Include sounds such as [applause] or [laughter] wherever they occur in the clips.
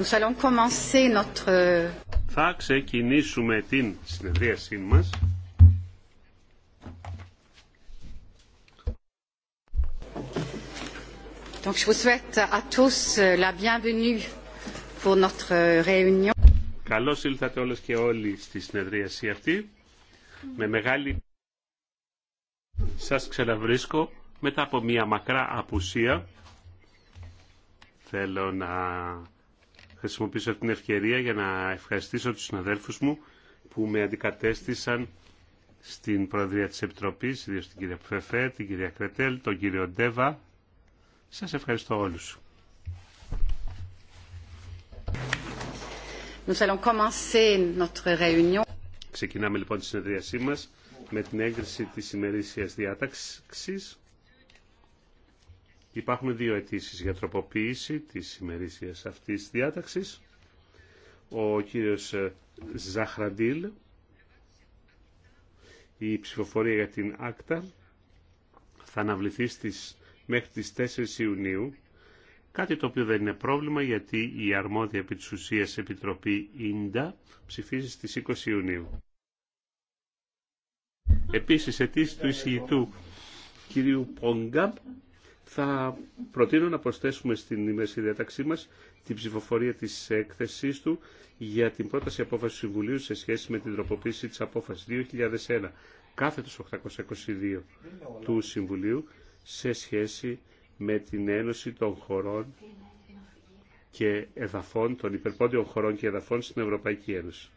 Euh, Θα ξεκινήσουμε την συνεδρίασή μας. Donc, je vous souhaite à tous euh, la bienvenue pour notre euh, réunion. Καλώς ήλθατε όλες και όλοι στη συνεδρίαση αυτή. Με μεγάλη σας ξαναβρίσκω μετά από μια μακρά απουσία. Θέλω να χρησιμοποιήσω την ευκαιρία για να ευχαριστήσω τους συναδέλφους μου που με αντικατέστησαν στην Προεδρία της Επιτροπής, ιδίως την κυρία Πφεφέ, την κυρία Κρετέλ, τον κύριο Ντέβα. Σας ευχαριστώ όλους. Ξεκινάμε λοιπόν τη συνεδρίασή μας με την έγκριση της ημερήσιας διάταξης. Υπάρχουν δύο αιτήσει για τροποποίηση της ημερήσιας αυτής διάταξης. Ο κύριος ε, Ζαχραντήλ, η ψηφοφορία για την άκτα θα αναβληθεί στις, μέχρι τις 4 Ιουνίου, κάτι το οποίο δεν είναι πρόβλημα γιατί η αρμόδια επί της ουσίας Επιτροπή Ίντα ψηφίζει στις 20 Ιουνίου. Επίσης, αιτήσει του εισηγητού κυρίου Πόγκα θα προτείνω να προσθέσουμε στην ημερήσια διάταξή μας την ψηφοφορία της έκθεσής του για την πρόταση απόφαση του Συμβουλίου σε σχέση με την τροποποίηση της απόφασης 2001 κάθετος 822 του Συμβουλίου σε σχέση με την Ένωση των χωρών και εδαφών, των υπερπόντιων χωρών και εδαφών στην Ευρωπαϊκή Ένωση.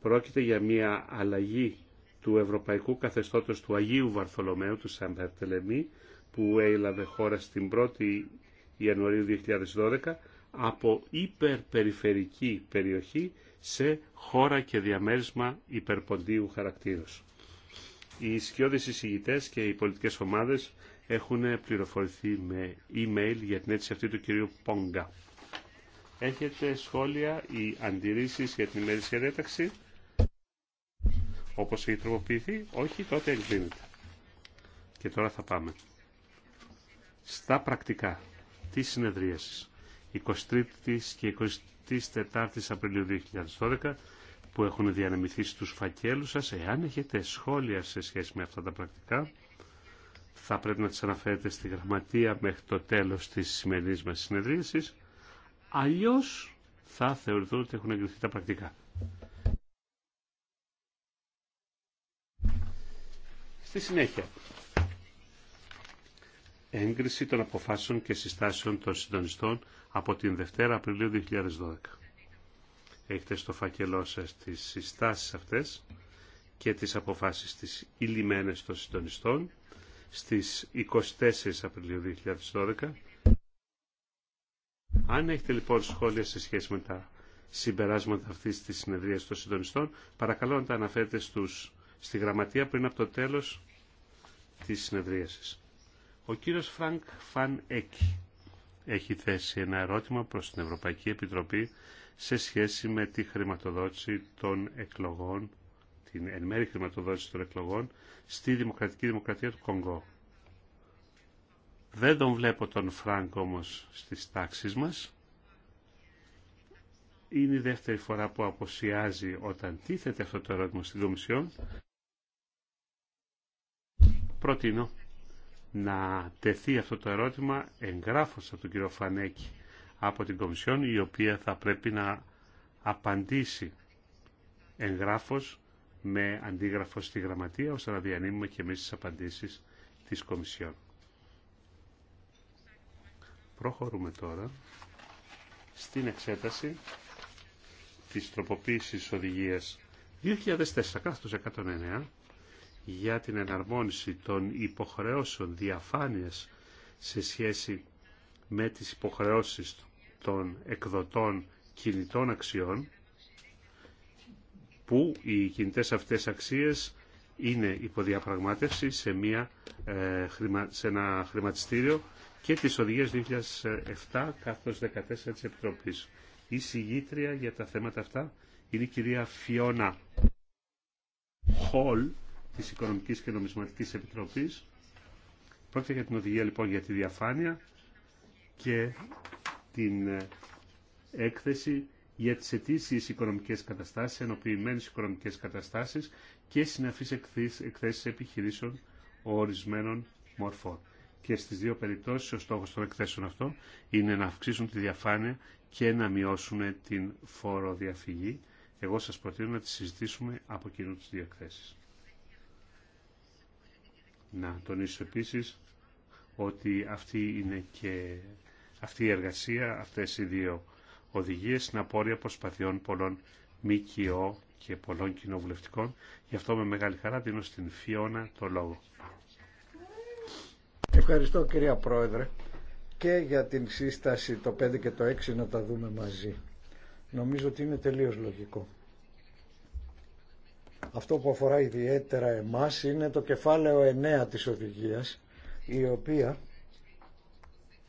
Πρόκειται για μια αλλαγή του ευρωπαϊκού καθεστώτος του Αγίου Βαρθολομέου του Σαν που έλαβε χώρα στην 1η Ιανουαρίου 2012 από υπερπεριφερική περιοχή σε χώρα και διαμέρισμα υπερποντίου χαρακτήρους. Οι σκιώδεις εισηγητές και οι πολιτικές ομάδες έχουν πληροφορηθεί με email για την αίτηση αυτή του κυρίου Πόγκα. Έχετε σχόλια ή αντιρρήσεις για την ημέρηση διάταξη, όπως έχει τροποποιηθεί, όχι, τότε εγκρίνεται. Και τώρα θα πάμε στα πρακτικά της συνεδρίασης 23 και 24 Απριλίου 2012 που έχουν διανεμηθεί στους φακέλους σας. Εάν έχετε σχόλια σε σχέση με αυτά τα πρακτικά, θα πρέπει να τις αναφέρετε στη γραμματεία μέχρι το τέλος της σημερινή μας συνεδρίασης. Αλλιώς θα θεωρηθούν ότι έχουν εγκριθεί τα πρακτικά. Στη συνέχεια, έγκριση των αποφάσεων και συστάσεων των συντονιστών από την Δευτέρα Απριλίου 2012. Έχετε στο φάκελό σας τις συστάσεις αυτές και τις αποφάσεις της ηλιμένες των συντονιστών στις 24 Απριλίου 2012. Αν έχετε λοιπόν σχόλια σε σχέση με τα συμπεράσματα αυτής της συνεδρίας των συντονιστών, παρακαλώ να τα αναφέρετε στους, στη γραμματεία πριν από το τέλος της συνεδρίασης. Ο κύριος Φρανκ Φαν εκ έχει θέσει ένα ερώτημα προς την Ευρωπαϊκή Επιτροπή σε σχέση με τη χρηματοδότηση των εκλογών, την εν μέρη χρηματοδότηση των εκλογών στη Δημοκρατική Δημοκρατία του Κονγκό. Δεν τον βλέπω τον Φρανκ όμως στις τάξεις μας. Είναι η δεύτερη φορά που αποσιάζει όταν τίθεται αυτό το ερώτημα στην Κομισιόν. Προτείνω να τεθεί αυτό το ερώτημα εγγράφως από τον κύριο Φανέκη από την Κομισιόν η οποία θα πρέπει να απαντήσει εγγράφως με αντίγραφο στη γραμματεία ώστε να διανύμουμε και εμείς τις απαντήσεις της Κομισιόν. Προχωρούμε τώρα στην εξέταση της τροποποίησης οδηγίας 2004 109 για την εναρμόνιση των υποχρεώσεων διαφάνειας σε σχέση με τις υποχρεώσεις των εκδοτών κινητών αξιών που οι κινητές αυτές αξίες είναι υποδιαπραγμάτευση σε, μια, ε, σε ένα χρηματιστήριο και τις οδηγίες 2007 καθώς 14 της Επιτροπής. Η συγγήτρια για τα θέματα αυτά είναι η κυρία Φιώνα Χολ της Οικονομικής και Νομισματικής Επιτροπής. Πρόκειται για την οδηγία λοιπόν για τη διαφάνεια και την ε, έκθεση για τις αιτήσει οικονομικές καταστάσεις, ενοποιημένες οικονομικές καταστάσεις και συναφείς εκθέσεις επιχειρήσεων ορισμένων μορφών. Και στις δύο περιπτώσεις ο στόχος των εκθέσεων αυτών είναι να αυξήσουν τη διαφάνεια και να μειώσουν την φοροδιαφυγή. Εγώ σας προτείνω να τις συζητήσουμε από κοινού τις δύο εκθέσεις. Να τονίσω επίσης ότι αυτή είναι και αυτή η εργασία, αυτές οι δύο οδηγίες είναι απόρρια προσπαθειών πολλών ΜΚΟ και πολλών κοινοβουλευτικών. Γι' αυτό με μεγάλη χαρά δίνω στην Φιώνα το λόγο. Ευχαριστώ κυρία Πρόεδρε και για την σύσταση το 5 και το 6 να τα δούμε μαζί. Νομίζω ότι είναι τελείως λογικό. Αυτό που αφορά ιδιαίτερα εμάς είναι το κεφάλαιο 9 της οδηγίας, η οποία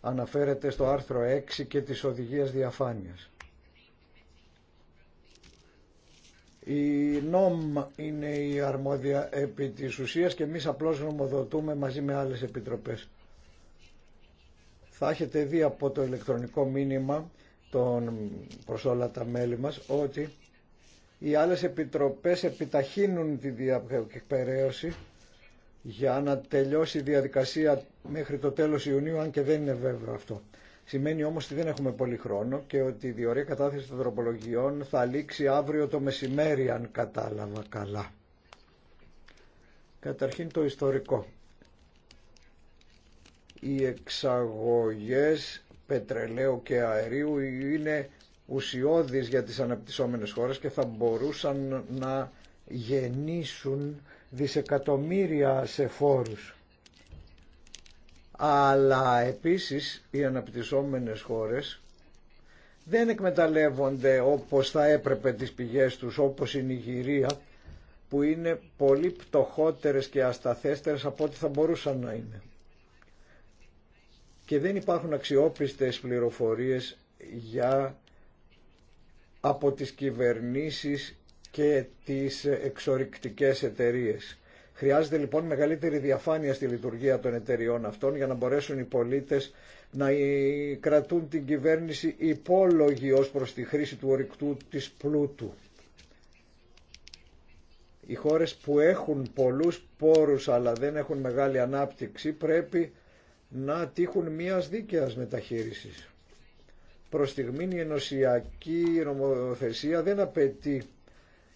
αναφέρεται στο άρθρο 6 και της οδηγίας διαφάνειας. Η νόμ είναι η αρμόδια επί της ουσίας και εμείς απλώς νομοδοτούμε μαζί με άλλες επιτροπές. Θα έχετε δει από το ηλεκτρονικό μήνυμα των, προς όλα τα μέλη μας ότι οι άλλες επιτροπές επιταχύνουν τη διαπαιρέωση για να τελειώσει η διαδικασία μέχρι το τέλος Ιουνίου, αν και δεν είναι βέβαιο αυτό. Σημαίνει όμως ότι δεν έχουμε πολύ χρόνο και ότι η διορία κατάθεση των τροπολογιών θα λήξει αύριο το μεσημέρι, αν κατάλαβα καλά. Καταρχήν το ιστορικό. Οι εξαγωγές πετρελαίου και αερίου είναι ουσιώδης για τις αναπτυσσόμενες χώρες και θα μπορούσαν να γεννήσουν δισεκατομμύρια σε φόρους. Αλλά επίσης οι αναπτυσσόμενες χώρες δεν εκμεταλλεύονται όπως θα έπρεπε τις πηγές τους όπως η Νιγηρία που είναι πολύ πτωχότερες και ασταθέστερες από ό,τι θα μπορούσαν να είναι. Και δεν υπάρχουν αξιόπιστες πληροφορίες για από τις κυβερνήσεις και τις εξορρυκτικές εταιρείες. Χρειάζεται λοιπόν μεγαλύτερη διαφάνεια στη λειτουργία των εταιριών αυτών για να μπορέσουν οι πολίτες να ε, κρατούν την κυβέρνηση υπόλογη ως προς τη χρήση του ορυκτού της πλούτου. Οι χώρες που έχουν πολλούς πόρους αλλά δεν έχουν μεγάλη ανάπτυξη πρέπει να τύχουν μιας δίκαιας μεταχείρισης. Προς η ενωσιακή νομοθεσία δεν απαιτεί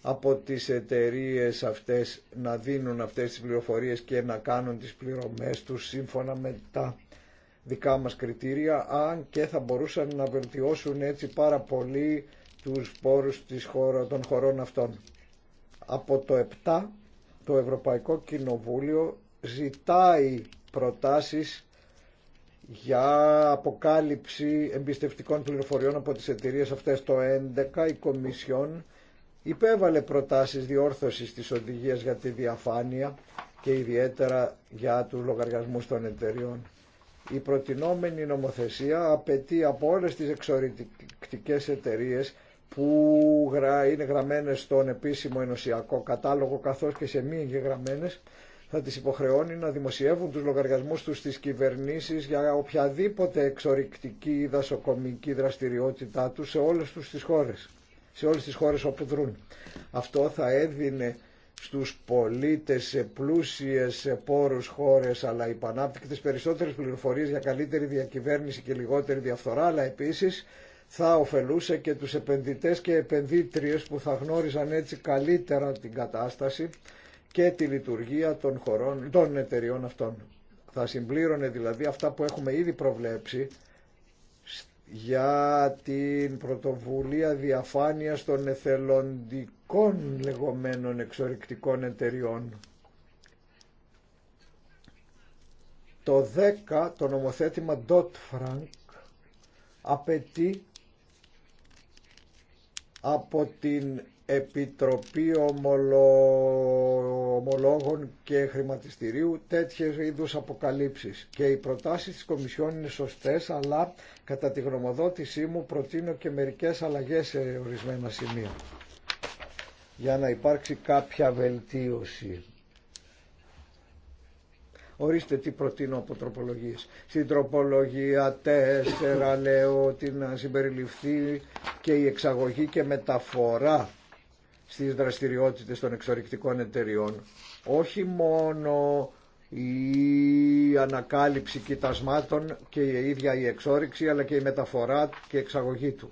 από τις εταιρείε αυτές να δίνουν αυτές τις πληροφορίες και να κάνουν τις πληρωμές τους σύμφωνα με τα δικά μας κριτήρια, αν και θα μπορούσαν να βελτιώσουν έτσι πάρα πολύ τους πόρους της χώρα, των χωρών αυτών. Από το 7 το Ευρωπαϊκό Κοινοβούλιο ζητάει προτάσεις για αποκάλυψη εμπιστευτικών πληροφοριών από τις εταιρείες αυτές το 11 η Κομισιόν υπέβαλε προτάσεις διόρθωσης της οδηγίας για τη διαφάνεια και ιδιαίτερα για τους λογαριασμούς των εταιρείων. Η προτινόμενη νομοθεσία απαιτεί από όλες τις εξορυκτικές εταιρείες που είναι γραμμένες στον επίσημο ενωσιακό κατάλογο καθώς και σε μη εγγεγραμμένες θα τις υποχρεώνει να δημοσιεύουν τους λογαριασμούς τους στις κυβερνήσεις για οποιαδήποτε εξορρυκτική ή δασοκομική δραστηριότητά τους σε όλες τους τις χώρες, σε όλες τις χώρες όπου δρούν. Αυτό θα έδινε στους πολίτες σε πλούσιες, σε πόρους χώρες αλλά υπανάπτυκτες περισσότερες πληροφορίες για καλύτερη διακυβέρνηση και λιγότερη διαφθορά αλλά επίσης θα ωφελούσε και τους επενδυτές και επενδύτριες που θα γνώριζαν έτσι καλύτερα την κατάσταση και τη λειτουργία των, χωρών, των εταιριών αυτών. Θα συμπλήρωνε δηλαδή αυτά που έχουμε ήδη προβλέψει για την πρωτοβουλία διαφάνειας των εθελοντικών λεγόμενων εξορρυκτικών εταιριών. Το 10, το νομοθέτημα Dodd-Frank απαιτεί από την Επιτροπή ομολο... Ομολόγων και Χρηματιστηρίου τέτοιες είδους αποκαλύψεις. Και οι προτάσεις της Κομισιόν είναι σωστές, αλλά κατά τη γνωμοδότησή μου προτείνω και μερικές αλλαγές σε ορισμένα σημεία για να υπάρξει κάποια βελτίωση. Ορίστε τι προτείνω από τροπολογίες. Στην τροπολογία 4 λέω ότι να συμπεριληφθεί και η εξαγωγή και μεταφορά στις δραστηριότητες των εξορρυκτικών εταιριών. Όχι μόνο η ανακάλυψη κοιτασμάτων και η ίδια η εξόρυξη, αλλά και η μεταφορά και η εξαγωγή του.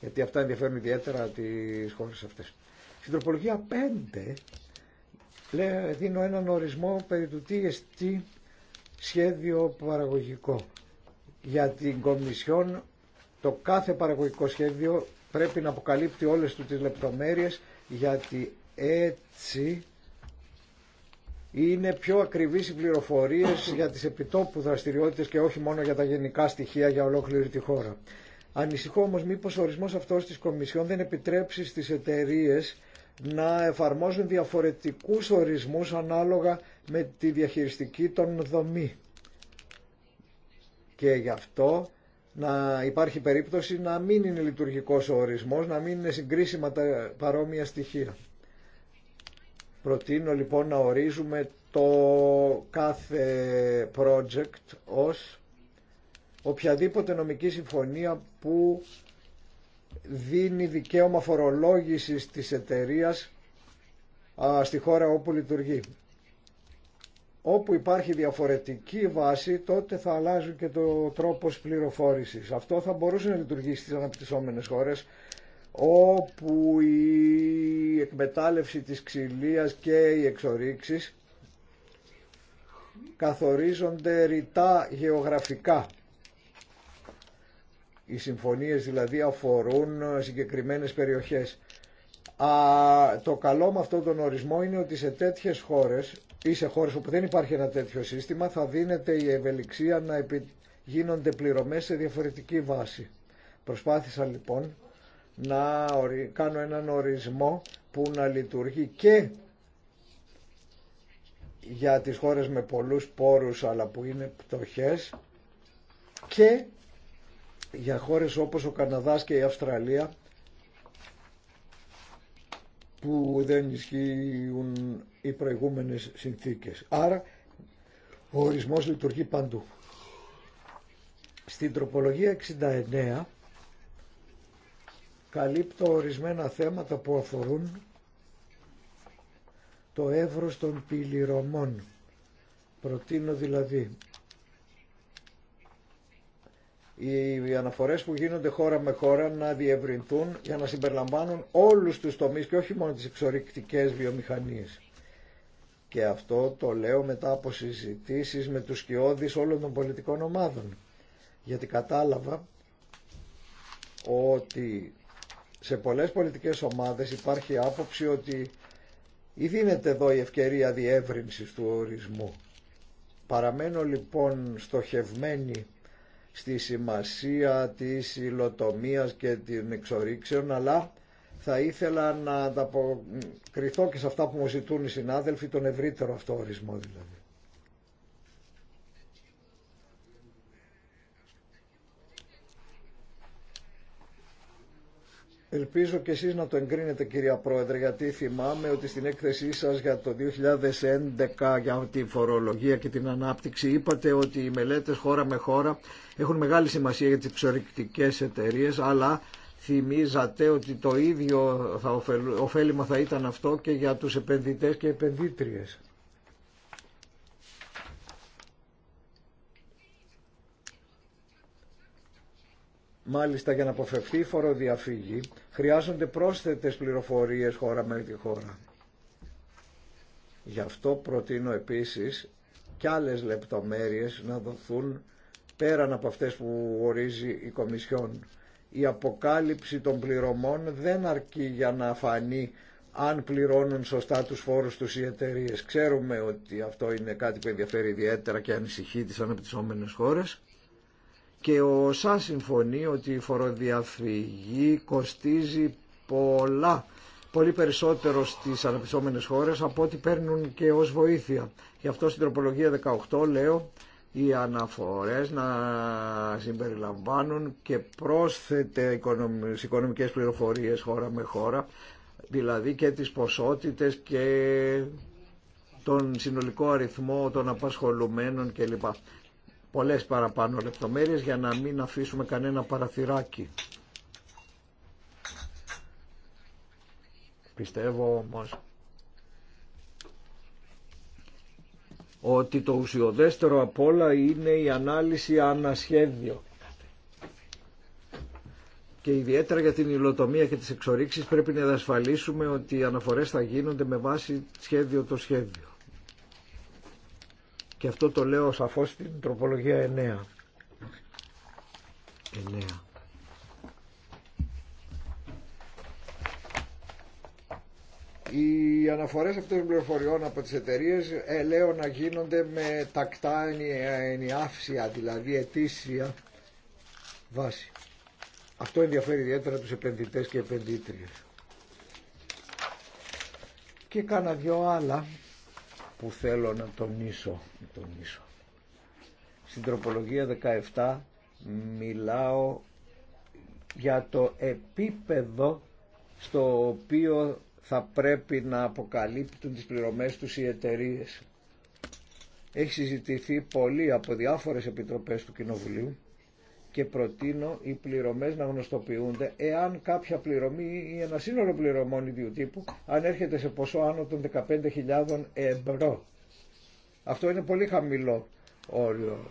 Γιατί αυτά ενδιαφέρουν ιδιαίτερα τις χώρες αυτές. Στην τροπολογία 5 δίνω έναν ορισμό περί του τι εστί σχέδιο παραγωγικό. Για την Κομισιόν το κάθε παραγωγικό σχέδιο πρέπει να αποκαλύπτει όλες του τις λεπτομέρειες γιατί έτσι είναι πιο ακριβείς οι πληροφορίες για τις επιτόπου δραστηριότητες και όχι μόνο για τα γενικά στοιχεία για ολόκληρη τη χώρα. Ανησυχώ όμως μήπως ο ορισμός αυτός της Κομισιόν δεν επιτρέψει στις εταιρείε να εφαρμόζουν διαφορετικούς ορισμούς ανάλογα με τη διαχειριστική των δομή. Και γι' αυτό να υπάρχει περίπτωση να μην είναι λειτουργικός ο ορισμός, να μην είναι συγκρίσιμα τα παρόμοια στοιχεία. Προτείνω λοιπόν να ορίζουμε το κάθε project ως οποιαδήποτε νομική συμφωνία που δίνει δικαίωμα φορολόγησης της εταιρείας στη χώρα όπου λειτουργεί. Όπου υπάρχει διαφορετική βάση, τότε θα αλλάζουν και το τρόπος πληροφόρησης. Αυτό θα μπορούσε να λειτουργήσει στις αναπτυσσόμενες χώρες, όπου η εκμετάλλευση της ξυλίας και οι εξορίξεις καθορίζονται ρητά γεωγραφικά. Οι συμφωνίες δηλαδή αφορούν συγκεκριμένες περιοχές. Α, το καλό με αυτόν τον ορισμό είναι ότι σε τέτοιες χώρες ή σε χώρες όπου δεν υπάρχει ένα τέτοιο σύστημα θα δίνεται η ευελιξία να επι... γίνονται πληρωμές σε διαφορετική βάση. Προσπάθησα λοιπόν να κάνω έναν ορισμό που να λειτουργεί και για τις χώρες με πολλούς πόρους αλλά που είναι πτωχές και για χώρες όπως ο Καναδάς και η Αυστραλία που δεν ισχύουν οι προηγούμενες συνθήκες. Άρα ο ορισμός λειτουργεί παντού. Στην τροπολογία 69 καλύπτω ορισμένα θέματα που αφορούν το εύρος των πληρωμών. Προτείνω δηλαδή οι αναφορές που γίνονται χώρα με χώρα να διευρυνθούν για να συμπεριλαμβάνουν όλους τους τομείς και όχι μόνο τις εξορρυκτικές βιομηχανίες. Και αυτό το λέω μετά από συζητήσεις με τους σκιώδεις όλων των πολιτικών ομάδων. Γιατί κατάλαβα ότι σε πολλές πολιτικές ομάδες υπάρχει άποψη ότι ή δίνεται εδώ η ευκαιρία διεύρυνσης του ορισμού. Παραμένω λοιπόν στοχευμένη στη σημασία της υλοτομίας και των εξορίξεων, αλλά θα ήθελα να ανταποκριθώ και σε αυτά που μου ζητούν οι συνάδελφοι, τον ευρύτερο αυτό ορισμό δηλαδή. Ελπίζω και εσείς να το εγκρίνετε κυρία Πρόεδρε γιατί θυμάμαι ότι στην έκθεσή σας για το 2011 για τη φορολογία και την ανάπτυξη είπατε ότι οι μελέτες χώρα με χώρα έχουν μεγάλη σημασία για τις ψωρικτικές εταιρείε, αλλά θυμίζατε ότι το ίδιο θα ωφέλιμα θα ήταν αυτό και για τους επενδυτές και επενδύτριες. Μάλιστα για να αποφευθεί η φοροδιαφύγη χρειάζονται πρόσθετες πληροφορίες χώρα με τη χώρα. Γι' αυτό προτείνω επίσης κι άλλες λεπτομέρειες να δοθούν πέραν από αυτές που ορίζει η Κομισιόν. Η αποκάλυψη των πληρωμών δεν αρκεί για να φανεί αν πληρώνουν σωστά τους φόρους τους οι εταιρείε. Ξέρουμε ότι αυτό είναι κάτι που ενδιαφέρει ιδιαίτερα και ανησυχεί τις αναπτυσσόμενες χώρες και ο ΣΑ συμφωνεί ότι η φοροδιαφυγή κοστίζει πολλά, πολύ περισσότερο στις αναπτυσσόμενες χώρες από ό,τι παίρνουν και ως βοήθεια. Γι' αυτό στην τροπολογία 18 λέω οι αναφορές να συμπεριλαμβάνουν και πρόσθετε οικονομικές πληροφορίες χώρα με χώρα, δηλαδή και τις ποσότητες και τον συνολικό αριθμό των απασχολουμένων κλπ πολλές παραπάνω λεπτομέρειες για να μην αφήσουμε κανένα παραθυράκι. Πιστεύω όμως ότι το ουσιοδέστερο απ' όλα είναι η ανάλυση ανασχέδιο. Και ιδιαίτερα για την υλοτομία και τις εξορίξεις πρέπει να διασφαλίσουμε ότι οι αναφορές θα γίνονται με βάση σχέδιο το σχέδιο. Και αυτό το λέω σαφώς στην τροπολογία 9. Οι αναφορές αυτών των πληροφοριών από τις εταιρείες ε, λέω να γίνονται με τακτά ενιάφσια, δηλαδή ετήσια βάση. Αυτό ενδιαφέρει ιδιαίτερα τους επενδυτές και επενδύτριες. Και κάνα δυο άλλα που θέλω να τονίσω. τονίσω. Στην τροπολογία 17 μιλάω για το επίπεδο στο οποίο θα πρέπει να αποκαλύπτουν τις πληρωμές τους οι εταιρείε. Έχει συζητηθεί πολύ από διάφορες επιτροπές του Κοινοβουλίου και προτείνω οι πληρωμές να γνωστοποιούνται εάν κάποια πληρωμή ή ένα σύνολο πληρωμών ιδιού τύπου αν έρχεται σε ποσό άνω των 15.000 ευρώ. Αυτό είναι πολύ χαμηλό όριο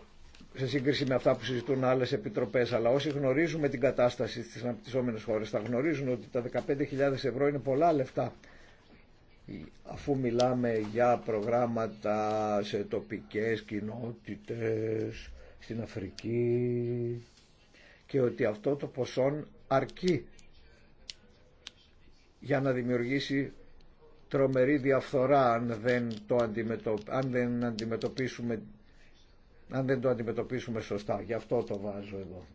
σε σύγκριση με αυτά που συζητούν άλλες επιτροπές, αλλά όσοι γνωρίζουμε την κατάσταση στις αναπτυσσόμενες χώρες θα γνωρίζουν ότι τα 15.000 ευρώ είναι πολλά λεφτά αφού μιλάμε για προγράμματα σε τοπικές κοινότητες, στην Αφρική, και ότι αυτό το ποσό αρκεί για να δημιουργήσει τρομερή διαφθορά αν δεν το, αν δεν αντιμετωπίσουμε... αν δεν το αντιμετωπίσουμε σωστά. Γι' αυτό το βάζω εδώ.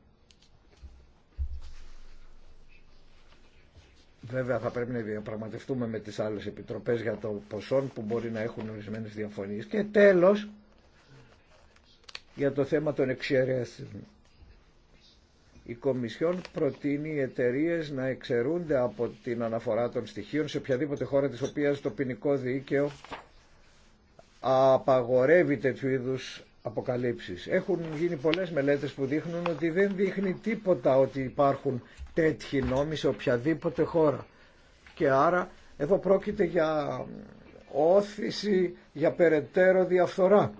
Βέβαια θα πρέπει να διαπραγματευτούμε με τις άλλες επιτροπές για το ποσόν που μπορεί να έχουν ορισμένε διαφωνίες. Και τέλος, για το θέμα των εξαιρέσεων. Η Κομισιόν προτείνει οι εταιρείε να εξαιρούνται από την αναφορά των στοιχείων σε οποιαδήποτε χώρα της οποίας το ποινικό δίκαιο απαγορεύει τέτοιου είδου αποκαλύψεις. Έχουν γίνει πολλές μελέτες που δείχνουν ότι δεν δείχνει τίποτα ότι υπάρχουν τέτοιοι νόμοι σε οποιαδήποτε χώρα. Και άρα εδώ πρόκειται για όθηση, για περαιτέρω διαφθορά.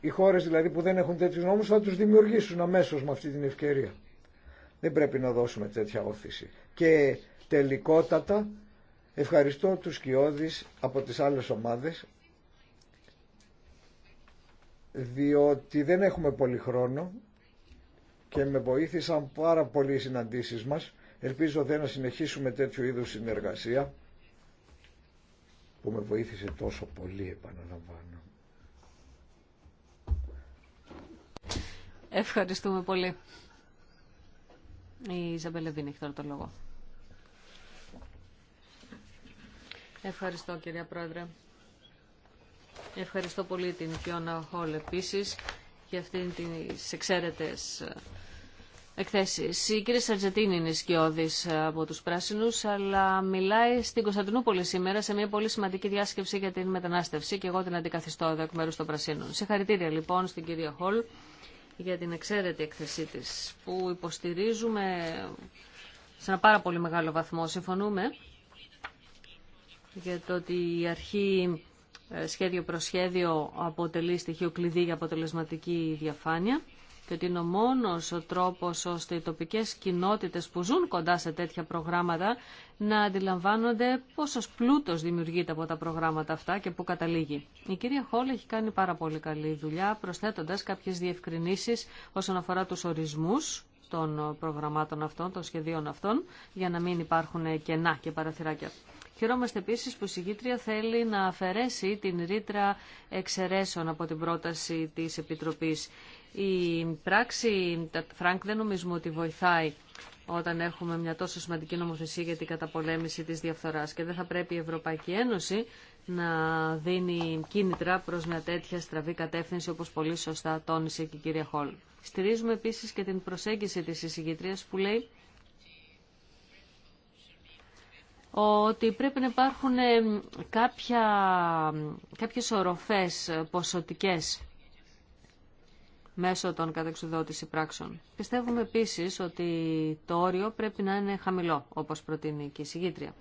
Οι χώρες δηλαδή που δεν έχουν τέτοιους νόμους θα τους δημιουργήσουν αμέσως με αυτή την ευκαιρία. Δεν πρέπει να δώσουμε τέτοια όθηση. Και τελικότατα ευχαριστώ τους Κιώδης από τις άλλες ομάδες διότι δεν έχουμε πολύ χρόνο και με βοήθησαν πάρα πολύ οι συναντήσεις μας. Ελπίζω δεν να συνεχίσουμε τέτοιου είδους συνεργασία που με βοήθησε τόσο πολύ επαναλαμβάνω. Ευχαριστούμε πολύ. Η Ιζαμπέλα έχει τώρα το λόγο. Ευχαριστώ κυρία Πρόεδρε. Ευχαριστώ πολύ την Φιώνα Χόλ επίσης για αυτήν τις εξαίρετες ε, εκθέσεις. Η κυρία Σαρτζετίνη είναι σκιώδης ε, από τους Πράσινους, αλλά μιλάει στην Κωνσταντινούπολη σήμερα σε μια πολύ σημαντική διάσκεψη για την μετανάστευση και εγώ την αντικαθιστώ εδώ εκ μέρους των Πρασίνων. Συγχαρητήρια λοιπόν στην κυρία Χόλ για την εξαίρετη εκθεσή της που υποστηρίζουμε σε ένα πάρα πολύ μεγάλο βαθμό. Συμφωνούμε για το ότι η αρχή ε, σχέδιο προς σχέδιο αποτελεί στοιχείο κλειδί για αποτελεσματική διαφάνεια και ότι είναι ο μόνος ο τρόπος ώστε οι τοπικές κοινότητες που ζουν κοντά σε τέτοια προγράμματα να αντιλαμβάνονται πόσος πλούτος δημιουργείται από τα προγράμματα αυτά και πού καταλήγει. Η κυρία Χόλ έχει κάνει πάρα πολύ καλή δουλειά προσθέτοντας κάποιες διευκρινήσεις όσον αφορά τους ορισμούς των προγραμμάτων αυτών, των σχεδίων αυτών, για να μην υπάρχουν κενά και παραθυράκια. Χαιρόμαστε επίση που η συγκήτρια θέλει να αφαιρέσει την ρήτρα εξαιρέσεων από την πρόταση τη Επιτροπή. Η πράξη τα Φρανκ δεν νομίζουμε ότι βοηθάει όταν έχουμε μια τόσο σημαντική νομοθεσία για την καταπολέμηση της διαφθοράς και δεν θα πρέπει η Ευρωπαϊκή Ένωση να δίνει κίνητρα προς μια τέτοια στραβή κατεύθυνση όπως πολύ σωστά τόνισε και η κυρία Χόλ. Στηρίζουμε επίσης και την προσέγγιση της εισηγητρίας που λέει ότι πρέπει να υπάρχουν ε, κάποια, κάποιες οροφές ποσοτικές μέσω των κατεξουδότηση πράξεων. Πιστεύουμε επίσης ότι το όριο πρέπει να είναι χαμηλό, όπως προτείνει και η συγκήτρια.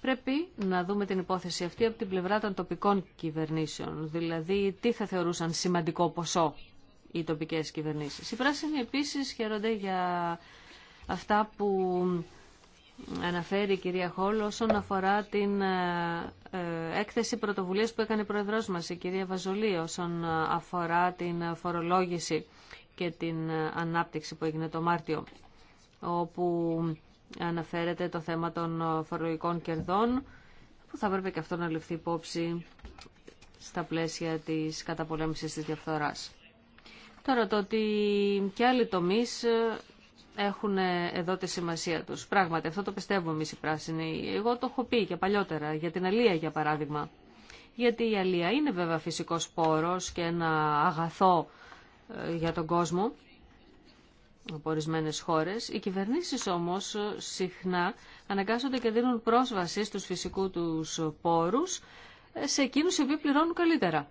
Πρέπει να δούμε την υπόθεση αυτή από την πλευρά των τοπικών κυβερνήσεων, δηλαδή τι θα θεωρούσαν σημαντικό ποσό οι τοπικέ κυβερνήσει. Οι πράσινοι επίσης χαίρονται για αυτά που αναφέρει η κυρία Χόλ όσον αφορά την ε, ε, έκθεση πρωτοβουλίας που έκανε η Πρόεδρός μας, η κυρία Βαζολή, όσον αφορά την φορολόγηση και την ανάπτυξη που έγινε το Μάρτιο, όπου αναφέρεται το θέμα των φορολογικών κερδών, που θα πρέπει και αυτό να ληφθεί υπόψη στα πλαίσια της καταπολέμησης της διαφθοράς. Τώρα το ότι και άλλοι τομείς έχουν ε, εδώ τη σημασία τους. Πράγματι, αυτό το πιστεύω εμείς οι πράσινοι. Εγώ το έχω πει και παλιότερα, για την αλία για παράδειγμα. Γιατί η αλία είναι βέβαια φυσικός πόρος και ένα αγαθό ε, για τον κόσμο από ορισμένε χώρε. Οι κυβερνήσει όμω ε, συχνά αναγκάζονται και δίνουν πρόσβαση στου φυσικού του πόρου σε εκείνου οι οποίοι πληρώνουν καλύτερα.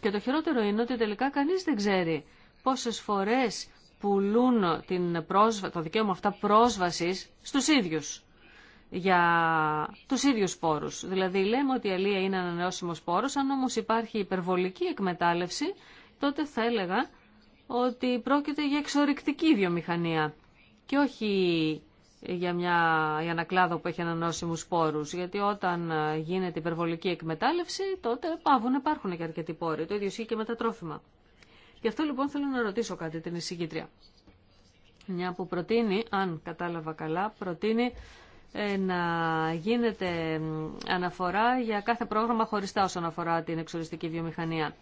Και το χειρότερο είναι ότι τελικά κανεί δεν ξέρει πόσε φορέ πουλούν την πρόσβα... το δικαίωμα αυτά πρόσβασης στους ίδιους για τους ίδιους πόρους. Δηλαδή λέμε ότι η αλία είναι ανανεώσιμος πόρος, αν όμως υπάρχει υπερβολική εκμετάλλευση, τότε θα έλεγα ότι πρόκειται για εξορρυκτική βιομηχανία και όχι για, μια, για ένα κλάδο που έχει ανανεώσιμου πόρους. Γιατί όταν γίνεται υπερβολική εκμετάλλευση, τότε πάβουν, υπάρχουν και αρκετοί πόροι. Το ίδιο ισχύει και με τα τρόφιμα. Γι' αυτό λοιπόν θέλω να ρωτήσω κάτι την εισηγήτρια. Μια που προτείνει, αν κατάλαβα καλά, προτείνει ε, να γίνεται αναφορά για κάθε πρόγραμμα χωριστά όσον αφορά την εξοριστική βιομηχανία.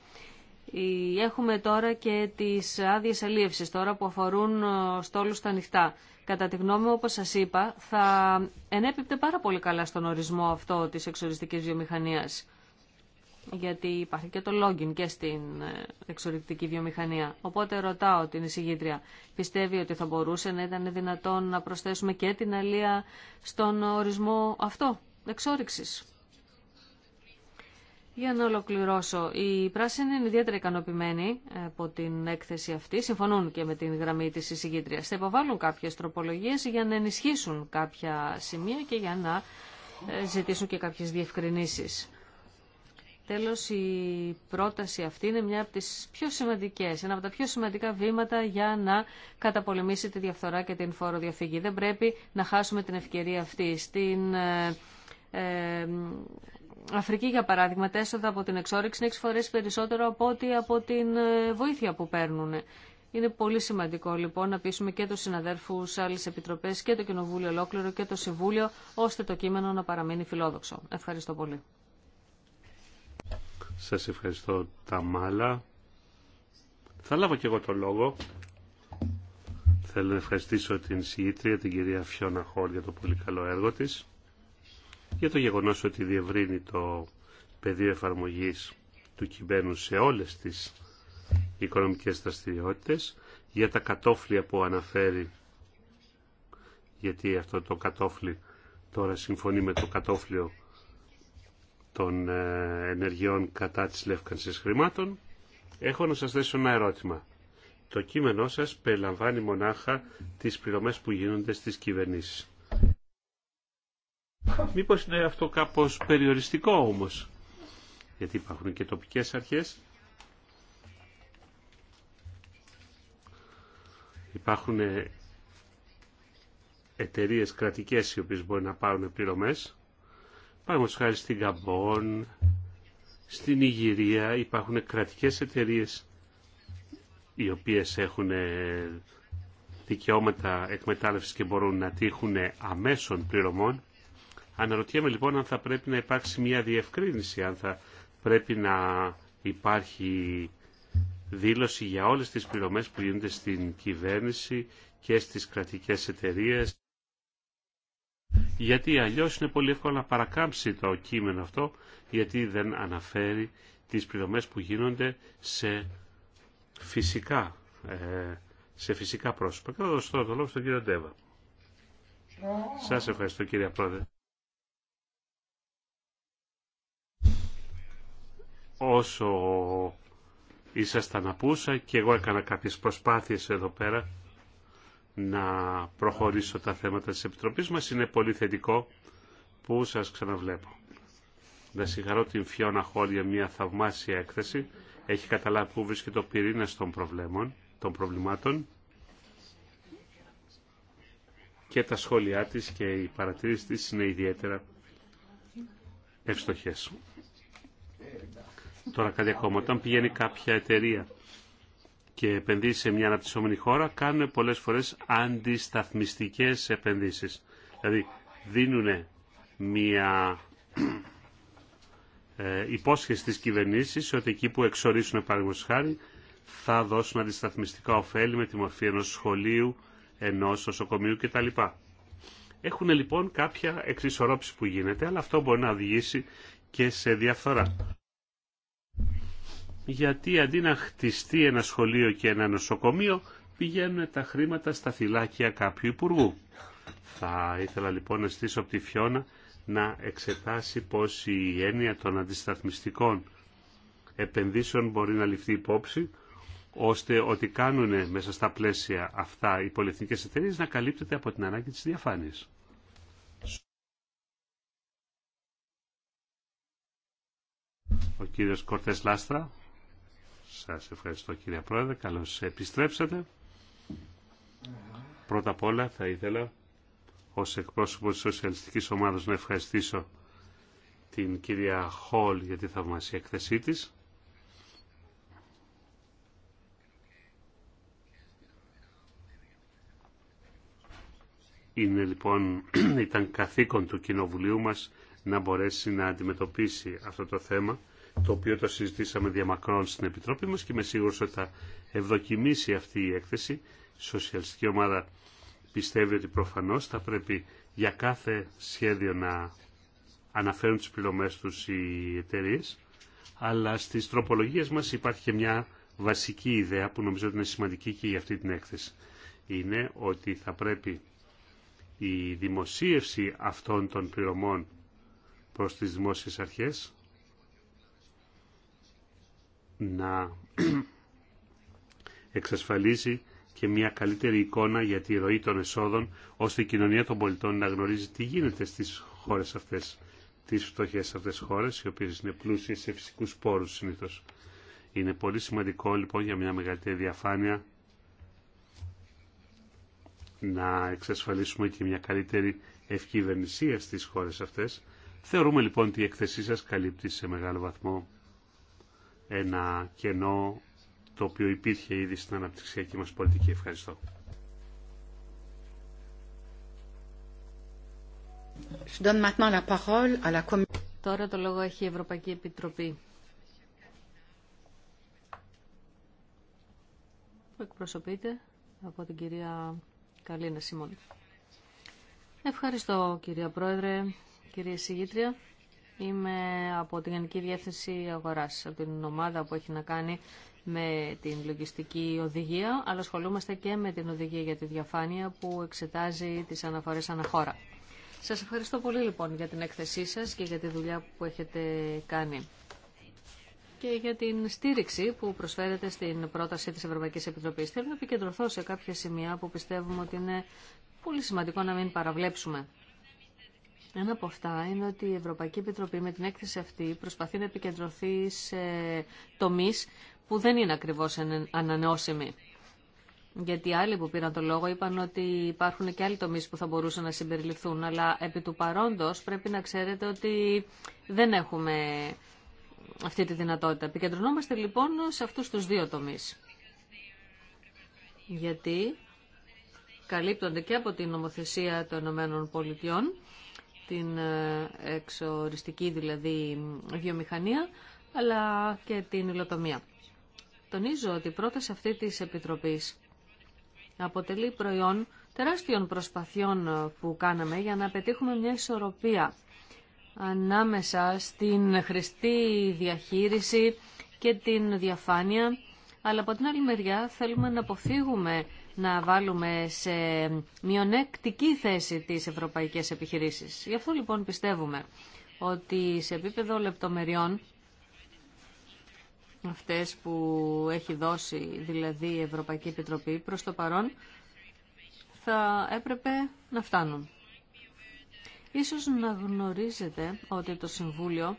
Έχουμε τώρα και τις άδειε αλίευσης τώρα που αφορούν ε, στόλους τα ανοιχτά. Κατά τη γνώμη μου, όπως σας είπα, θα ενέπιπτε πάρα πολύ καλά στον ορισμό αυτό της εξοριστικής βιομηχανίας γιατί υπάρχει και το login και στην ε, εξορρυκτική βιομηχανία. Οπότε ρωτάω την εισηγήτρια, πιστεύει ότι θα μπορούσε να ήταν δυνατόν να προσθέσουμε και την αλία στον ορισμό αυτό, εξόριξης. Για να ολοκληρώσω, οι πράσινοι είναι ιδιαίτερα ικανοποιημένοι ε, από την έκθεση αυτή. Συμφωνούν και με την γραμμή της εισηγήτριας. Θα υποβάλουν κάποιες τροπολογίες για να ενισχύσουν κάποια σημεία και για να ε, ζητήσουν και κάποιες διευκρινήσεις. Τέλος, η πρόταση αυτή είναι μια από τις πιο σημαντικές, ένα από τα πιο σημαντικά βήματα για να καταπολεμήσει τη διαφθορά και την φοροδιαφυγή. Δεν πρέπει να χάσουμε την ευκαιρία αυτή. Στην ε, ε, Αφρική, για παράδειγμα, τα έσοδα από την εξόριξη είναι 6 φορές περισσότερο από ό,τι από την ε, βοήθεια που παίρνουν. Είναι πολύ σημαντικό λοιπόν να πείσουμε και του συναδέρφου άλλες επιτροπές και το Κοινοβούλιο ολόκληρο και το Συμβούλιο, ώστε το κείμενο να παραμείνει φιλόδοξο. Ευχαριστώ πολύ. Σας ευχαριστώ τα μάλα. Θα λάβω και εγώ το λόγο. Θέλω να ευχαριστήσω την συγήτρια, την κυρία Φιώνα Χόλ, για το πολύ καλό έργο της. Για το γεγονός ότι διευρύνει το πεδίο εφαρμογής του κυμπένου σε όλες τις οικονομικές δραστηριότητε για τα κατόφλια που αναφέρει γιατί αυτό το κατόφλι τώρα συμφωνεί με το κατόφλιο των ε, ενεργειών κατά της λεύκανσης χρημάτων, έχω να σας θέσω ένα ερώτημα. Το κείμενό σας περιλαμβάνει μονάχα τις πληρωμές που γίνονται στις κυβερνήσεις. Μήπως είναι αυτό κάπως περιοριστικό όμως, γιατί υπάρχουν και τοπικές αρχές. Υπάρχουν ε, εταιρείες κρατικές οι οποίες μπορεί να πάρουν πληρωμές Παραδείγματο χάρη στην Καμπόν, στην Ιγυρία υπάρχουν κρατικές εταιρείες οι οποίες έχουν ε, δικαιώματα εκμετάλλευσης και μπορούν να τύχουν αμέσων πληρωμών. Αναρωτιέμαι λοιπόν αν θα πρέπει να υπάρξει μια διευκρίνηση, αν θα πρέπει να υπάρχει δήλωση για όλες τις πληρωμές που γίνονται στην κυβέρνηση και στις κρατικές εταιρείες γιατί αλλιώς είναι πολύ εύκολο να παρακάμψει το κείμενο αυτό, γιατί δεν αναφέρει τις πληρωμές που γίνονται σε φυσικά, ε, σε φυσικά πρόσωπα. Και θα δώσω τώρα το λόγο στον κύριο Ντέβα. Σας ευχαριστώ κύριε Πρόεδρε. Όσο ήσασταν απούσα και εγώ έκανα κάποιες προσπάθειες εδώ πέρα να προχωρήσω τα θέματα της Επιτροπής μας. Είναι πολύ θετικό που σας ξαναβλέπω. Να συγχαρώ την Φιώνα Χόλ για μια θαυμάσια έκθεση. Έχει καταλάβει που βρίσκεται ο πυρήνα των προβλέμων, των προβλημάτων και τα σχόλιά της και οι παρατηρήσεις της είναι ιδιαίτερα ευστοχές. Τώρα κάτι ακόμα. Όταν πηγαίνει κάποια εταιρεία και επενδύσει σε μια αναπτυσσόμενη χώρα κάνουν πολλές φορές αντισταθμιστικές επενδύσεις. Δηλαδή δίνουν μια ε, υπόσχεση στις κυβερνήσεις ότι εκεί που εξορίσουν παραδείγματος χάρη θα δώσουν αντισταθμιστικά ωφέλη με τη μορφή ενός σχολείου, ενός νοσοκομείου κτλ. Έχουν λοιπόν κάποια εξισορρόψη που γίνεται, αλλά αυτό μπορεί να οδηγήσει και σε διαφθορά γιατί αντί να χτιστεί ένα σχολείο και ένα νοσοκομείο, πηγαίνουν τα χρήματα στα θυλάκια κάποιου υπουργού. Θα ήθελα λοιπόν να στήσω από τη Φιώνα να εξετάσει πώς η έννοια των αντισταθμιστικών επενδύσεων μπορεί να ληφθεί υπόψη, ώστε ότι κάνουν μέσα στα πλαίσια αυτά οι πολυεθνικές εταιρείε να καλύπτεται από την ανάγκη της διαφάνειας. Ο κύριος Κορτές Λάστρα. Σας ευχαριστώ κύριε Πρόεδρε. Καλώς επιστρέψατε. Πρώτα απ' όλα θα ήθελα ως εκπρόσωπο της Σοσιαλιστικής Ομάδας να ευχαριστήσω την κυρία Χολ για τη θαυμασία εκθεσή της. Είναι λοιπόν, [clears throat] ήταν καθήκον του Κοινοβουλίου μας να μπορέσει να αντιμετωπίσει αυτό το θέμα το οποίο το συζητήσαμε διαμακρών στην Επιτροπή μας και είμαι σίγουρο ότι θα ευδοκιμήσει αυτή η έκθεση. Η σοσιαλιστική ομάδα πιστεύει ότι προφανώς θα πρέπει για κάθε σχέδιο να αναφέρουν τις πληρωμές τους οι εταιρείε, αλλά στις τροπολογίες μας υπάρχει και μια βασική ιδέα που νομίζω ότι είναι σημαντική και για αυτή την έκθεση. Είναι ότι θα πρέπει η δημοσίευση αυτών των πληρωμών προς τις δημόσιες αρχές να εξασφαλίσει και μια καλύτερη εικόνα για τη ροή των εσόδων, ώστε η κοινωνία των πολιτών να γνωρίζει τι γίνεται στις χώρες αυτές, τις φτωχέ αυτές χώρες, οι οποίες είναι πλούσιες σε φυσικούς πόρους συνήθως. Είναι πολύ σημαντικό λοιπόν για μια μεγαλύτερη διαφάνεια να εξασφαλίσουμε και μια καλύτερη ευκυβερνησία στις χώρες αυτές. Θεωρούμε λοιπόν ότι η εκθεσή σας καλύπτει σε μεγάλο βαθμό ένα κενό το οποίο υπήρχε ήδη στην αναπτυξιακή μας πολιτική. Ευχαριστώ. Τώρα το λόγο έχει η Ευρωπαϊκή Επιτροπή. Που εκπροσωπείται από την κυρία Καλίνα Σιμών. Ευχαριστώ κυρία Πρόεδρε, κυρία Συγήτρια. Είμαι από την Γενική Διεύθυνση Αγοράς, από την ομάδα που έχει να κάνει με την λογιστική οδηγία, αλλά ασχολούμαστε και με την οδηγία για τη διαφάνεια που εξετάζει τις αναφορές αναχώρα. Σας ευχαριστώ πολύ λοιπόν για την έκθεσή σας και για τη δουλειά που έχετε κάνει και για την στήριξη που προσφέρετε στην πρόταση τη Ευρωπαϊκής Επιτροπής. Θέλω να επικεντρωθώ σε κάποια σημεία που πιστεύουμε ότι είναι πολύ σημαντικό να μην παραβλέψουμε. Ένα από αυτά είναι ότι η Ευρωπαϊκή Επιτροπή με την έκθεση αυτή προσπαθεί να επικεντρωθεί σε τομεί που δεν είναι ακριβώς ανανεώσιμοι. Γιατί άλλοι που πήραν το λόγο είπαν ότι υπάρχουν και άλλοι τομείς που θα μπορούσαν να συμπεριληφθούν, αλλά επί του παρόντο πρέπει να ξέρετε ότι δεν έχουμε αυτή τη δυνατότητα. Επικεντρωνόμαστε λοιπόν σε αυτού του δύο τομεί. Γιατί καλύπτονται και από την νομοθεσία των ΗΠΑ την ε, εξοριστική δηλαδή βιομηχανία, αλλά και την υλοτομία. Τονίζω ότι η πρόταση αυτή της Επιτροπής αποτελεί προϊόν τεράστιων προσπαθειών ε, που κάναμε για να πετύχουμε μια ισορροπία ανάμεσα στην χρηστή διαχείριση και την διαφάνεια, αλλά από την άλλη μεριά θέλουμε να αποφύγουμε να βάλουμε σε μειονεκτική θέση τις ευρωπαϊκές επιχειρήσεις. Γι' αυτό λοιπόν πιστεύουμε ότι σε επίπεδο λεπτομεριών αυτές που έχει δώσει δηλαδή η Ευρωπαϊκή Επιτροπή προς το παρόν θα έπρεπε να φτάνουν. Ίσως να γνωρίζετε ότι το Συμβούλιο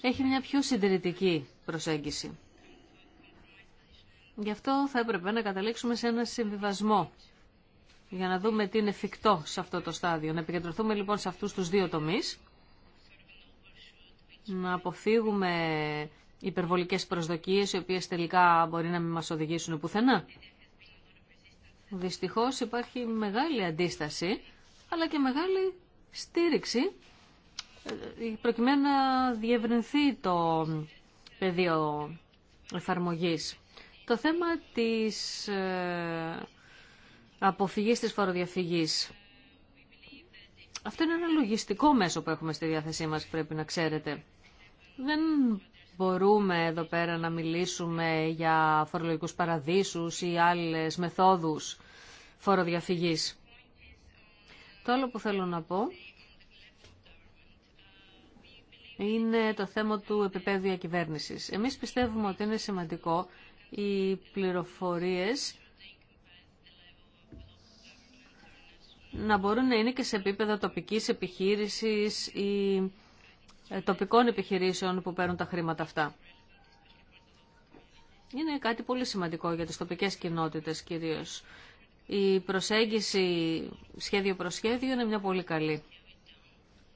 έχει μια πιο συντηρητική προσέγγιση. Γι' αυτό θα έπρεπε να καταλήξουμε σε ένα συμβιβασμό για να δούμε τι είναι εφικτό σε αυτό το στάδιο. Να επικεντρωθούμε λοιπόν σε αυτούς τους δύο τομείς, να αποφύγουμε υπερβολικές προσδοκίες οι οποίες τελικά μπορεί να μην μας οδηγήσουν πουθενά. Δυστυχώς υπάρχει μεγάλη αντίσταση αλλά και μεγάλη στήριξη ε, προκειμένου να διευρυνθεί το πεδίο εφαρμογής. Το θέμα της ε, αποφυγής της φοροδιαφυγής. Αυτό είναι ένα λογιστικό μέσο που έχουμε στη διάθεσή μας, πρέπει να ξέρετε. Δεν μπορούμε εδώ πέρα να μιλήσουμε για φορολογικούς παραδείσους ή άλλες μεθόδους φοροδιαφυγής. Το άλλο που θέλω να πω είναι το θέμα του επίπεδου διακυβέρνησης. Εμείς πιστεύουμε ότι είναι σημαντικό οι πληροφορίες να μπορούν να είναι και σε επίπεδα τοπικής επιχείρησης ή ε, τοπικών επιχειρήσεων που παίρνουν τα χρήματα αυτά. Είναι κάτι πολύ σημαντικό για τις τοπικές κοινότητες κυρίως. Η προσέγγιση σχέδιο προς σχέδιο είναι μια πολύ καλή.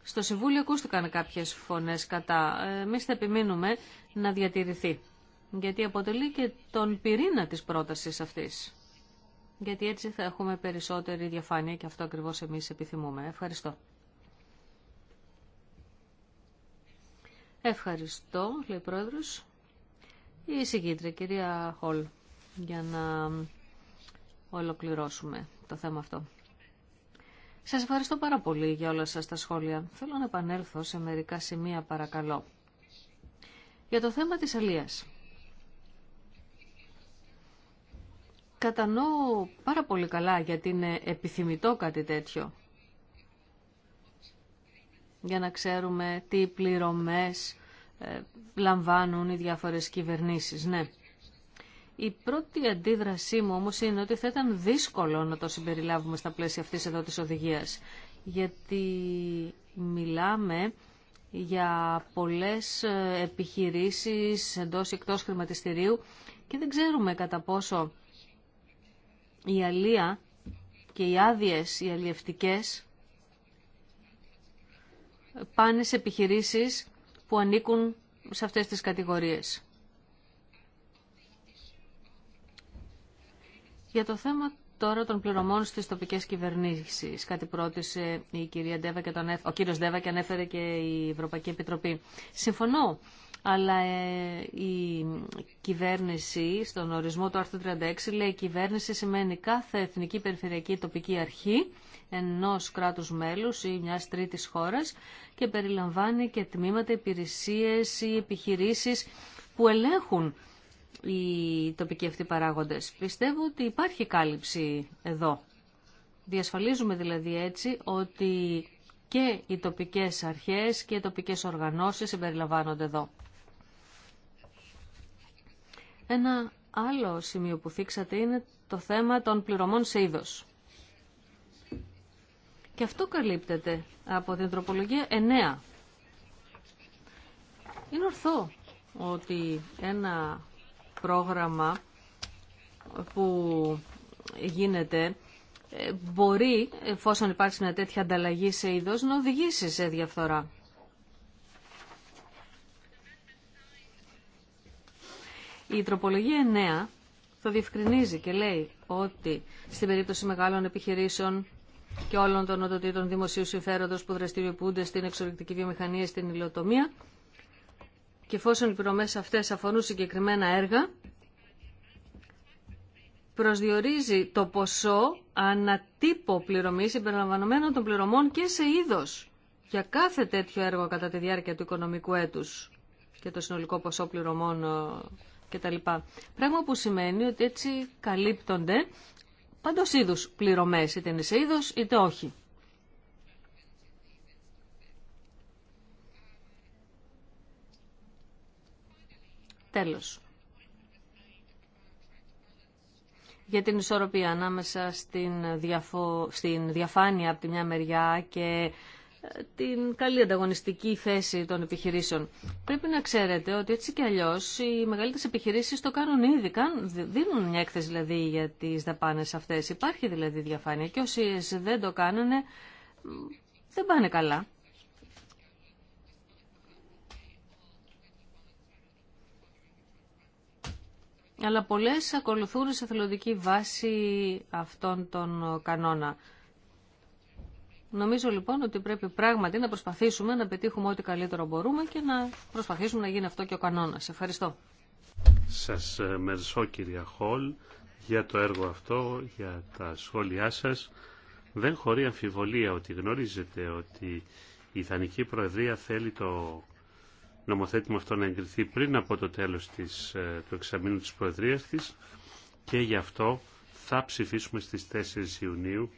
Στο Συμβούλιο ακούστηκαν κάποιες φωνές κατά. Ε, Εμεί θα επιμείνουμε να διατηρηθεί γιατί αποτελεί και τον πυρήνα της πρότασης αυτής. Γιατί έτσι θα έχουμε περισσότερη διαφάνεια και αυτό ακριβώς εμείς επιθυμούμε. Ευχαριστώ. Ευχαριστώ, λέει πρόεδρος. Η συγκήτρια, κυρία Χολ, για να ολοκληρώσουμε το θέμα αυτό. Σας ευχαριστώ πάρα πολύ για όλα σας τα σχόλια. Θέλω να επανέλθω σε μερικά σημεία παρακαλώ. Για το θέμα της αλίας. κατανοώ πάρα πολύ καλά γιατί είναι επιθυμητό κάτι τέτοιο. Για να ξέρουμε τι πληρωμές ε, λαμβάνουν οι διάφορες κυβερνήσεις, ναι. Η πρώτη αντίδρασή μου όμως είναι ότι θα ήταν δύσκολο να το συμπεριλάβουμε στα πλαίσια αυτής εδώ της οδηγίας. Γιατί μιλάμε για πολλές ε, επιχειρήσεις εντός εκτός χρηματιστηρίου και δεν ξέρουμε κατά πόσο η αλία και οι άδειε οι αλλιευτικές πάνε σε επιχειρήσεις που ανήκουν σε αυτές τις κατηγορίες. Για το θέμα τώρα των πληρωμών στι τοπικές κυβερνήσει, Κάτι πρότισε η κυρία και τον, ο κύριος Ντέβα και ανέφερε και η Ευρωπαϊκή Επιτροπή. Συμφωνώ, αλλά ε, η κυβέρνηση στον ορισμό του άρθρου 36 λέει η κυβέρνηση σημαίνει κάθε εθνική περιφερειακή τοπική αρχή ενό κράτους μέλους ή μιας τρίτης χώρας και περιλαμβάνει και τμήματα, υπηρεσίε ή επιχειρήσει που ελέγχουν οι τοπικοί αυτοί παράγοντες. Πιστεύω ότι υπάρχει κάλυψη εδώ. Διασφαλίζουμε δηλαδή έτσι ότι και οι τοπικές αρχές και οι τοπικές οργανώσεις συμπεριλαμβάνονται εδώ. Ένα άλλο σημείο που θίξατε είναι το θέμα των πληρωμών σε είδος. Και αυτό καλύπτεται από την τροπολογία 9. Είναι ορθό ότι ένα πρόγραμμα που γίνεται ε, μπορεί, εφόσον υπάρξει μια τέτοια ανταλλαγή σε είδος, να οδηγήσει σε διαφθορά. Η τροπολογία 9 το διευκρινίζει και λέει ότι στην περίπτωση μεγάλων επιχειρήσεων και όλων των οντοτήτων δημοσίου συμφέροντος που δραστηριοποιούνται στην εξορρυκτική βιομηχανία στην υλοτομία, και εφόσον οι πληρωμές αυτές αφορούν συγκεκριμένα έργα, προσδιορίζει το ποσό ανατύπω πληρωμής συμπεριλαμβανομένων των πληρωμών και σε είδος για κάθε τέτοιο έργο κατά τη διάρκεια του οικονομικού έτους και το συνολικό ποσό πληρωμών ε, κτλ. Πράγμα που σημαίνει ότι έτσι καλύπτονται πάντως είδους πληρωμές, είτε είναι σε είδος είτε όχι. Τέλος. Για την ισορροπία ανάμεσα στην, στην διαφάνεια από τη μια μεριά και ε, την καλή ανταγωνιστική θέση των επιχειρήσεων. Πρέπει να ξέρετε ότι έτσι και αλλιώς οι μεγαλύτερες επιχειρήσεις το κάνουν ήδη. δίνουν μια έκθεση δηλαδή για τις δαπάνε αυτές. Υπάρχει δηλαδή διαφάνεια. Και όσοι δεν το κάνουν ε, δεν πάνε καλά. αλλά πολλές ακολουθούν σε θελοντική βάση αυτόν τον κανόνα. Νομίζω λοιπόν ότι πρέπει πράγματι να προσπαθήσουμε να πετύχουμε ό,τι καλύτερο μπορούμε και να προσπαθήσουμε να γίνει αυτό και ο κανόνας. Ευχαριστώ. Σας ε, μερσώ κυρία Χολ για το έργο αυτό, για τα σχόλιά σας. Δεν χωρεί αμφιβολία ότι γνωρίζετε ότι η Ιδανική Προεδρία θέλει το νομοθέτημα αυτό να εγκριθεί πριν από το τέλος της, ε, του εξαμήνου της Προεδρίας της και γι' αυτό θα ψηφίσουμε στις 4 Ιουνίου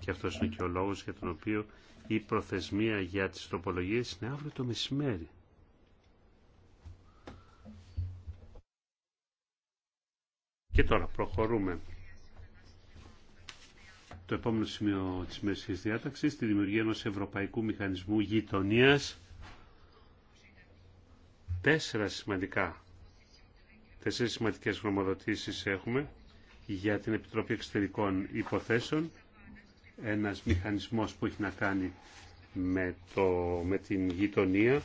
και αυτός είναι και ο λόγος για τον οποίο η προθεσμία για τις τροπολογίες είναι αύριο το μεσημέρι. Και τώρα προχωρούμε. Το επόμενο σημείο της μέσης διάταξης, τη δημιουργία ενός ευρωπαϊκού μηχανισμού γειτονίας τέσσερα σημαντικά, τέσσερις σημαντικές γνωμοδοτήσεις έχουμε για την Επιτροπή Εξωτερικών Υποθέσεων, ένας μηχανισμός που έχει να κάνει με, το, με την γειτονία,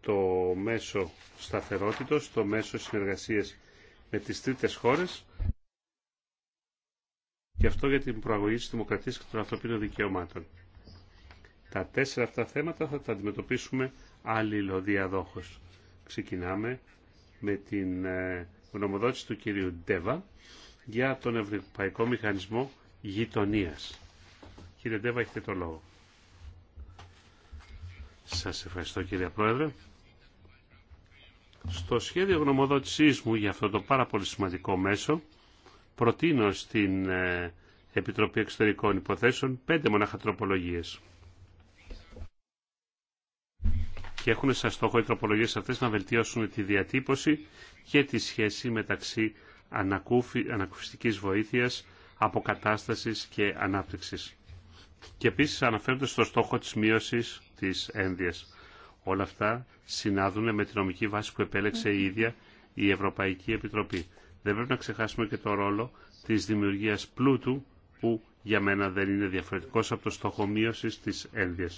το μέσο σταθερότητος, το μέσο συνεργασίας με τις τρίτες χώρες και αυτό για την προαγωγή της δημοκρατίας και των ανθρωπίνων δικαιωμάτων. Τα τέσσερα αυτά θέματα θα τα αντιμετωπίσουμε αλληλοδιαδόχως. Ξεκινάμε με την ε, γνωμοδότηση του κυρίου Ντέβα για τον Ευρωπαϊκό Μηχανισμό Γειτονίας. Κύριε Ντέβα, έχετε το λόγο. Σας ευχαριστώ κύριε Πρόεδρε. Στο σχέδιο γνωμοδότησής μου για αυτό το πάρα πολύ σημαντικό μέσο προτείνω στην ε, Επιτροπή Εξωτερικών Υποθέσεων πέντε μονάχα και έχουν σαν στόχο οι τροπολογίε αυτέ να βελτιώσουν τη διατύπωση και τη σχέση μεταξύ ανακουφιστική βοήθεια βοήθειας, και ανάπτυξη. Και επίση αναφέρονται στο στόχο τη μείωση της ένδυα. Όλα αυτά συνάδουν με τη νομική βάση που επέλεξε η ίδια η Ευρωπαϊκή Επιτροπή. Δεν πρέπει να ξεχάσουμε και το ρόλο της δημιουργίας πλούτου που για μένα δεν είναι διαφορετικό από το στόχο μείωση της ένδυα.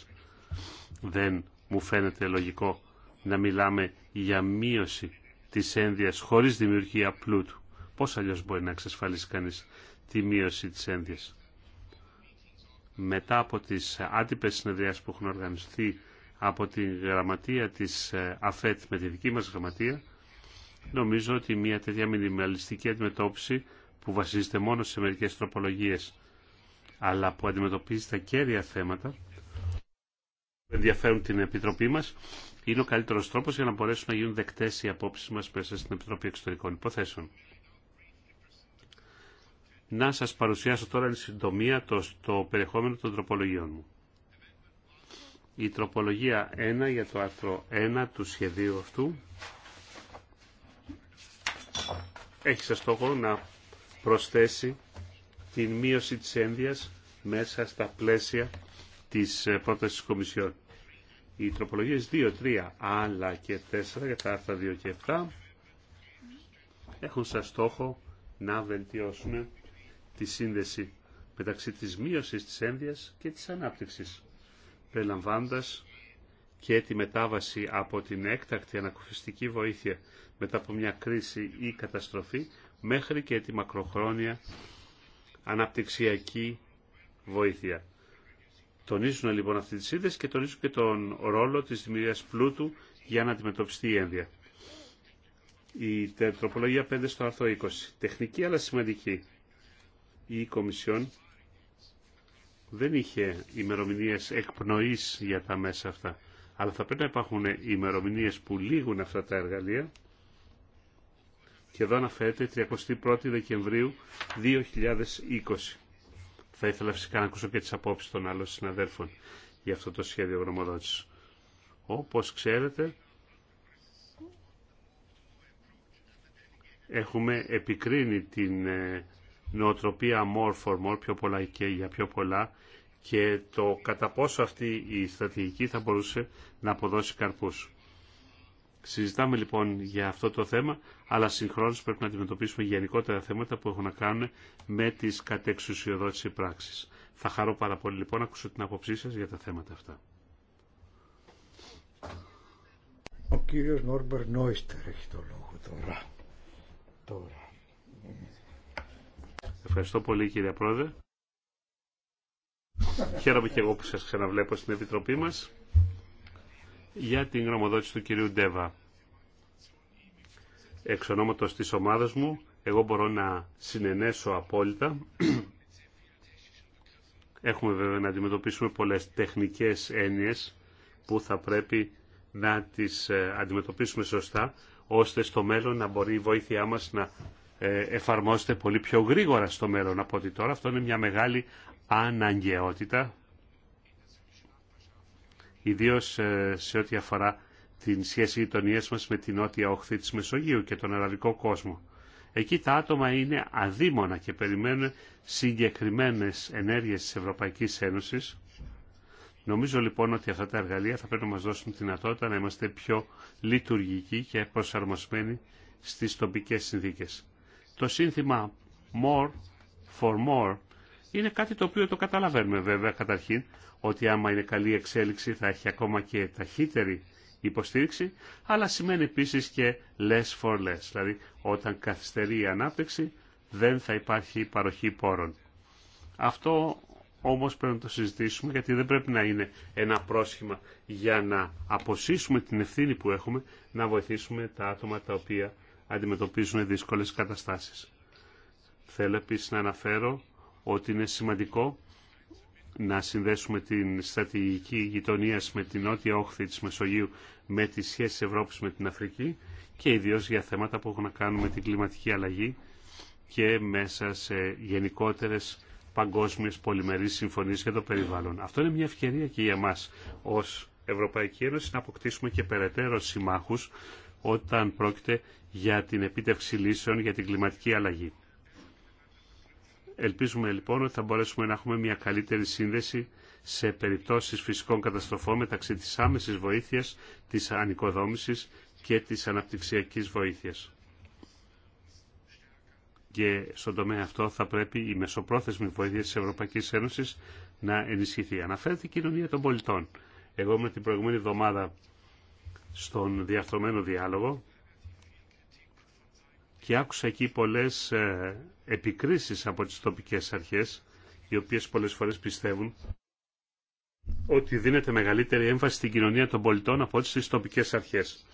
Δεν μου φαίνεται λογικό να μιλάμε για μείωση της ένδυας χωρίς δημιουργία πλούτου. Πώς αλλιώς μπορεί να εξασφαλίσει κανείς τη μείωση της ένδυας. Μετά από τις άτυπες συνεδριάσεις που έχουν οργανιστεί από τη γραμματεία της ε, ΑΦΕΤ με τη δική μας γραμματεία, νομίζω ότι μια τέτοια μινιμαλιστική αντιμετώπιση που βασίζεται μόνο σε μερικές τροπολογίες, αλλά που αντιμετωπίζει τα κέρια θέματα, ενδιαφέρουν την Επιτροπή μας είναι ο καλύτερος τρόπος για να μπορέσουν να γίνουν δεκτές οι απόψεις μας μέσα στην Επιτροπή Εξωτερικών Υποθέσεων. Να σας παρουσιάσω τώρα εν συντομία το, το περιεχόμενο των τροπολογιών μου. Η τροπολογία 1 για το άρθρο 1 του σχεδίου αυτού έχει σαν στόχο να προσθέσει την μείωση της ένδυας μέσα στα πλαίσια της ε, πρότασης της Κομισιόν. Οι τροπολογίες 2, 3 αλλά και 4 για τα άρθρα 2 και 7 έχουν σαν στόχο να βελτιώσουν τη σύνδεση μεταξύ της μείωσης της ένδυας και της ανάπτυξη, περιλαμβάνοντας και τη μετάβαση από την έκτακτη ανακουφιστική βοήθεια μετά από μια κρίση ή καταστροφή μέχρι και τη μακροχρόνια αναπτυξιακή βοήθεια. Τονίζουν λοιπόν αυτή τη σύνδεση και τονίζουν και τον ρόλο της δημιουργίας πλούτου για να αντιμετωπιστεί η ένδια. Η τροπολογία 5 στο άρθρο 20. Τεχνική αλλά σημαντική. Η Κομισιόν δεν είχε ημερομηνίε εκπνοής για τα μέσα αυτά. Αλλά θα πρέπει να υπάρχουν ημερομηνίε που λήγουν αυτά τα εργαλεία. Και εδώ αναφέρεται 31 Δεκεμβρίου 2020. Θα ήθελα φυσικά να ακούσω και τις απόψεις των άλλων συναδέλφων για αυτό το σχέδιο γνωμοδότησης. Όπως ξέρετε, έχουμε επικρίνει την ε, νοοτροπία more for more, πιο πολλά και για πιο πολλά, και το κατά πόσο αυτή η στρατηγική θα μπορούσε να αποδώσει καρπούς. Συζητάμε λοιπόν για αυτό το θέμα, αλλά συγχρόνως πρέπει να αντιμετωπίσουμε γενικότερα θέματα που έχουν να κάνουν με τις κατεξουσιοδότηση πράξεις. Θα χαρώ πάρα πολύ λοιπόν να ακούσω την άποψή σας για τα θέματα αυτά. Ο κύριος Νόρμπερ Νόιστερ έχει το λόγο τώρα. τώρα. Ευχαριστώ πολύ κύριε Πρόεδρε. Χαίρομαι και εγώ που σας ξαναβλέπω στην Επιτροπή μας για την γνωμοδότηση του κυρίου Ντέβα. Εξ ονόματος της ομάδας μου, εγώ μπορώ να συνενέσω απόλυτα. Έχουμε βέβαια να αντιμετωπίσουμε πολλές τεχνικές έννοιες που θα πρέπει να τις ε, αντιμετωπίσουμε σωστά, ώστε στο μέλλον να μπορεί η βοήθειά μας να ε, εφαρμόζεται πολύ πιο γρήγορα στο μέλλον από ό,τι τώρα. Αυτό είναι μια μεγάλη αναγκαιότητα ιδίως ε, σε ό,τι αφορά την σχέση γειτονία μα με την νότια όχθη τη Μεσογείου και τον αραβικό κόσμο. Εκεί τα άτομα είναι αδίμονα και περιμένουν συγκεκριμένε ενέργειες τη Ευρωπαϊκή Ένωση. Νομίζω λοιπόν ότι αυτά τα εργαλεία θα πρέπει να μας δώσουν τη δυνατότητα να είμαστε πιο λειτουργικοί και προσαρμοσμένοι στι τοπικέ συνθήκε. Το σύνθημα «more for more» Είναι κάτι το οποίο το καταλαβαίνουμε βέβαια καταρχήν, ότι άμα είναι καλή εξέλιξη θα έχει ακόμα και ταχύτερη υποστήριξη, αλλά σημαίνει επίσης και less for less, δηλαδή όταν καθυστερεί η ανάπτυξη δεν θα υπάρχει παροχή πόρων. Αυτό όμως πρέπει να το συζητήσουμε γιατί δεν πρέπει να είναι ένα πρόσχημα για να αποσύσουμε την ευθύνη που έχουμε να βοηθήσουμε τα άτομα τα οποία αντιμετωπίζουν δύσκολες καταστάσεις. Θέλω επίσης να αναφέρω ότι είναι σημαντικό να συνδέσουμε την στρατηγική γειτονία με την νότια όχθη της Μεσογείου με τις σχέσεις Ευρώπης με την Αφρική και ιδίως για θέματα που έχουν να κάνουν με την κλιματική αλλαγή και μέσα σε γενικότερες παγκόσμιες πολυμερείς συμφωνίες για το περιβάλλον. Αυτό είναι μια ευκαιρία και για μας ως Ευρωπαϊκή Ένωση να αποκτήσουμε και περαιτέρω συμμάχους όταν πρόκειται για την επίτευξη λύσεων για την κλιματική αλλαγή. Ελπίζουμε λοιπόν ότι θα μπορέσουμε να έχουμε μια καλύτερη σύνδεση σε περιπτώσεις φυσικών καταστροφών μεταξύ της άμεσης βοήθειας, της ανοικοδόμησης και της αναπτυξιακής βοήθειας. Και στον τομέα αυτό θα πρέπει η μεσοπρόθεσμη βοήθεια της Ευρωπαϊκής Ένωσης να ενισχυθεί. Αναφέρεται η κοινωνία των πολιτών. Εγώ με την προηγούμενη εβδομάδα στον διαρθρωμένο διάλογο και άκουσα εκεί πολλές ε, επικρίσεις από τις τοπικές αρχές, οι οποίες πολλές φορές πιστεύουν ότι δίνεται μεγαλύτερη έμφαση στην κοινωνία των πολιτών από ό,τι στις τοπικές αρχές.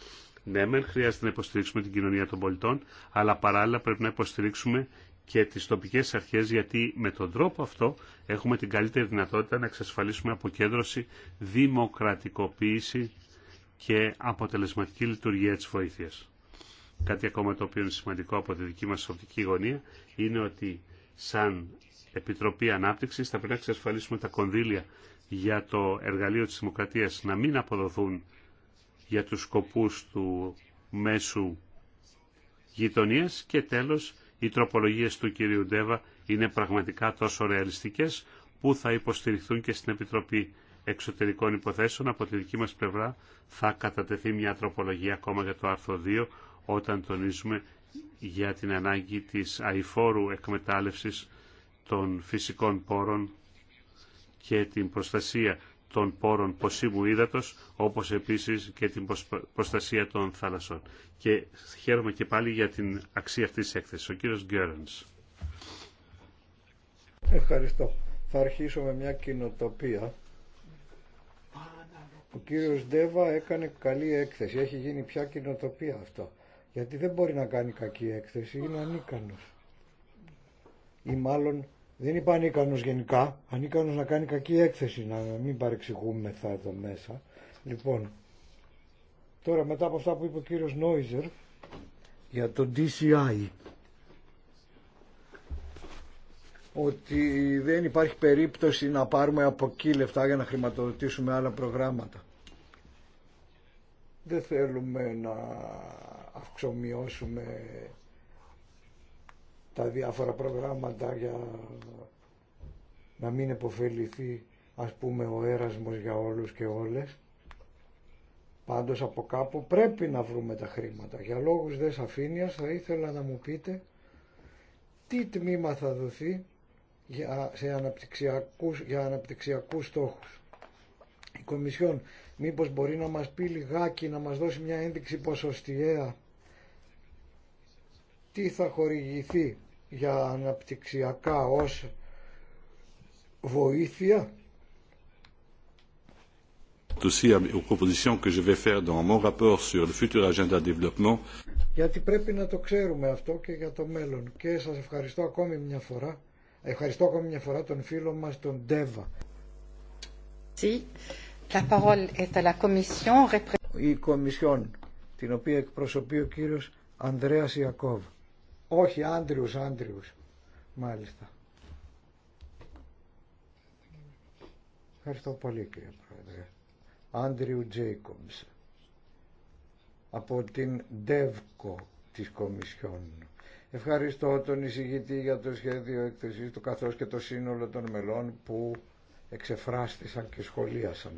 Ναι, μεν χρειάζεται να υποστηρίξουμε την κοινωνία των πολιτών, αλλά παράλληλα πρέπει να υποστηρίξουμε και τις τοπικές αρχές, γιατί με τον τρόπο αυτό έχουμε την καλύτερη δυνατότητα να εξασφαλίσουμε αποκέντρωση, δημοκρατικοποίηση και αποτελεσματική λειτουργία της βοήθειας. Κάτι ακόμα το οποίο είναι σημαντικό από τη δική μας οπτική γωνία είναι ότι σαν Επιτροπή Ανάπτυξης θα πρέπει να εξασφαλίσουμε τα κονδύλια για το εργαλείο της δημοκρατίας να μην αποδοθούν για τους σκοπούς του μέσου γειτονίας και τέλος οι τροπολογίες του κυρίου Ντέβα είναι πραγματικά τόσο ρεαλιστικές που θα υποστηριχθούν και στην Επιτροπή Εξωτερικών Υποθέσεων. Από τη δική μας πλευρά θα κατατεθεί μια τροπολογία ακόμα για το άρθρο όταν τονίζουμε για την ανάγκη της αηφόρου εκμετάλλευσης των φυσικών πόρων και την προστασία των πόρων ποσίμου ύδατος, όπως επίσης και την προστασία των θάλασσων. Και χαίρομαι και πάλι για την αξία αυτής της έκθεσης. Ο κύριος Γκέρανς. Ευχαριστώ. Θα αρχίσω με μια κοινοτοπία. Ο κύριος Ντέβα έκανε καλή έκθεση. Έχει γίνει πια κοινοτοπία αυτό γιατί δεν μπορεί να κάνει κακή έκθεση, είναι ανίκανος. Ή μάλλον δεν είπα ανίκανος γενικά, ανίκανος να κάνει κακή έκθεση, να μην παρεξηγούμεθα εδώ μέσα. Λοιπόν, τώρα μετά από αυτά που είπε ο κύριος Νόιζερ για το DCI, ότι δεν υπάρχει περίπτωση να πάρουμε από εκεί λεφτά για να χρηματοδοτήσουμε άλλα προγράμματα. Δεν θέλουμε να αυξομοιώσουμε τα διάφορα προγράμματα για να μην επωφεληθεί ας πούμε ο έρασμος για όλους και όλες. Πάντως από κάπου πρέπει να βρούμε τα χρήματα. Για λόγους δε σαφήνειας θα ήθελα να μου πείτε τι τμήμα θα δοθεί για, σε αναπτυξιακούς, για αναπτυξιακούς στόχους. Η Κομισιόν μήπως μπορεί να μας πει λιγάκι, να μας δώσει μια ένδειξη ποσοστιαία τι θα χορηγηθεί για αναπτυξιακά ως βοήθεια. Aussi euh, aux propositions que je vais faire dans mon rapport sur le futur agenda de développement. Γιατί πρέπει να το ξέρουμε αυτό και για το μέλλον. Και σας ευχαριστώ ακόμη μια φορά. Ευχαριστώ ακόμη μια φορά τον φίλο μας τον Ντέβα. La parole est à la commission. Η commission, την οποία εκπροσωπεί ο κύριος Ανδρέας Ιακώβ. Όχι, Άντριους, Άντριους. Μάλιστα. Ευχαριστώ πολύ κύριε Πρόεδρε. Άντριου Τζέικομς από την ΔΕΒΚΟ της Κομισιόν. Ευχαριστώ τον εισηγητή για το σχέδιο έκθεση του καθώς και το σύνολο των μελών που εξεφράστησαν και σχολίασαν.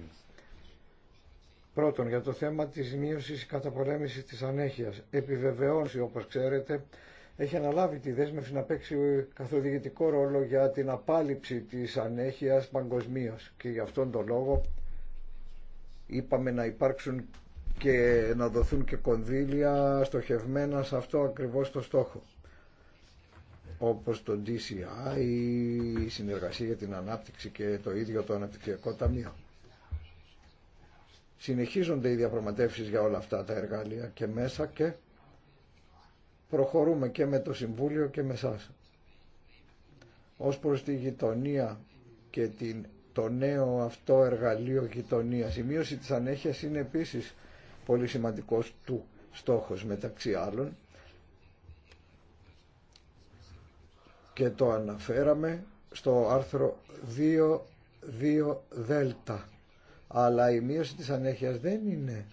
Πρώτον, για το θέμα της μείωσης καταπολέμησης της ανέχειας. Επιβεβαιώνει, όπως ξέρετε, έχει αναλάβει τη δέσμευση να παίξει καθοδηγητικό ρόλο για την απάλληψη της ανέχειας παγκοσμίω. και γι' αυτόν τον λόγο είπαμε να υπάρξουν και να δοθούν και κονδύλια στοχευμένα σε αυτό ακριβώς το στόχο όπως το DCI, η συνεργασία για την ανάπτυξη και το ίδιο το αναπτυξιακό ταμείο. Συνεχίζονται οι διαπραγματεύσεις για όλα αυτά τα εργαλεία και μέσα και προχωρούμε και με το Συμβούλιο και με σας. Ως προς τη γειτονία και την, το νέο αυτό εργαλείο γειτονία. Η μείωση της ανέχειας είναι επίσης πολύ σημαντικός του στόχος μεταξύ άλλων και το αναφέραμε στο άρθρο 2, δέλτα. Αλλά η μείωση της ανέχειας δεν είναι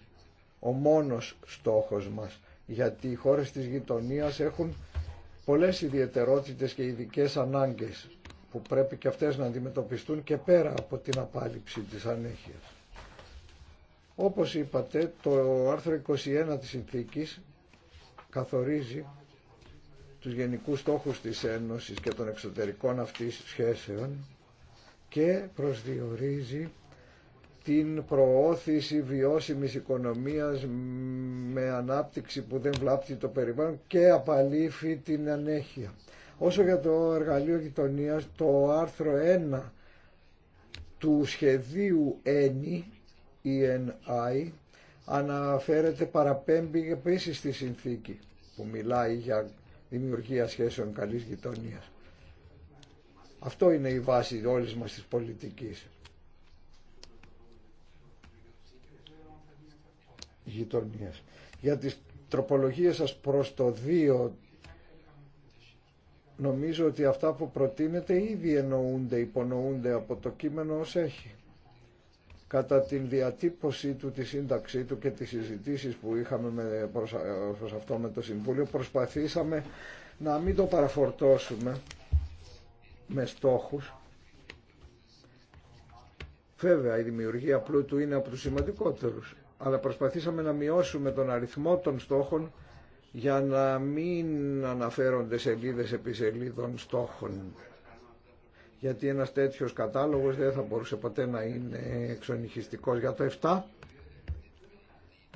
ο μόνος στόχος μας γιατί οι χώρες της γειτονίας έχουν πολλές ιδιαιτερότητες και ειδικέ ανάγκες που πρέπει και αυτές να αντιμετωπιστούν και πέρα από την απάλληψη της ανέχειας. Όπως είπατε, το άρθρο 21 της συνθήκης καθορίζει τους γενικούς στόχους της Ένωσης και των εξωτερικών αυτής σχέσεων και προσδιορίζει την προώθηση βιώσιμης οικονομίας με ανάπτυξη που δεν βλάπτει το περιβάλλον και απαλήφει την ανέχεια. Όσο για το εργαλείο γειτονία, το άρθρο 1 του σχεδίου ΕΝΗ, ENI, αναφέρεται παραπέμπει επίσης στη συνθήκη που μιλάει για δημιουργία σχέσεων καλής γειτονίας. Αυτό είναι η βάση όλης μας της πολιτικής. Για τις τροπολογίες σας προς το 2 νομίζω ότι αυτά που προτείνετε ήδη εννοούνται, υπονοούνται από το κείμενο ως έχει. Κατά την διατύπωση του, τη σύνταξή του και τις συζητήσεις που είχαμε με, προς αυτό με το Συμβούλιο προσπαθήσαμε να μην το παραφορτώσουμε με στόχους. Βέβαια η δημιουργία πλούτου είναι από τους σημαντικότερους αλλά προσπαθήσαμε να μειώσουμε τον αριθμό των στόχων για να μην αναφέρονται σελίδες επί σελίδων στόχων. Γιατί ένας τέτοιος κατάλογος δεν θα μπορούσε ποτέ να είναι εξονυχιστικός. Για το 7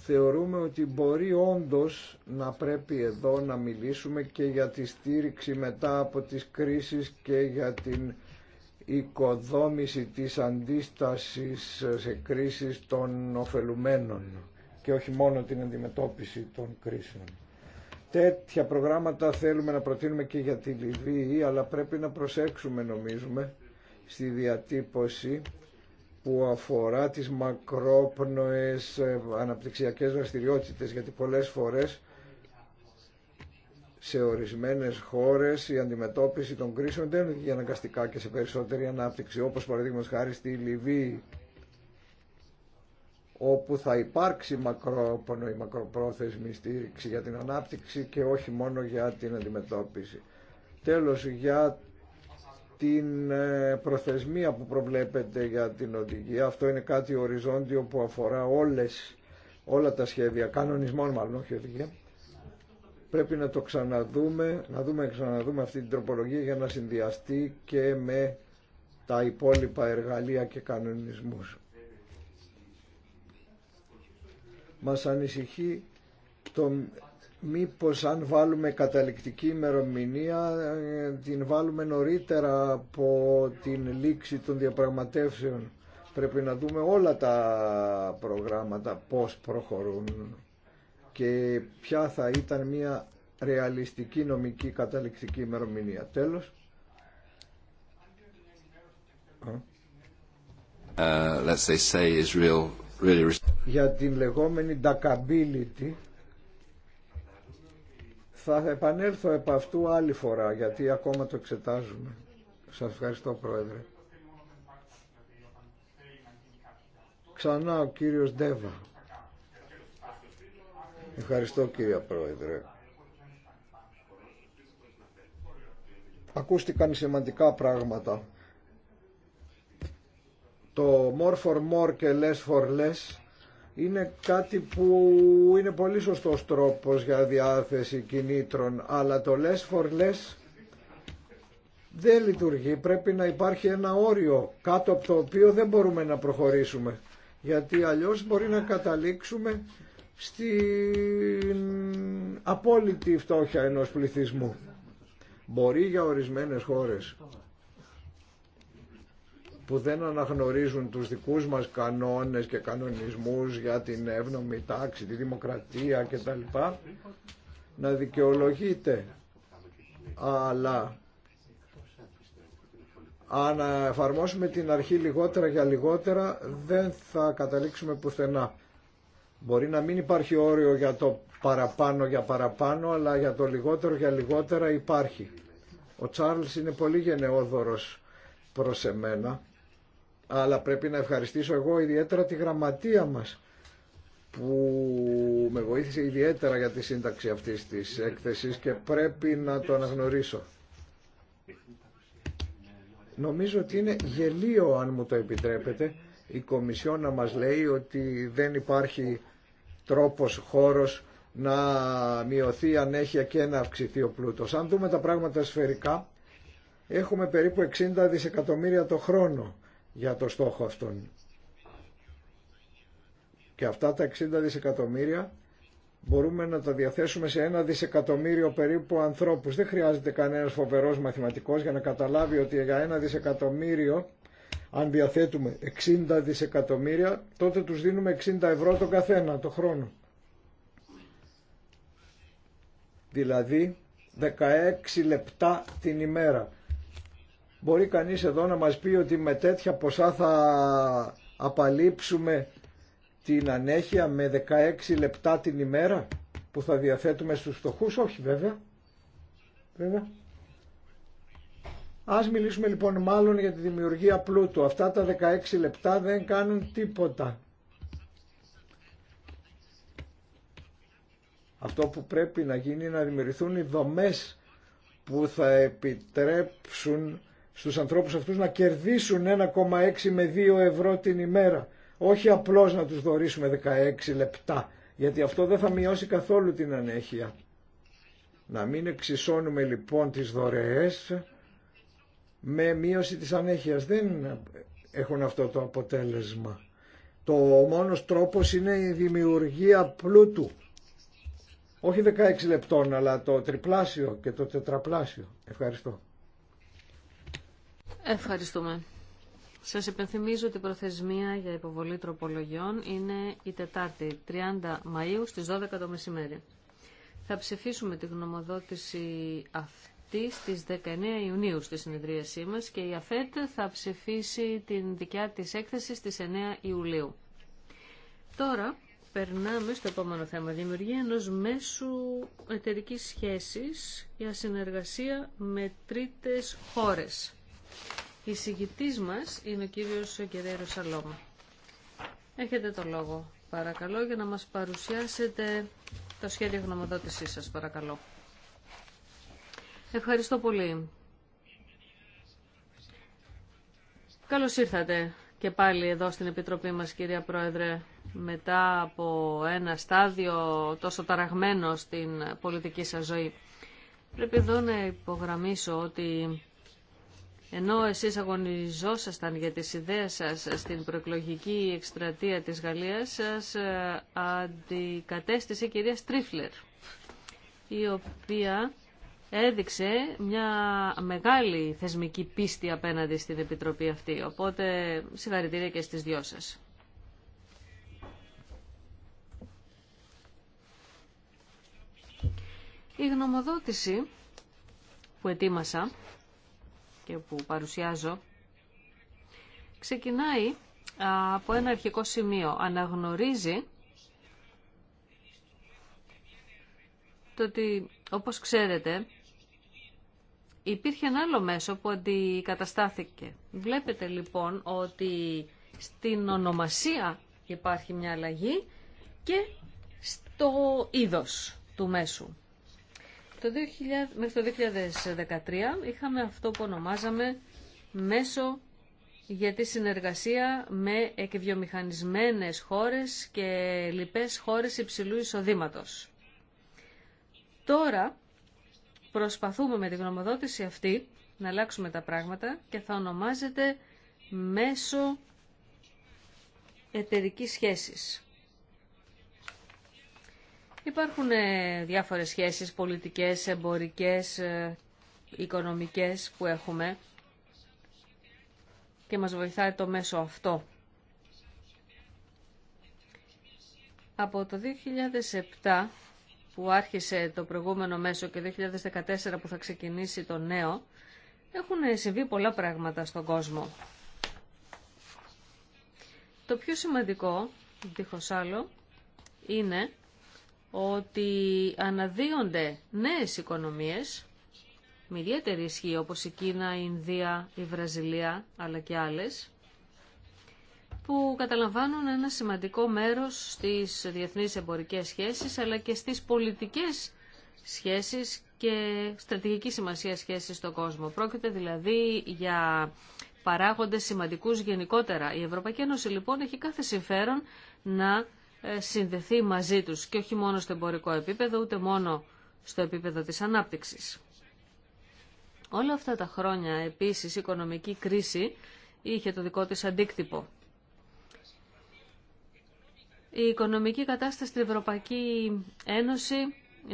θεωρούμε ότι μπορεί όντως να πρέπει εδώ να μιλήσουμε και για τη στήριξη μετά από τις κρίσεις και για την οικοδόμηση της αντίστασης σε κρίσεις των ωφελουμένων και όχι μόνο την αντιμετώπιση των κρίσεων. Τέτοια προγράμματα θέλουμε να προτείνουμε και για τη Λιβύη, αλλά πρέπει να προσέξουμε νομίζουμε στη διατύπωση που αφορά τις μακρόπνοες ε, αναπτυξιακές δραστηριότητες, γιατί πολλές φορές σε ορισμένες χώρες η αντιμετώπιση των κρίσεων δεν είναι αναγκαστικά και σε περισσότερη ανάπτυξη, όπως παραδείγματος χάρη στη Λιβύη, όπου θα υπάρξει μακρόπονο ή μακροπρόθεσμη στήριξη για την ανάπτυξη και όχι μόνο για την αντιμετώπιση. Τέλος, για την ε, προθεσμία που προβλέπεται για την οδηγία, αυτό είναι κάτι οριζόντιο που αφορά όλες, όλα τα σχέδια, κανονισμών μάλλον, όχι οδηγία, Πρέπει να το ξαναδούμε, να δούμε ξαναδούμε αυτή την τροπολογία για να συνδυαστεί και με τα υπόλοιπα εργαλεία και κανονισμούς. Μας ανησυχεί το μήπως αν βάλουμε καταληκτική ημερομηνία την βάλουμε νωρίτερα από την λήξη των διαπραγματεύσεων. Πρέπει να δούμε όλα τα προγράμματα πώς προχωρούν και ποια θα ήταν μια ρεαλιστική νομική καταληκτική ημερομηνία. Τέλος. Ε, Για την λεγόμενη «dacability» θα επανέλθω επ' αυτού άλλη φορά γιατί ακόμα το εξετάζουμε. Σας ευχαριστώ Πρόεδρε. Ξανά ο κύριος Ντέβα. Ευχαριστώ κύριε Πρόεδρε. Ακούστηκαν σημαντικά πράγματα. Το more for more και less for less είναι κάτι που είναι πολύ σωστός τρόπος για διάθεση κινήτρων, αλλά το less for less δεν λειτουργεί. Πρέπει να υπάρχει ένα όριο κάτω από το οποίο δεν μπορούμε να προχωρήσουμε, γιατί αλλιώς μπορεί να καταλήξουμε στην απόλυτη φτώχεια ενός πληθυσμού. Μπορεί για ορισμένες χώρες που δεν αναγνωρίζουν τους δικούς μας κανόνες και κανονισμούς για την εύνομη τάξη, τη δημοκρατία κτλ. να δικαιολογείται. Αλλά αν εφαρμόσουμε την αρχή λιγότερα για λιγότερα δεν θα καταλήξουμε πουθενά. Μπορεί να μην υπάρχει όριο για το παραπάνω για παραπάνω, αλλά για το λιγότερο για λιγότερα υπάρχει. Ο Τσάρλς είναι πολύ γενναιόδωρος προς εμένα, αλλά πρέπει να ευχαριστήσω εγώ ιδιαίτερα τη γραμματεία μας, που με βοήθησε ιδιαίτερα για τη σύνταξη αυτής της έκθεσης και πρέπει να το αναγνωρίσω. Νομίζω ότι είναι γελίο, αν μου το επιτρέπετε, η Κομισιό να μας λέει ότι δεν υπάρχει τρόπος, χώρος να μειωθεί ανέχεια και να αυξηθεί ο πλούτος. Αν δούμε τα πράγματα σφαιρικά, έχουμε περίπου 60 δισεκατομμύρια το χρόνο για το στόχο αυτόν. Και αυτά τα 60 δισεκατομμύρια μπορούμε να τα διαθέσουμε σε ένα δισεκατομμύριο περίπου ανθρώπους. Δεν χρειάζεται κανένας φοβερός μαθηματικός για να καταλάβει ότι για ένα δισεκατομμύριο αν διαθέτουμε 60 δισεκατομμύρια, τότε τους δίνουμε 60 ευρώ τον καθένα το χρόνο. Δηλαδή 16 λεπτά την ημέρα. Μπορεί κανείς εδώ να μας πει ότι με τέτοια ποσά θα απαλείψουμε την ανέχεια με 16 λεπτά την ημέρα που θα διαθέτουμε στους φτωχούς. Όχι βέβαια. βέβαια. Ας μιλήσουμε λοιπόν μάλλον για τη δημιουργία πλούτου. Αυτά τα 16 λεπτά δεν κάνουν τίποτα. Αυτό που πρέπει να γίνει είναι να δημιουργηθούν οι δομές που θα επιτρέψουν στους ανθρώπους αυτούς να κερδίσουν 1,6 με 2 ευρώ την ημέρα. Όχι απλώς να τους δωρήσουμε 16 λεπτά, γιατί αυτό δεν θα μειώσει καθόλου την ανέχεια. Να μην εξισώνουμε λοιπόν τις δωρεές με μείωση της ανέχειας. Δεν έχουν αυτό το αποτέλεσμα. Το μόνος τρόπος είναι η δημιουργία πλούτου. Όχι 16 λεπτών, αλλά το τριπλάσιο και το τετραπλάσιο. Ευχαριστώ. Ευχαριστούμε. Σας υπενθυμίζω ότι η προθεσμία για υποβολή τροπολογιών είναι η Τετάρτη, 30 Μαΐου στις 12 το μεσημέρι. Θα ψηφίσουμε τη γνωμοδότηση αυτή αυτή στις 19 Ιουνίου στη συνεδρίασή μας και η ΑΦΕΤ θα ψηφίσει την δικιά της έκθεση στις 9 Ιουλίου. Τώρα περνάμε στο επόμενο θέμα. Δημιουργία ενός μέσου εταιρικής σχέσης για συνεργασία με τρίτες χώρες. Η συγκητής μας είναι ο κύριος Κυρία Σαλώμα. Έχετε το λόγο, παρακαλώ, για να μας παρουσιάσετε το σχέδιο γνωμοδότησής σας, παρακαλώ. Ευχαριστώ πολύ. Καλώς ήρθατε και πάλι εδώ στην Επιτροπή μας, κυρία Πρόεδρε, μετά από ένα στάδιο τόσο ταραγμένο στην πολιτική σας ζωή. Πρέπει εδώ να υπογραμμίσω ότι ενώ εσείς αγωνιζόσασταν για τις ιδέες σας στην προεκλογική εκστρατεία της Γαλλίας σας, ε, αντικατέστησε η κυρία Στρίφλερ, η οποία έδειξε μια μεγάλη θεσμική πίστη απέναντι στην Επιτροπή αυτή. Οπότε συγχαρητήρια και στις δυο σας. Η γνωμοδότηση που ετοίμασα και που παρουσιάζω ξεκινάει από ένα αρχικό σημείο. Αναγνωρίζει το ότι, όπως ξέρετε, υπήρχε ένα άλλο μέσο που αντικαταστάθηκε. Βλέπετε λοιπόν ότι στην ονομασία υπάρχει μια αλλαγή και στο είδος του μέσου. Το 2000, μέχρι το 2013 είχαμε αυτό που ονομάζαμε μέσο για τη συνεργασία με εκβιομηχανισμένες χώρες και λοιπές χώρες υψηλού εισοδήματος. Τώρα Προσπαθούμε με τη γνωμοδότηση αυτή να αλλάξουμε τα πράγματα και θα ονομάζεται Μέσο εταιρικής σχέσης. Υπάρχουν ε, διάφορες σχέσεις πολιτικές, εμπορικές, ε, οικονομικές που έχουμε και μας βοηθάει το μέσο αυτό. Από το 2007 που άρχισε το προηγούμενο μέσο και 2014 που θα ξεκινήσει το νέο, έχουν συμβεί πολλά πράγματα στον κόσμο. Το πιο σημαντικό, δίχως άλλο, είναι ότι αναδύονται νέες οικονομίες, με ιδιαίτερη ισχύ όπως η Κίνα, η Ινδία, η Βραζιλία, αλλά και άλλες, που καταλαμβάνουν ένα σημαντικό μέρος στις διεθνείς εμπορικές σχέσεις αλλά και στις πολιτικές σχέσεις και στρατηγική σημασία σχέσεις στον κόσμο. Πρόκειται δηλαδή για παράγοντες σημαντικούς γενικότερα. Η Ευρωπαϊκή Ένωση λοιπόν έχει κάθε συμφέρον να ε, συνδεθεί μαζί τους και όχι μόνο στο εμπορικό επίπεδο, ούτε μόνο στο επίπεδο της ανάπτυξης. Όλα αυτά τα χρόνια επίσης η οικονομική κρίση είχε το δικό της αντίκτυπο η οικονομική κατάσταση στην Ευρωπαϊκή Ένωση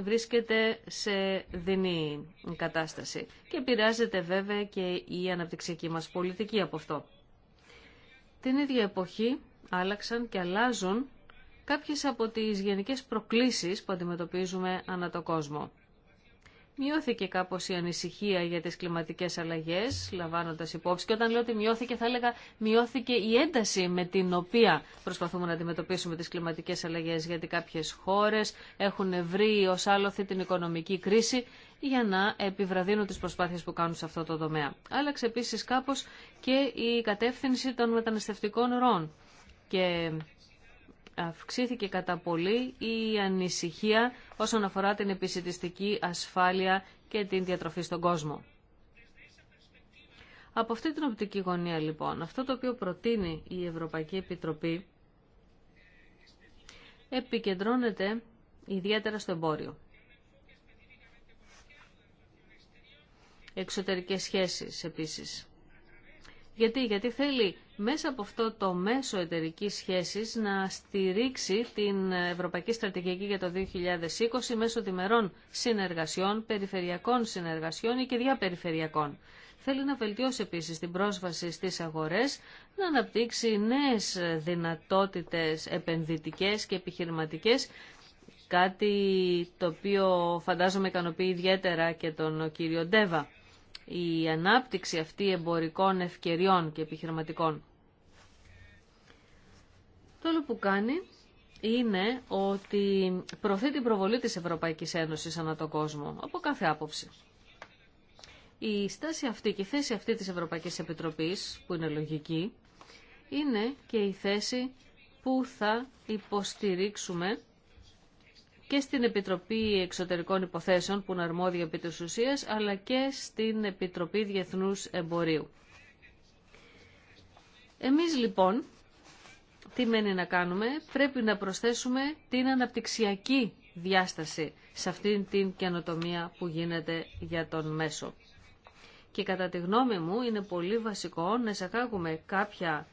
βρίσκεται σε δεινή κατάσταση και επηρεάζεται βέβαια και η αναπτυξιακή μας πολιτική από αυτό. Την ίδια εποχή άλλαξαν και αλλάζουν κάποιες από τις γενικές προκλήσεις που αντιμετωπίζουμε ανά το κόσμο. Μειώθηκε κάπω η ανησυχία για τις κλιματικέ αλλαγέ, λαμβάνοντα υπόψη. Και όταν λέω ότι μειώθηκε, θα έλεγα μειώθηκε η ένταση με την οποία προσπαθούμε να αντιμετωπίσουμε τις κλιματικέ αλλαγέ, γιατί κάποιες χώρες έχουν βρει ως άλοθη την οικονομική κρίση για να επιβραδύνουν τις προσπάθειε που κάνουν σε αυτό το τομέα. Άλλαξε επίση κάπω και η κατεύθυνση των μεταναστευτικών ροών. Και αυξήθηκε κατά πολύ η ανησυχία όσον αφορά την επισητιστική ασφάλεια και την διατροφή στον κόσμο. Από αυτή την οπτική γωνία λοιπόν, αυτό το οποίο προτείνει η Ευρωπαϊκή Επιτροπή επικεντρώνεται ιδιαίτερα στο εμπόριο. Εξωτερικές σχέσεις επίσης. Γιατί, γιατί θέλει μέσα από αυτό το μέσο εταιρική σχέση να στηρίξει την Ευρωπαϊκή Στρατηγική για το 2020 μέσω διμερών συνεργασιών, περιφερειακών συνεργασιών ή και διαπεριφερειακών. Θέλει να βελτιώσει επίσης την πρόσβαση στις αγορές, να αναπτύξει νέες δυνατότητες επενδυτικές και επιχειρηματικές, κάτι το οποίο φαντάζομαι ικανοποιεί ιδιαίτερα και τον κύριο Ντέβα η ανάπτυξη αυτή εμπορικών ευκαιριών και επιχειρηματικών. Το όλο που κάνει είναι ότι προωθεί την προβολή της Ευρωπαϊκής Ένωσης ανά τον κόσμο, από κάθε άποψη. Η στάση αυτή και η θέση αυτή της Ευρωπαϊκής Επιτροπής, που είναι λογική, είναι και η θέση που θα υποστηρίξουμε και στην Επιτροπή Εξωτερικών Υποθέσεων, που είναι αρμόδια επί της ουσίας, αλλά και στην Επιτροπή Διεθνούς Εμπορίου. Εμείς λοιπόν, τι μένει να κάνουμε, πρέπει να προσθέσουμε την αναπτυξιακή διάσταση σε αυτήν την καινοτομία που γίνεται για τον μέσο. Και κατά τη γνώμη μου είναι πολύ βασικό να εισακάγουμε κάποια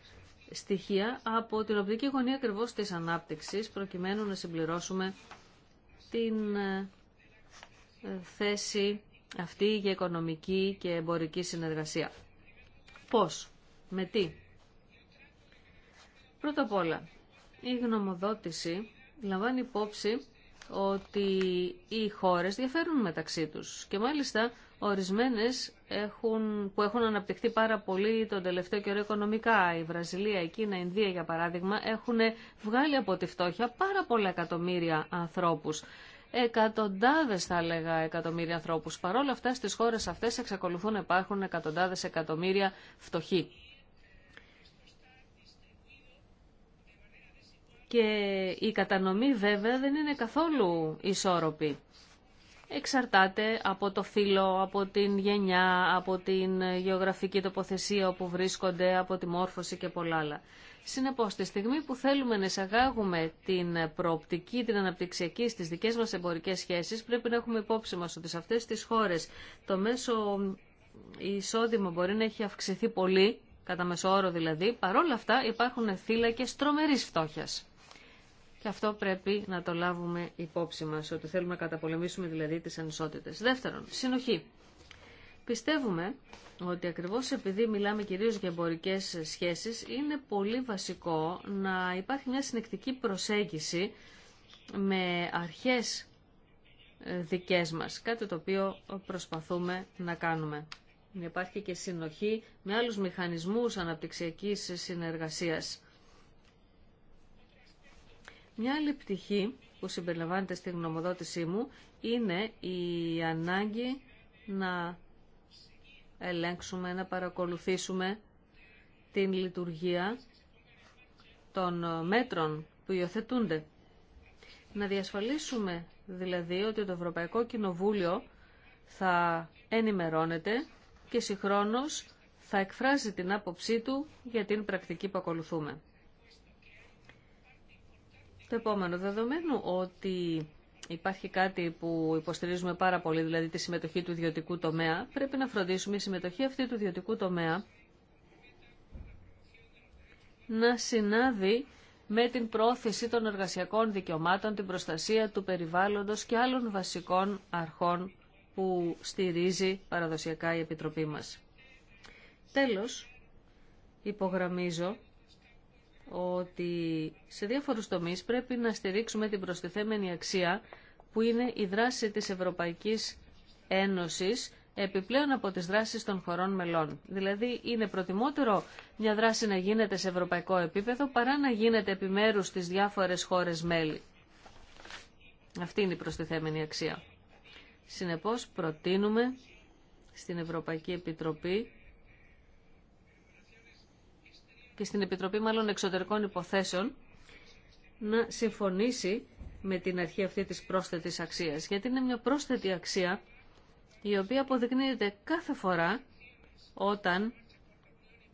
στοιχεία από την οπτική γωνία ακριβώ της ανάπτυξης προκειμένου να συμπληρώσουμε την ε, θέση αυτή για οικονομική και εμπορική συνεργασία. Πώς, με τι. Πρώτα απ' όλα, η γνωμοδότηση λαμβάνει υπόψη ότι οι χώρες διαφέρουν μεταξύ τους και μάλιστα ορισμένες έχουν, που έχουν αναπτυχθεί πάρα πολύ τον τελευταίο καιρό οικονομικά. Η Βραζιλία, η Κίνα, η Ινδία για παράδειγμα έχουν βγάλει από τη φτώχεια πάρα πολλά εκατομμύρια ανθρώπους. Εκατοντάδες θα έλεγα εκατομμύρια ανθρώπους. Παρ' όλα αυτά στις χώρες αυτές εξακολουθούν να υπάρχουν εκατοντάδες εκατομμύρια φτωχοί. Και η κατανομή βέβαια δεν είναι καθόλου ισόρροπη εξαρτάται από το φύλλο, από την γενιά, από την γεωγραφική τοποθεσία όπου βρίσκονται, από τη μόρφωση και πολλά άλλα. Συνεπώς, τη στιγμή που θέλουμε να εισαγάγουμε την προοπτική, την αναπτυξιακή στις δικές μας εμπορικές σχέσεις, πρέπει να έχουμε υπόψη μας ότι σε αυτές τις χώρες το μέσο εισόδημα μπορεί να έχει αυξηθεί πολύ, κατά μεσό όρο δηλαδή, παρόλα αυτά υπάρχουν θύλακες τρομερής φτώχειας. Και αυτό πρέπει να το λάβουμε υπόψη μα ότι θέλουμε να καταπολεμήσουμε δηλαδή τι ανισότητε. Δεύτερον, συνοχή. Πιστεύουμε ότι ακριβώς επειδή μιλάμε κυρίω για εμπορικέ σχέσεις, είναι πολύ βασικό να υπάρχει μια συνεκτική προσέγγιση με αρχές ε, δικέ μα κάτι το οποίο προσπαθούμε να κάνουμε. Υπάρχει και συνοχή με άλλους μηχανισμούς αναπτυξιακής συνεργασίας. Μια άλλη πτυχή που συμπεριλαμβάνεται στη γνωμοδότησή μου είναι η ανάγκη να ελέγξουμε, να παρακολουθήσουμε την λειτουργία των μέτρων που υιοθετούνται. Να διασφαλίσουμε δηλαδή ότι το Ευρωπαϊκό Κοινοβούλιο θα ενημερώνεται και συγχρόνως θα εκφράζει την άποψή του για την πρακτική που ακολουθούμε. Το επόμενο, δεδομένου ότι υπάρχει κάτι που υποστηρίζουμε πάρα πολύ, δηλαδή τη συμμετοχή του ιδιωτικού τομέα, πρέπει να φροντίσουμε η συμμετοχή αυτή του ιδιωτικού τομέα να συνάδει με την πρόθεση των εργασιακών δικαιωμάτων, την προστασία του περιβάλλοντος και άλλων βασικών αρχών που στηρίζει παραδοσιακά η Επιτροπή μας. Τέλος, υπογραμμίζω ότι σε διάφορους τομείς πρέπει να στηρίξουμε την προστιθέμενη αξία που είναι η δράση της Ευρωπαϊκής Ένωσης επιπλέον από τις δράσεις των χωρών μελών. Δηλαδή είναι προτιμότερο μια δράση να γίνεται σε ευρωπαϊκό επίπεδο παρά να γίνεται επιμέρους στις διάφορες χώρες μέλη. Αυτή είναι η προστιθέμενη αξία. Συνεπώς προτείνουμε στην Ευρωπαϊκή Επιτροπή και στην Επιτροπή μάλλον Εξωτερικών Υποθέσεων να συμφωνήσει με την αρχή αυτή της πρόσθετης αξίας. Γιατί είναι μια πρόσθετη αξία η οποία αποδεικνύεται κάθε φορά όταν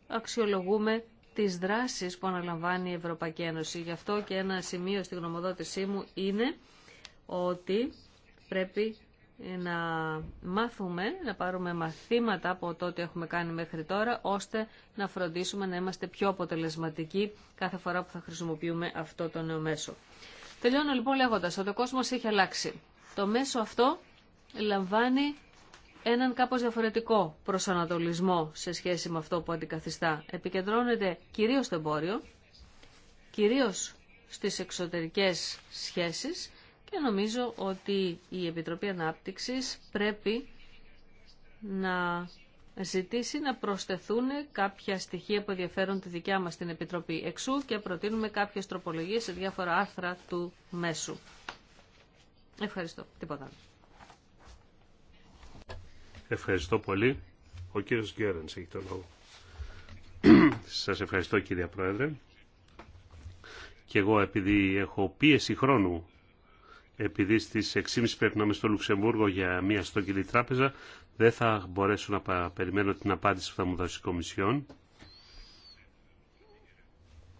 αξιολογούμε τις δράσεις που αναλαμβάνει η Ευρωπαϊκή Ένωση. Γι' αυτό και ένα σημείο στη γνωμοδότησή μου είναι ότι πρέπει να μάθουμε, να πάρουμε μαθήματα από το ότι έχουμε κάνει μέχρι τώρα, ώστε να φροντίσουμε να είμαστε πιο αποτελεσματικοί κάθε φορά που θα χρησιμοποιούμε αυτό το νέο μέσο. Τελειώνω λοιπόν λέγοντας ότι ο κόσμος έχει αλλάξει. Το μέσο αυτό λαμβάνει έναν κάπως διαφορετικό προσανατολισμό σε σχέση με αυτό που αντικαθιστά. Επικεντρώνεται κυρίως στο εμπόριο, κυρίως στις εξωτερικές σχέσεις και νομίζω ότι η Επιτροπή Ανάπτυξης πρέπει να ζητήσει να προσθεθούν κάποια στοιχεία που ενδιαφέρουν τη δικιά μας την Επιτροπή Εξού και προτείνουμε κάποιες τροπολογίες σε διάφορα άρθρα του μέσου. Ευχαριστώ. Τίποτα. Ευχαριστώ πολύ. Ο κύριος Γκέρενς έχει το λόγο. Σας ευχαριστώ κύριε Πρόεδρε. Και εγώ επειδή έχω πίεση χρόνου επειδή στις 6.30 πρέπει να είμαι στο Λουξεμβούργο για μια στόκυλη τράπεζα, δεν θα μπορέσω να περιμένω την απάντηση που θα μου δώσει η Κομισιόν.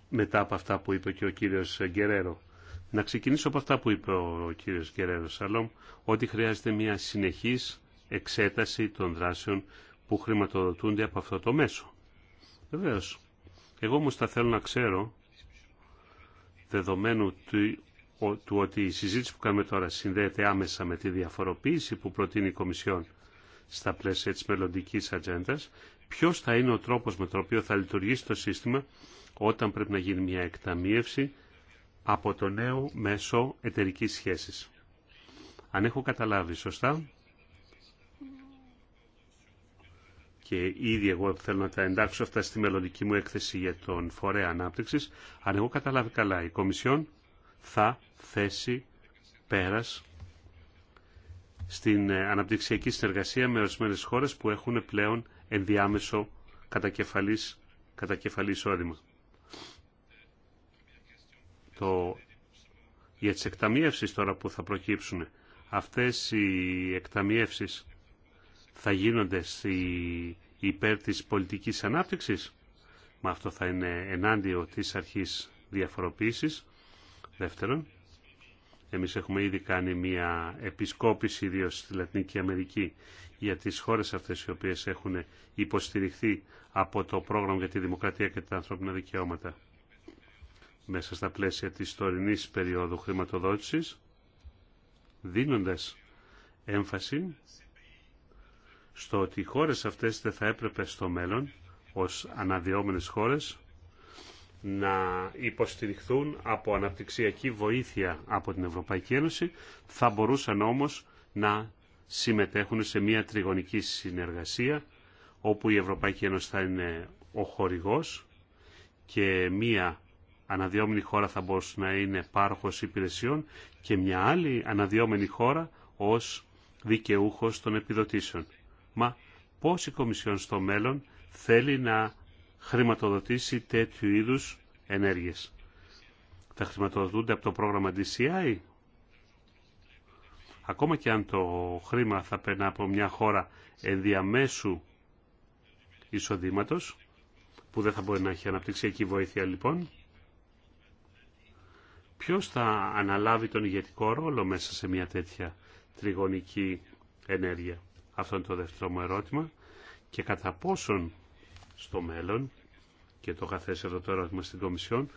Μετά από αυτά που είπε και ο κύριος Γκερέρο. Να ξεκινήσω από αυτά που είπε ο κύριος Γκερέρο Σαλόμ, ότι χρειάζεται μια συνεχής εξέταση των δράσεων που χρηματοδοτούνται από αυτό το μέσο. Βεβαίω. Εγώ όμως θα θέλω να ξέρω, δεδομένου του του ότι η συζήτηση που κάνουμε τώρα συνδέεται άμεσα με τη διαφοροποίηση που προτείνει η Κομισιόν στα πλαίσια της μελλοντική ατζέντα, ποιο θα είναι ο τρόπος με τον οποίο θα λειτουργήσει το σύστημα όταν πρέπει να γίνει μια εκταμίευση από το νέο μέσο εταιρικής σχέσης. Αν έχω καταλάβει σωστά, και ήδη εγώ θέλω να τα εντάξω αυτά στη μελλοντική μου έκθεση για τον φορέα ανάπτυξης, αν έχω καταλάβει καλά η Κομισιόν θα θέσει πέρας στην ε, αναπτυξιακή συνεργασία με ορισμένες χώρες που έχουν πλέον ενδιάμεσο κατακεφαλής, κατακεφαλής όριμα. Το, για τις εκταμίευσεις τώρα που θα προκύψουν, αυτές οι εκταμίευσεις θα γίνονται στη, υπέρ της πολιτικής ανάπτυξης, μα αυτό θα είναι ενάντιο της αρχής διαφοροποίησης, Δεύτερον, εμείς έχουμε ήδη κάνει μια επισκόπηση, ιδίω στη Λατινική Αμερική, για τις χώρες αυτές οι οποίες έχουν υποστηριχθεί από το πρόγραμμα για τη δημοκρατία και τα ανθρώπινα δικαιώματα μέσα στα πλαίσια της τωρινής περίοδου χρηματοδότησης, δίνοντας έμφαση στο ότι οι χώρες αυτές δεν θα έπρεπε στο μέλλον ως αναδυόμενες χώρες να υποστηριχθούν από αναπτυξιακή βοήθεια από την Ευρωπαϊκή Ένωση, θα μπορούσαν όμως να συμμετέχουν σε μια τριγωνική συνεργασία όπου η Ευρωπαϊκή Ένωση θα είναι ο χορηγός και μία αναδυόμενη χώρα θα μπορούσε να είναι πάροχος υπηρεσιών και μια αναδιόμενη ως δικαιούχος των επιδοτήσεων. Μα πώς η Κομισιόν στο μέλλον θέλει να ειναι παροχος υπηρεσιων και μια αλλη αναδιόμενη χωρα ως δικαιουχος των επιδοτησεων μα πως η κομισιον στο μελλον θελει να χρηματοδοτήσει τέτοιου είδους ενέργειες. Θα χρηματοδοτούνται από το πρόγραμμα DCI. Ακόμα και αν το χρήμα θα περνά από μια χώρα ενδιαμέσου εισοδήματος, που δεν θα μπορεί να έχει αναπτυξιακή βοήθεια λοιπόν, ποιος θα αναλάβει τον ηγετικό ρόλο μέσα σε μια τέτοια τριγωνική ενέργεια. Αυτό είναι το δεύτερο μου ερώτημα. Και κατά πόσον στο μέλλον και το είχα θέσει εδώ τώρα ερώτημα στην Κομισιόν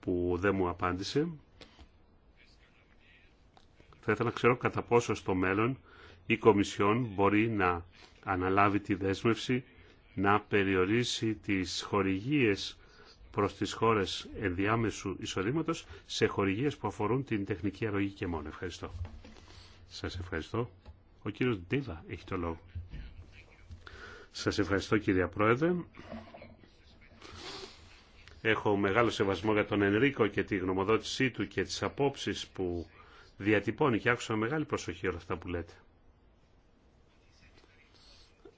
που δεν μου απάντησε. Θα ήθελα να ξέρω κατά πόσο στο μέλλον η Κομισιόν μπορεί να αναλάβει τη δέσμευση να περιορίσει τις χορηγίες προς τις χώρες ενδιάμεσου εισοδήματος σε χορηγίες που αφορούν την τεχνική αρρωγή και μόνο. Ευχαριστώ. Σας ευχαριστώ. Ο κύριος Ντίβα έχει το λόγο. Σας ευχαριστώ κύριε Πρόεδρε. Έχω μεγάλο σεβασμό για τον Ενρίκο και τη γνωμοδότησή του και τις απόψεις που διατυπώνει και άκουσα μεγάλη προσοχή όλα αυτά που λέτε.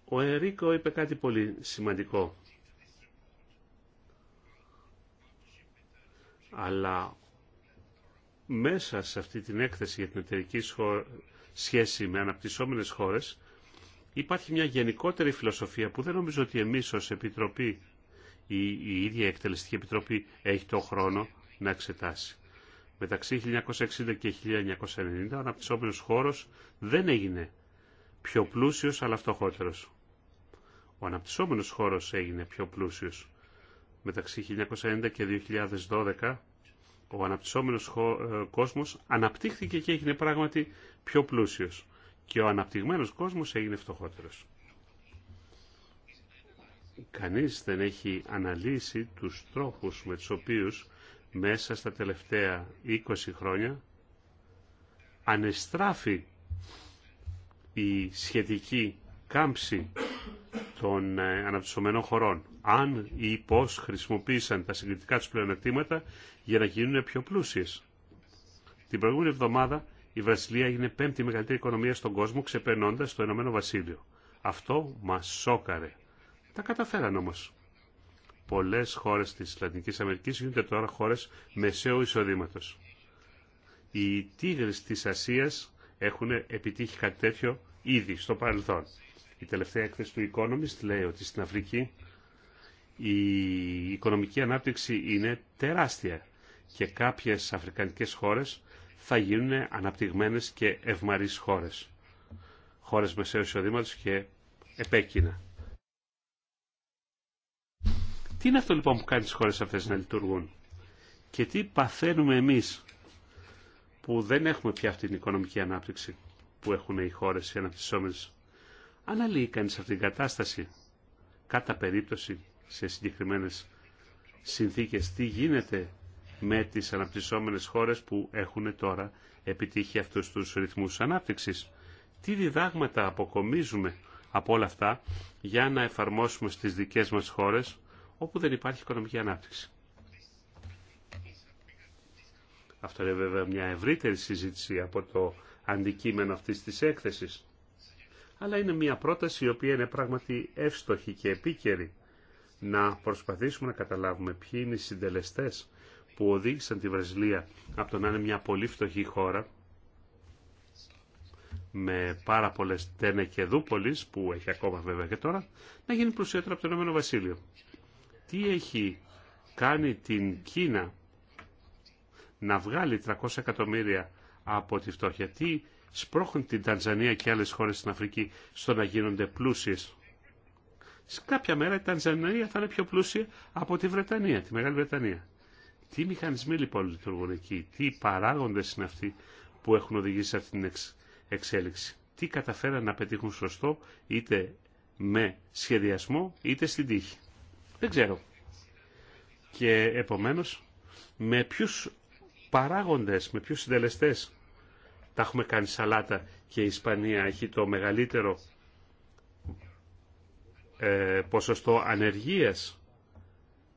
Ο Ενρίκο είπε κάτι πολύ σημαντικό. Αλλά μέσα σε αυτή την έκθεση για την εταιρική σχέση με αναπτυσσόμενες χώρες υπάρχει μια γενικότερη φιλοσοφία που δεν νομίζω ότι εμείς ως Επιτροπή, η, η ίδια Εκτελεστική Επιτροπή έχει το χρόνο να εξετάσει. Μεταξύ 1960 και 1990 ο αναπτυσσόμενος χώρος δεν έγινε πιο πλούσιος αλλά φτωχότερος. Ο αναπτυσσόμενος χώρος έγινε πιο πλούσιος. Μεταξύ 1990 και 2012 ο αναπτυσσόμενος ε, κόσμος αναπτύχθηκε και έγινε πράγματι πιο πλούσιος και ο αναπτυγμένος κόσμος έγινε φτωχότερος. Κανείς δεν έχει αναλύσει τους τρόπους με τους οποίους μέσα στα τελευταία 20 χρόνια ανεστράφει η σχετική κάμψη των ε, αναπτυσσομένων χωρών. Αν ή πώς χρησιμοποίησαν τα συγκριτικά τους πλεονεκτήματα για να γίνουν πιο πλούσιες. Την προηγούμενη εβδομάδα η Βραζιλία έγινε πέμπτη μεγαλύτερη οικονομία στον κόσμο, ξεπερνώντα το Ηνωμένο Βασίλειο. Αυτό μα σόκαρε. Τα καταφέραν όμω. Πολλέ χώρε τη Λατινική Αμερική γίνονται τώρα χώρε μεσαίου εισοδήματο. Οι τίγρε τη Ασία έχουν επιτύχει κάτι τέτοιο ήδη στο παρελθόν. Η τελευταία έκθεση του Economist λέει ότι στην Αφρική η οικονομική ανάπτυξη είναι τεράστια και κάποιες αφρικανικές χώρες θα γίνουν αναπτυγμένες και ευμαρείς χώρες. Χώρες μεσαίου εισοδήματος και επέκεινα. Τι είναι αυτό λοιπόν που κάνει τις χώρες αυτές να λειτουργούν και τι παθαίνουμε εμείς που δεν έχουμε πια αυτή την οικονομική ανάπτυξη που έχουν οι χώρες οι αναπτυσσόμενες. Αν αλληλεί κανείς αυτή την κατάσταση, κατά περίπτωση σε συγκεκριμένες συνθήκες, τι γίνεται με τις αναπτυσσόμενες χώρες που έχουν τώρα επιτύχει αυτούς τους ρυθμούς ανάπτυξης. Τι διδάγματα αποκομίζουμε από όλα αυτά για να εφαρμόσουμε στις δικές μας χώρες όπου δεν υπάρχει οικονομική ανάπτυξη. Αυτό είναι βέβαια μια ευρύτερη συζήτηση από το αντικείμενο αυτής της έκθεσης. Αλλά είναι μια πρόταση η οποία είναι πράγματι εύστοχη και επίκαιρη να προσπαθήσουμε να καταλάβουμε ποιοι είναι οι συντελεστές που οδήγησαν τη Βραζιλία από το να είναι μια πολύ φτωχή χώρα με πάρα πολλέ τένε και δούπολη που έχει ακόμα βέβαια και τώρα να γίνει πλουσιότερο από το Ηνωμένο Βασίλειο. Τι έχει κάνει την Κίνα να βγάλει 300 εκατομμύρια από τη φτώχεια. Τι σπρώχνει την Τανζανία και άλλες χώρες στην Αφρική στο να γίνονται πλούσιες. Σε κάποια μέρα η Τανζανία θα είναι πιο πλούσια από τη Βρετανία, τη Μεγάλη Βρετανία. Τι μηχανισμοί λοιπόν λειτουργούν εκεί, τι παράγοντες είναι αυτοί που έχουν οδηγήσει σε αυτή την εξέλιξη. Τι καταφέραν να πετύχουν σωστό είτε με σχεδιασμό είτε στην τύχη. Δεν ξέρω. Και επομένως με ποιους παράγοντες, με ποιους συντελεστές τα έχουμε κάνει σαλάτα και η Ισπανία έχει το μεγαλύτερο ε, ποσοστό ανεργίας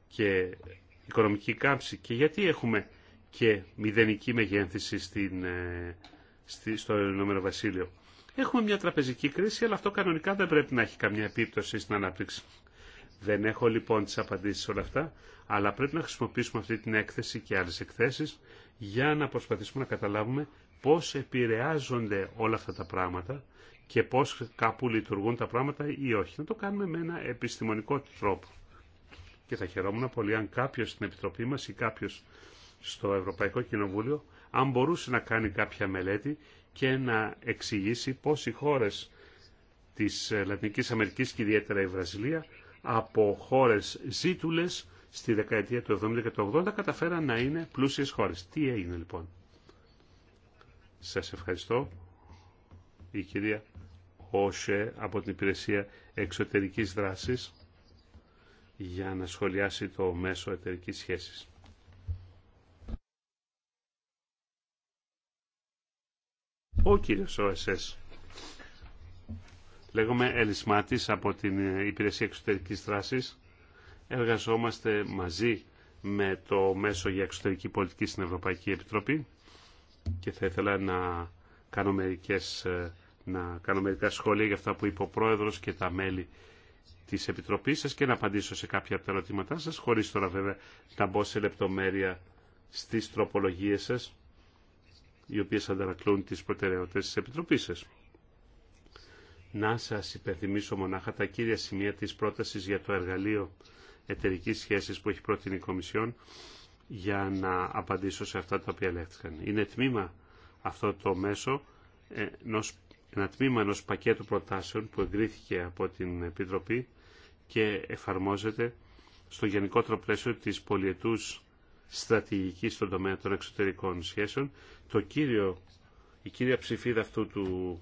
και οικονομική κάμψη και γιατί έχουμε και μηδενική μεγέθυνση στην, ε, στη, στο Ηνωμένο Βασίλειο. Έχουμε μια τραπεζική κρίση, αλλά αυτό κανονικά δεν πρέπει να έχει καμιά επίπτωση στην ανάπτυξη. Δεν έχω λοιπόν τις απαντήσεις σε όλα αυτά, αλλά πρέπει να χρησιμοποιήσουμε αυτή την έκθεση και άλλες εκθέσεις για να προσπαθήσουμε να καταλάβουμε πώς επηρεάζονται όλα αυτά τα πράγματα και πώς κάπου λειτουργούν τα πράγματα ή όχι. Να το κάνουμε με ένα επιστημονικό τρόπο και θα χαιρόμουν πολύ αν κάποιος στην Επιτροπή μας ή κάποιος στο Ευρωπαϊκό Κοινοβούλιο αν μπορούσε να κάνει κάποια μελέτη και να εξηγήσει πώς οι χώρες της Λατινικής Αμερικής και ιδιαίτερα η Βραζιλία από χώρες ζήτουλες στη δεκαετία του 70 και του 80 καταφέραν να είναι πλούσιες χώρες. Τι έγινε λοιπόν. Σας ευχαριστώ. Η κυρία Όσε από την Υπηρεσία Εξωτερικής Δράσης για να σχολιάσει το μέσο εταιρικής σχέσης. Ο κύριος ΟΕΣΕΣ. Λέγομαι Ελισμάτης από την Υπηρεσία Εξωτερικής Δράσης. Εργαζόμαστε μαζί με το Μέσο για Εξωτερική Πολιτική στην Ευρωπαϊκή Επιτροπή και θα ήθελα να κάνω, ε, να κάνω μερικά σχόλια για αυτά που είπε ο Πρόεδρος και τα μέλη Τη επιτροπή σας και να απαντήσω σε κάποια από τα ερωτήματά σας, χωρί τώρα βέβαια να μπω σε λεπτομέρεια στις τροπολογίες σας, οι οποίες αντανακλούν τις προτεραιότητε τη Επιτροπής σας. Να σα υπενθυμίσω μονάχα τα κύρια σημεία της πρότασης για το εργαλείο εταιρική σχέση που έχει πρότεινει η Κομισιόν για να απαντήσω σε αυτά τα οποία ελέγχθηκαν. Είναι τμήμα αυτό το μέσο ε, ενό ένα τμήμα ενός πακέτου προτάσεων που εγκρίθηκε από την Επιτροπή και εφαρμόζεται στο γενικότερο πλαίσιο της πολιετούς στρατηγικής στον τομέα των εξωτερικών σχέσεων. Το κύριο, η κύρια ψηφίδα αυτού του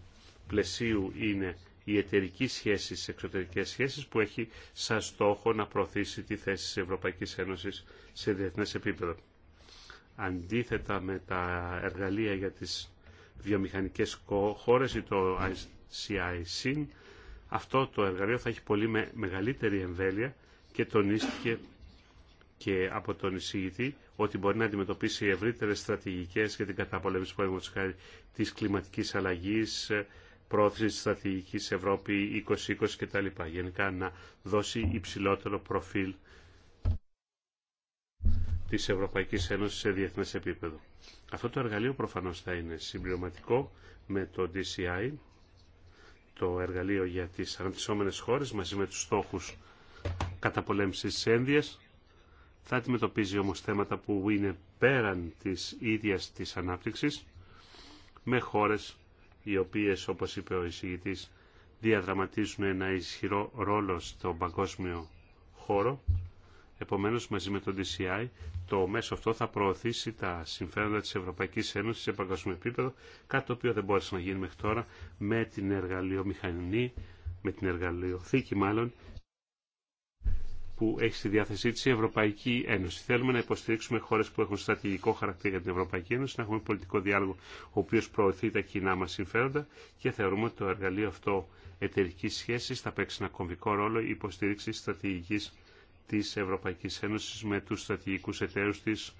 πλαισίου είναι η εταιρική σχέση στις εξωτερικές σχέσεις που έχει σαν στόχο να προωθήσει τη θέση της Ευρωπαϊκής Ένωσης σε διεθνές επίπεδο. Αντίθετα με τα εργαλεία για τις βιομηχανικές χώρες ή το ICIC, αυτό το εργαλείο θα έχει πολύ μεγαλύτερη εμβέλεια και τονίστηκε και από τον εισηγητή ότι μπορεί να αντιμετωπίσει ευρύτερες στρατηγικές για την καταπολέμηση της κλιματικής αλλαγής, πρόθεση της στρατηγικής Ευρώπη 2020 κτλ. Γενικά να δώσει υψηλότερο προφίλ της Ευρωπαϊκής Ένωσης σε διεθνές επίπεδο. Αυτό το εργαλείο προφανώς θα είναι συμπληρωματικό με το DCI, το εργαλείο για τις αναπτυσσόμενες χώρες μαζί με τους στόχους καταπολέμησης της ένδυας. Θα αντιμετωπίζει όμως θέματα που είναι πέραν της ίδιας της ανάπτυξης με χώρες οι οποίες όπως είπε ο εισηγητής διαδραματίζουν ένα ισχυρό ρόλο στον παγκόσμιο χώρο Επομένως, μαζί με τον DCI, το μέσο αυτό θα προωθήσει τα συμφέροντα της Ευρωπαϊκής Ένωσης σε παγκόσμιο επίπεδο, κάτι το οποίο δεν μπόρεσε να γίνει μέχρι τώρα με την εργαλειομηχανή, με την εργαλειοθήκη μάλλον, που έχει στη διάθεσή τη η Ευρωπαϊκή Ένωση. Θέλουμε να υποστηρίξουμε χώρε που έχουν στρατηγικό χαρακτήρα για την Ευρωπαϊκή Ένωση, να έχουμε πολιτικό διάλογο ο οποίο προωθεί τα κοινά μα συμφέροντα και θεωρούμε ότι το εργαλείο αυτό εταιρική σχέση θα παίξει ένα κομβικό ρόλο υποστήριξη στρατηγική της Ευρωπαϊκής Ένωσης με τους στρατηγικούς εταίρους της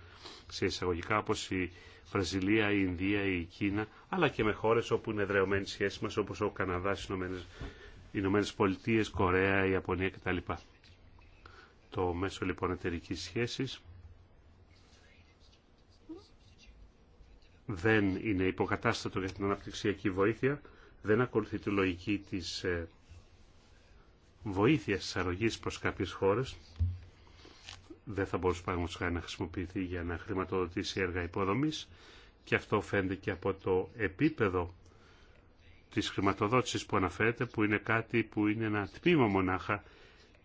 σε εισαγωγικά όπως η Βραζιλία, η Ινδία, η Κίνα, αλλά και με χώρες όπου είναι δρεωμένη σχέσεις μας όπως ο Καναδάς, οι Ηνωμένε Πολιτείες, Κορέα, η Ιαπωνία κτλ. Το μέσο λοιπόν εταιρική σχέσης δεν είναι υποκατάστατο για την αναπτυξιακή βοήθεια, δεν ακολουθεί τη λογική της ε, βοήθεια τη αρρωγή προ κάποιε χώρε δεν θα μπορούσε παραδείγματο να χρησιμοποιηθεί για να χρηματοδοτήσει έργα υποδομή και αυτό φαίνεται και από το επίπεδο της χρηματοδότησης που αναφέρεται, που είναι κάτι που είναι ένα τμήμα μονάχα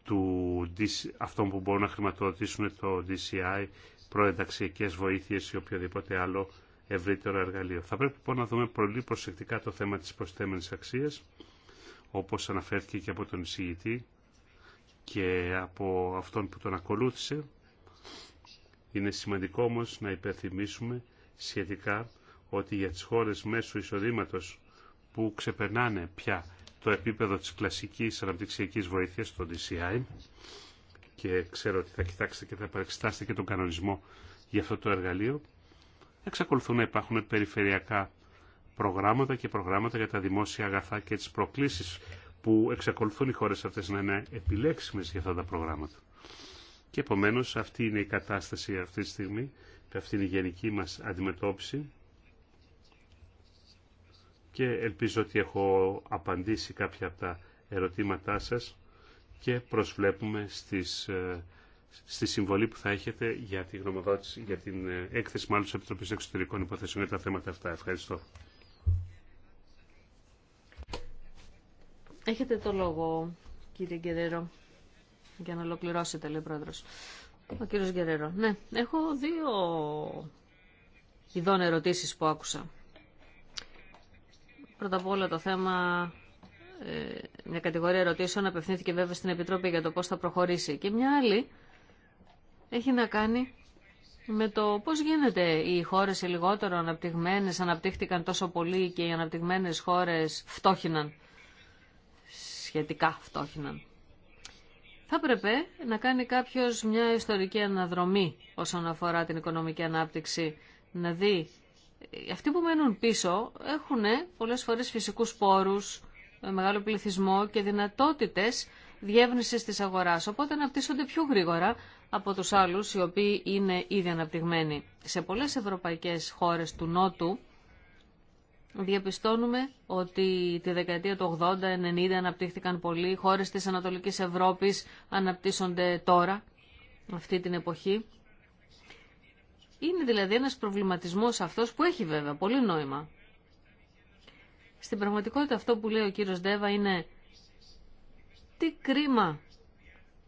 του, αυτών που μπορούν να χρηματοδοτήσουν το DCI, προενταξιακές βοήθειες ή οποιοδήποτε άλλο ευρύτερο εργαλείο. Θα πρέπει λοιπόν να δούμε πολύ προσεκτικά το θέμα της προσθέμενης αξίας όπως αναφέρθηκε και από τον εισηγητή και από αυτόν που τον ακολούθησε. Είναι σημαντικό όμως να υπερθυμίσουμε σχετικά ότι για τις χώρες μέσου εισοδήματος που ξεπερνάνε πια το επίπεδο της κλασικής αναπτυξιακής βοήθειας, το DCI, και ξέρω ότι θα κοιτάξετε και θα παρεξετάσετε και τον κανονισμό για αυτό το εργαλείο, εξακολουθούν να υπάρχουν περιφερειακά προγράμματα και προγράμματα για τα δημόσια αγαθά και τις προκλήσεις που εξακολουθούν οι χώρες αυτές να είναι επιλέξιμες για αυτά τα προγράμματα. Και επομένως αυτή είναι η κατάσταση αυτή τη στιγμή και αυτή είναι η γενική μας αντιμετώπιση και ελπίζω ότι έχω απαντήσει κάποια από τα ερωτήματά σας και προσβλέπουμε στις, ε, στη συμβολή που θα έχετε για, τη γνωμοδότηση, για την ε, έκθεση μάλλον της Επιτροπής Εξωτερικών Υποθέσεων για τα θέματα αυτά. Ευχαριστώ. Έχετε το λόγο, κύριε Γκερέρο, για να ολοκληρώσετε, λέει ο πρόεδρος. Ο κύριος Γκερέρο. Ναι, έχω δύο ειδών ερωτήσεις που άκουσα. Πρώτα απ' όλα το θέμα, ε, μια κατηγορία ερωτήσεων απευθύνθηκε βέβαια στην Επιτροπή για το πώς θα προχωρήσει. Και μια άλλη έχει να κάνει με το πώς γίνεται οι χώρες οι λιγότερο αναπτυγμένες αναπτύχθηκαν τόσο πολύ και οι αναπτυγμένες χώρες φτώχυναν σχετικά φτώχυναν. Θα έπρεπε να κάνει κάποιος μια ιστορική αναδρομή όσον αφορά την οικονομική ανάπτυξη, να δει ε, αυτοί που μένουν πίσω έχουν ε, πολλές φορές φυσικούς πόρους, ε, μεγάλο πληθυσμό και δυνατότητες διεύνησης της αγοράς, οπότε αναπτύσσονται πιο γρήγορα από τους άλλους οι οποίοι είναι ήδη αναπτυγμένοι. Σε πολλές ευρωπαϊκές χώρες του Νότου διαπιστώνουμε ότι τη δεκαετία του 80-90 αναπτύχθηκαν πολλοί, οι χώρες της Ανατολικής Ευρώπης αναπτύσσονται τώρα, αυτή την εποχή. Είναι δηλαδή ένας προβληματισμός αυτός που έχει βέβαια πολύ νόημα. Στην πραγματικότητα αυτό που λέει ο κύριος Ντέβα είναι τι κρίμα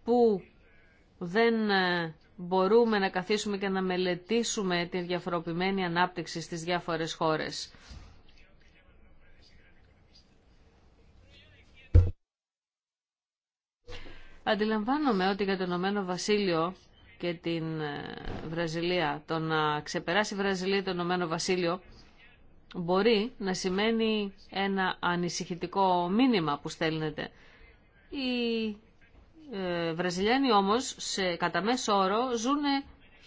που δεν ε, μπορούμε να καθίσουμε και να μελετήσουμε τη διαφοροποιημένη ανάπτυξη στις διάφορες χώρες. Αντιλαμβάνομαι ότι για το Ηνωμένο Βασίλειο και την ε, Βραζιλία, το να ξεπεράσει η Βραζιλία το Ηνωμένο Βασίλειο μπορεί να σημαίνει ένα ανησυχητικό μήνυμα που στέλνεται. Οι ε, Βραζιλιάνοι όμως σε, κατά μέσο όρο ζουν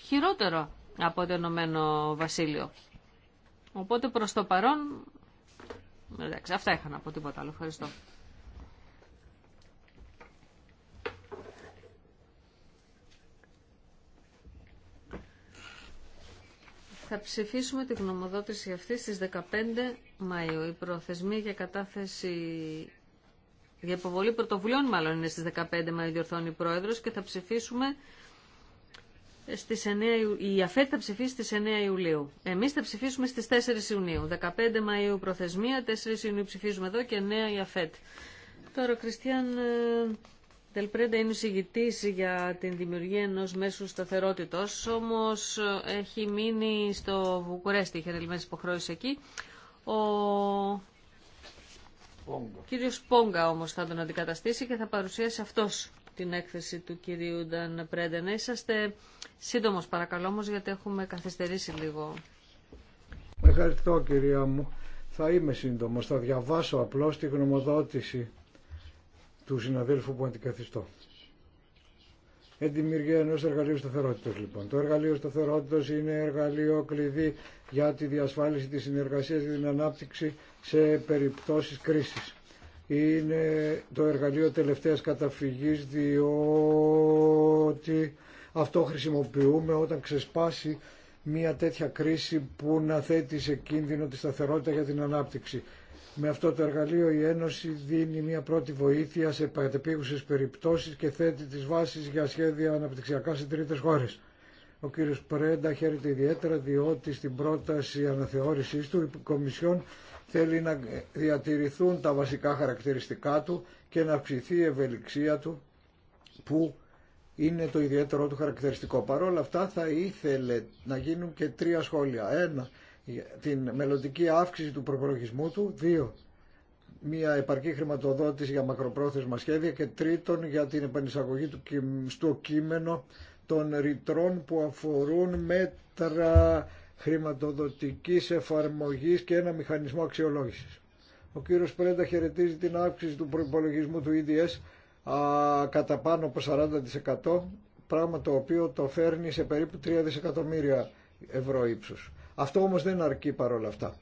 χειρότερο από το Ηνωμένο Βασίλειο. Οπότε προς το παρόν... Εντάξει, αυτά είχα να πω τίποτα άλλο. Ευχαριστώ. Θα ψηφίσουμε τη γνωμοδότηση αυτή στις 15 Μαΐου. Η προθεσμία για κατάθεση για υποβολή πρωτοβουλειών μάλλον είναι στις 15 Μαΐου διορθώνει η Πρόεδρος και θα ψηφίσουμε στις 9, η ΑΦΕΤ θα ψηφίσει στις 9 Ιουλίου. Εμείς θα ψηφίσουμε στις 4 Ιουνίου. 15 Μαΐου προθεσμία, 4 Ιουνίου ψηφίζουμε εδώ και 9 η ΑΦΕΤ. Τώρα, Κριστιαν, ε, Τελπρέντα είναι εισηγητή για την δημιουργία ενό μέσου σταθερότητο, όμω ε, έχει μείνει στο Βουκουρέστι, είχε ρελμένε υποχρεώσει εκεί. Ο κύριο κύριος Πόγκα όμω θα τον αντικαταστήσει και θα παρουσιάσει αυτό την έκθεση του κυρίου Νταν Πρέντε. Να είσαστε σύντομο, παρακαλώ όμω, γιατί έχουμε καθυστερήσει λίγο. Ευχαριστώ κυρία μου. Θα είμαι σύντομο. Θα διαβάσω απλώ τη γνωμοδότηση του συναδέλφου που αντικαθιστώ. Ε, Η δημιουργία ενό εργαλείου σταθερότητα λοιπόν. Το εργαλείο σταθερότητα είναι εργαλείο κλειδί για τη διασφάλιση τη συνεργασία και την ανάπτυξη σε περιπτώσει κρίση. Είναι το εργαλείο τελευταία καταφυγή διότι αυτό χρησιμοποιούμε όταν ξεσπάσει μια τέτοια κρίση που να θέτει σε κίνδυνο τη σταθερότητα για την ανάπτυξη. Με αυτό το εργαλείο η Ένωση δίνει μια πρώτη βοήθεια σε κατεπίγουσες περιπτώσεις και θέτει τις βάσεις για σχέδια αναπτυξιακά σε τρίτες χώρες. Ο κύριος Πρέντα χαίρεται ιδιαίτερα διότι στην πρόταση αναθεώρησής του η Κομισιόν θέλει να διατηρηθούν τα βασικά χαρακτηριστικά του και να αυξηθεί η ευελιξία του που είναι το ιδιαίτερό του χαρακτηριστικό. Παρ' όλα αυτά θα ήθελε να γίνουν και τρία σχόλια. Ένα, την μελλοντική αύξηση του προπολογισμού του. Δύο, μια επαρκή χρηματοδότηση για μακροπρόθεσμα σχέδια και τρίτον για την επανεισαγωγή του, στο κείμενο των ρητρών που αφορούν μέτρα χρηματοδοτικής εφαρμογής και ένα μηχανισμό αξιολόγησης. Ο κύριος Πρέντα χαιρετίζει την αύξηση του προπολογισμού του EDS κατά πάνω από 40%, πράγμα το οποίο το φέρνει σε περίπου 3 δισεκατομμύρια ευρώ ύψους. Αυτό όμως δεν αρκεί παρόλα αυτά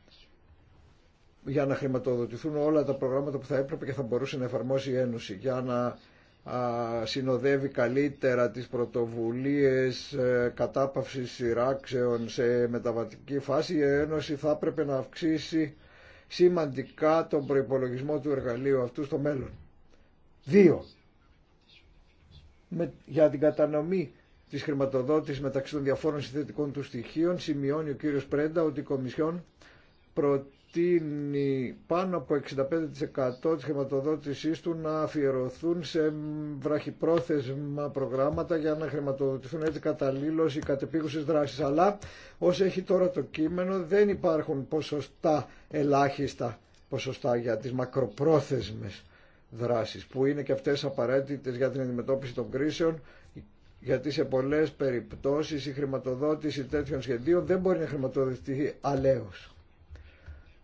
για να χρηματοδοτηθούν όλα τα προγράμματα που θα έπρεπε και θα μπορούσε να εφαρμόσει η Ένωση για να συνοδεύει καλύτερα τις πρωτοβουλίες ε, κατάπαυσης σειράξεων σε μεταβατική φάση η Ένωση θα έπρεπε να αυξήσει σημαντικά τον προϋπολογισμό του εργαλείου αυτού στο μέλλον. Δύο. Με, για την κατανομή τη χρηματοδότηση μεταξύ των διαφόρων συνθετικών του στοιχείων σημειώνει ο κύριος Πρέντα ότι η Κομισιόν προτείνει πάνω από 65% της χρηματοδότησής του να αφιερωθούν σε βραχυπρόθεσμα προγράμματα για να χρηματοδοτηθούν έτσι καταλήλως οι κατεπίγουσες δράσεις. Αλλά όσο έχει τώρα το κείμενο δεν υπάρχουν ποσοστά ελάχιστα ποσοστά για τις μακροπρόθεσμες δράσεις που είναι και αυτές απαραίτητες για την αντιμετώπιση των κρίσεων γιατί σε πολλές περιπτώσεις η χρηματοδότηση τέτοιων σχεδίων δεν μπορεί να χρηματοδοτηθεί αλέως.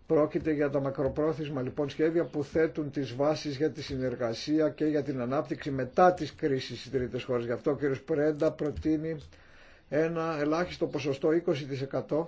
Πρόκειται για τα μακροπρόθεσμα λοιπόν σχέδια που θέτουν τις βάσεις για τη συνεργασία και για την ανάπτυξη μετά τις κρίσεις στις τρίτες χώρες. Γι' αυτό ο κ. Πρέντα προτείνει ένα ελάχιστο ποσοστό 20%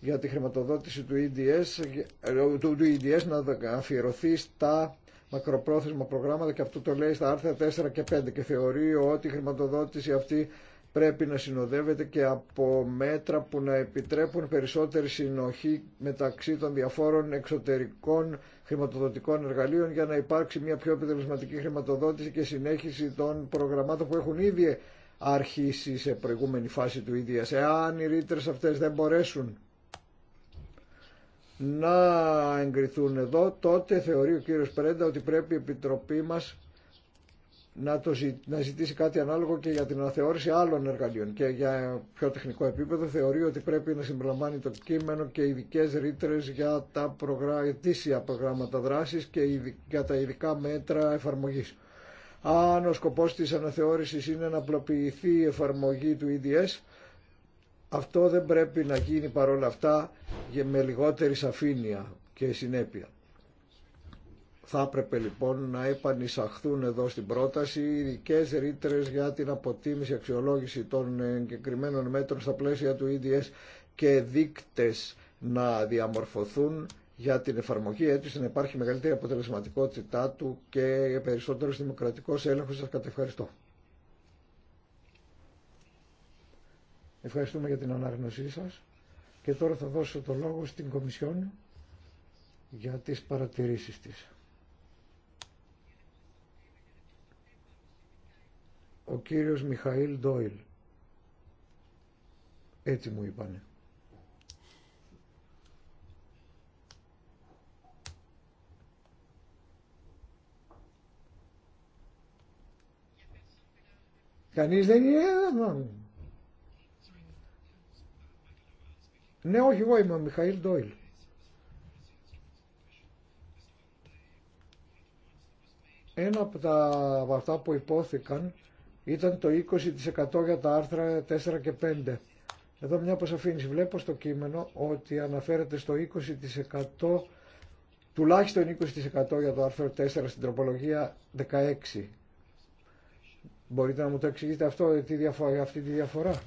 για τη χρηματοδότηση του EDS, ε, του EDS να αφιερωθεί στα μακροπρόθεσμα προγράμματα και αυτό το λέει στα άρθρα 4 και 5 και θεωρεί ότι η χρηματοδότηση αυτή πρέπει να συνοδεύεται και από μέτρα που να επιτρέπουν περισσότερη συνοχή μεταξύ των διαφόρων εξωτερικών χρηματοδοτικών εργαλείων για να υπάρξει μια πιο επιτελεσματική χρηματοδότηση και συνέχιση των προγραμμάτων που έχουν ήδη αρχίσει σε προηγούμενη φάση του ίδιας. Εάν οι ρήτρες αυτές δεν μπορέσουν να εγκριθούν εδώ, τότε θεωρεί ο κύριος Πρέντα ότι πρέπει η Επιτροπή μας να, το να ζητήσει κάτι ανάλογο και για την αναθεώρηση άλλων εργαλείων. Και για πιο τεχνικό επίπεδο θεωρεί ότι πρέπει να συμπληρωμάνει το κείμενο και ειδικέ ρήτρε για τα ετήσια προγράμματα δράση και για τα ειδικά μέτρα εφαρμογή. Αν ο σκοπό τη αναθεώρηση είναι να απλοποιηθεί η εφαρμογή του EDS, αυτό δεν πρέπει να γίνει παρόλα αυτά με λιγότερη σαφήνεια και συνέπεια. Θα έπρεπε λοιπόν να επανεισαχθούν εδώ στην πρόταση ειδικέ ρήτρε για την αποτίμηση αξιολόγηση των εγκεκριμένων μέτρων στα πλαίσια του EDS και δείκτε να διαμορφωθούν για την εφαρμογή έτσι ώστε να υπάρχει μεγαλύτερη αποτελεσματικότητά του και περισσότερο δημοκρατικό έλεγχο σα κατευχαριστώ. Ευχαριστούμε για την ανάγνωσή σας και τώρα θα δώσω το λόγο στην Κομισιόν για τις παρατηρήσεις της. Ο κύριος Μιχαήλ Ντόιλ. Έτσι μου είπανε. Κανείς δεν είναι Ναι, όχι εγώ είμαι ο Μιχαήλ Ντόιλ. Ένα από, τα, από αυτά που υπόθηκαν ήταν το 20% για τα άρθρα 4 και 5. Εδώ μια αποσαφήνιση. Βλέπω στο κείμενο ότι αναφέρεται στο 20% τουλάχιστον 20% για το άρθρο 4 στην τροπολογία 16. Μπορείτε να μου το εξηγείτε αυτό, ε, αυτή τη διαφορά.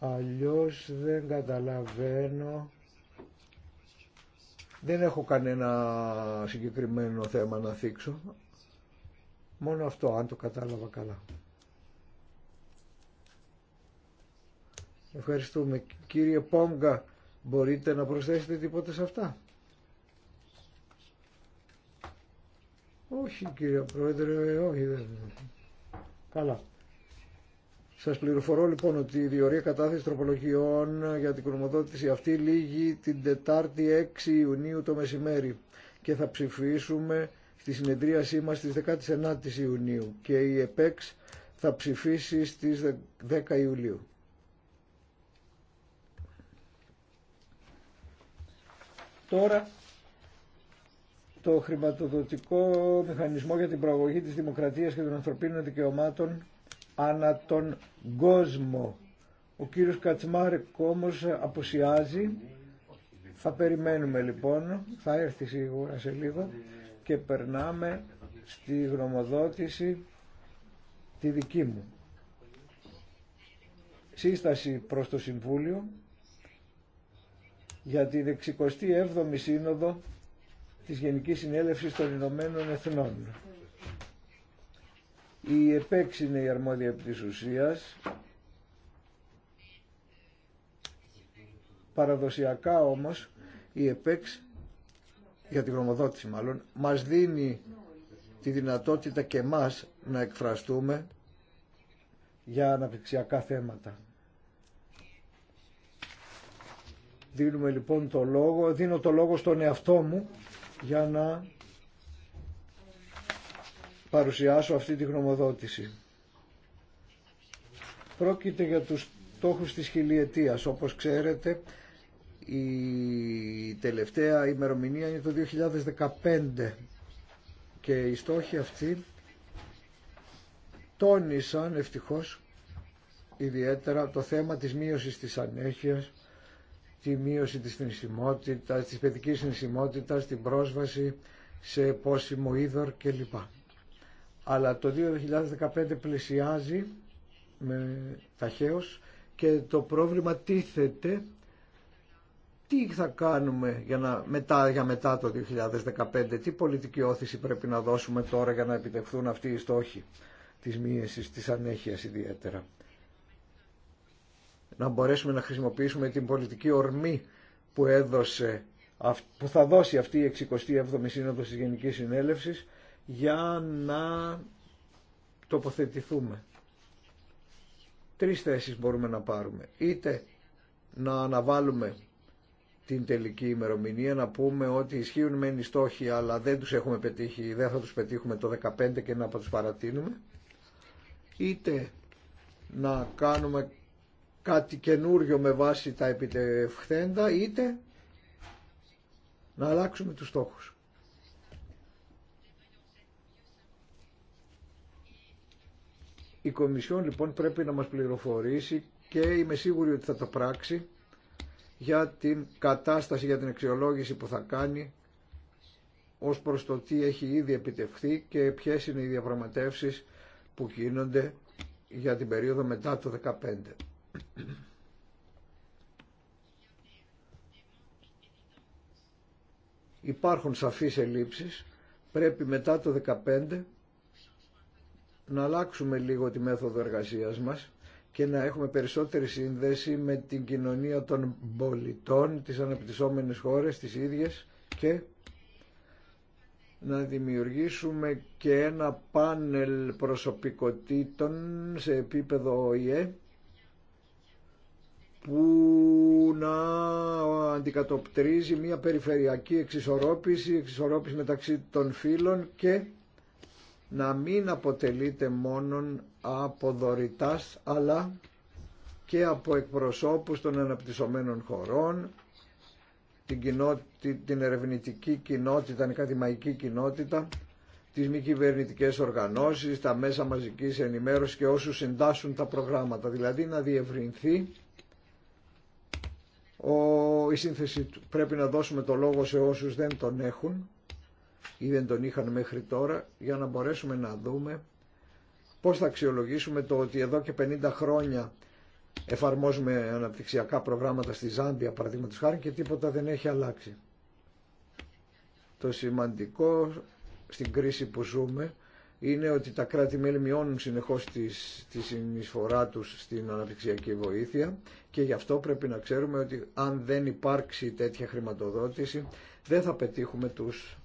Αλλιώς δεν καταλαβαίνω. Δεν έχω κανένα συγκεκριμένο θέμα να θίξω. Μόνο αυτό, αν το κατάλαβα καλά. Ευχαριστούμε. Κύριε πόμγα μπορείτε να προσθέσετε τίποτα σε αυτά. Όχι κύριε Πρόεδρε, όχι Καλά. Σα πληροφορώ λοιπόν ότι η διορία κατάθεση τροπολογιών για την κρομοδότηση αυτή λήγει την Τετάρτη 6 Ιουνίου το μεσημέρι και θα ψηφίσουμε στη συνεδρίασή μας στις 19 Ιουνίου και η ΕΠΕΞ θα ψηφίσει στις 10 Ιουλίου. Τώρα το χρηματοδοτικό μηχανισμό για την προαγωγή της δημοκρατίας και των ανθρωπίνων δικαιωμάτων ανά τον κόσμο. Ο κύριος Κατσμάρεκ όμως αποσιάζει. Θα περιμένουμε λοιπόν, θα έρθει σίγουρα σε λίγο και περνάμε στη γνωμοδότηση τη δική μου. Σύσταση προς το Συμβούλιο για τη 67η Σύνοδο της Γενικής Συνέλευσης των Ηνωμένων Εθνών. Η ΕΠΕΞ είναι η αρμόδια επί της ουσίας. Παραδοσιακά όμως η ΕΠΕΞ, για την γνωμοδότηση μάλλον, μας δίνει τη δυνατότητα και μας να εκφραστούμε για αναπτυξιακά θέματα. Δίνουμε λοιπόν το λόγο, δίνω το λόγο στον εαυτό μου για να παρουσιάσω αυτή τη γνωμοδότηση. Πρόκειται για τους στόχους της χιλιετίας. Όπως ξέρετε, η τελευταία ημερομηνία είναι το 2015 και οι στόχοι αυτοί τόνισαν ευτυχώς ιδιαίτερα το θέμα της μείωσης της ανέχειας, τη μείωση της θνησιμότητας, της παιδικής θνησιμότητας, την πρόσβαση σε πόσιμο είδωρ κλπ αλλά το 2015 πλησιάζει με ταχαίως και το πρόβλημα τίθεται τι θα κάνουμε για, να, μετά, για μετά το 2015, τι πολιτική όθηση πρέπει να δώσουμε τώρα για να επιτευχθούν αυτοί οι στόχοι της μίεσης, της ανέχειας ιδιαίτερα. Να μπορέσουμε να χρησιμοποιήσουμε την πολιτική ορμή που έδωσε που θα δώσει αυτή η 67η Σύνοδος της Γενικής Συνέλευσης για να τοποθετηθούμε. Τρεις θέσεις μπορούμε να πάρουμε. Είτε να αναβάλουμε την τελική ημερομηνία, να πούμε ότι ισχύουν μεν οι στόχοι αλλά δεν τους έχουμε πετύχει, δεν θα τους πετύχουμε το 15 και να τους παρατείνουμε. Είτε να κάνουμε κάτι καινούριο με βάση τα επιτευχθέντα, είτε να αλλάξουμε τους στόχους. Η Κομισιόν λοιπόν πρέπει να μας πληροφορήσει και είμαι σίγουροι ότι θα το πράξει για την κατάσταση, για την αξιολόγηση που θα κάνει ως προς το τι έχει ήδη επιτευχθεί και ποιες είναι οι διαπραγματεύσεις που γίνονται για την περίοδο μετά το 2015. Υπάρχουν σαφείς ελλείψεις, πρέπει μετά το 2015 να αλλάξουμε λίγο τη μέθοδο εργασίας μας και να έχουμε περισσότερη σύνδεση με την κοινωνία των πολιτών, τις αναπτυσσόμενες χώρες, τις ίδιες και να δημιουργήσουμε και ένα πάνελ προσωπικότητων σε επίπεδο ΟΗΕ που να αντικατοπτρίζει μια περιφερειακή εξισορρόπηση, εξισορρόπηση μεταξύ των φύλων και να μην αποτελείται μόνον από δωρητάς αλλά και από εκπροσώπους των αναπτυσσομένων χωρών, την, την ερευνητική κοινότητα, την ακαδημαϊκή κοινότητα, τις μη κυβερνητικέ οργανώσεις, τα μέσα μαζικής ενημέρωσης και όσους συντάσσουν τα προγράμματα. Δηλαδή να διευρυνθεί ο, η σύνθεση του. Πρέπει να δώσουμε το λόγο σε όσους δεν τον έχουν ή δεν τον είχαν μέχρι τώρα για να μπορέσουμε να δούμε πώς θα αξιολογήσουμε το ότι εδώ και 50 χρόνια εφαρμόζουμε αναπτυξιακά προγράμματα στη Ζάμπια παραδείγματος χάρη και τίποτα δεν έχει αλλάξει. Το σημαντικό στην κρίση που ζούμε είναι ότι τα κράτη-μέλη μειώνουν συνεχώς τη, τη συνεισφορά τους στην αναπτυξιακή βοήθεια και γι' αυτό πρέπει να ξέρουμε ότι αν δεν υπάρξει τέτοια χρηματοδότηση δεν θα πετύχουμε τους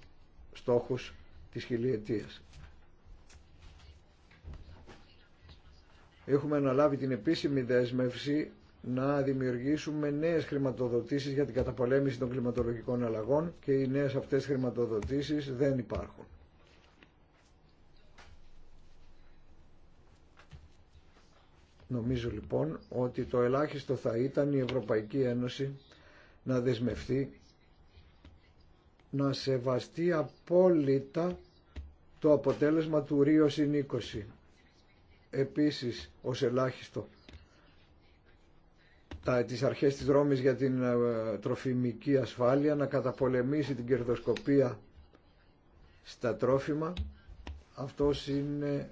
στόχους της χιλιετίας. Έχουμε αναλάβει την επίσημη δέσμευση να δημιουργήσουμε νέες χρηματοδοτήσεις για την καταπολέμηση των κλιματολογικών αλλαγών και οι νέες αυτές χρηματοδοτήσεις δεν υπάρχουν. Νομίζω λοιπόν ότι το ελάχιστο θα ήταν η Ευρωπαϊκή Ένωση να δεσμευτεί να σεβαστεί απόλυτα το αποτέλεσμα του Ρίο συν 20. Επίσης, ως ελάχιστο, τα, τις αρχές της δρόμης για την ε, τροφιμική ασφάλεια, να καταπολεμήσει την κερδοσκοπία στα τρόφιμα. Αυτός είναι,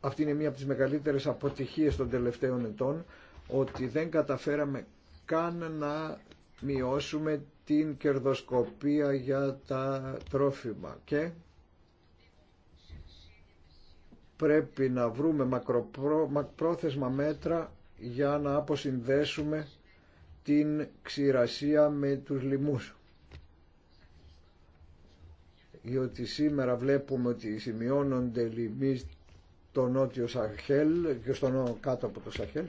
αυτή είναι μία από τις μεγαλύτερες αποτυχίες των τελευταίων ετών, ότι δεν καταφέραμε καν να μειώσουμε την κερδοσκοπία για τα τρόφιμα και πρέπει να βρούμε μακροπρόθεσμα μέτρα για να αποσυνδέσουμε την ξηρασία με τους λοιμούς. Διότι σήμερα βλέπουμε ότι σημειώνονται λοιμοί στο νότιο Σαχέλ και στο νότιο κάτω από το Σαχέλ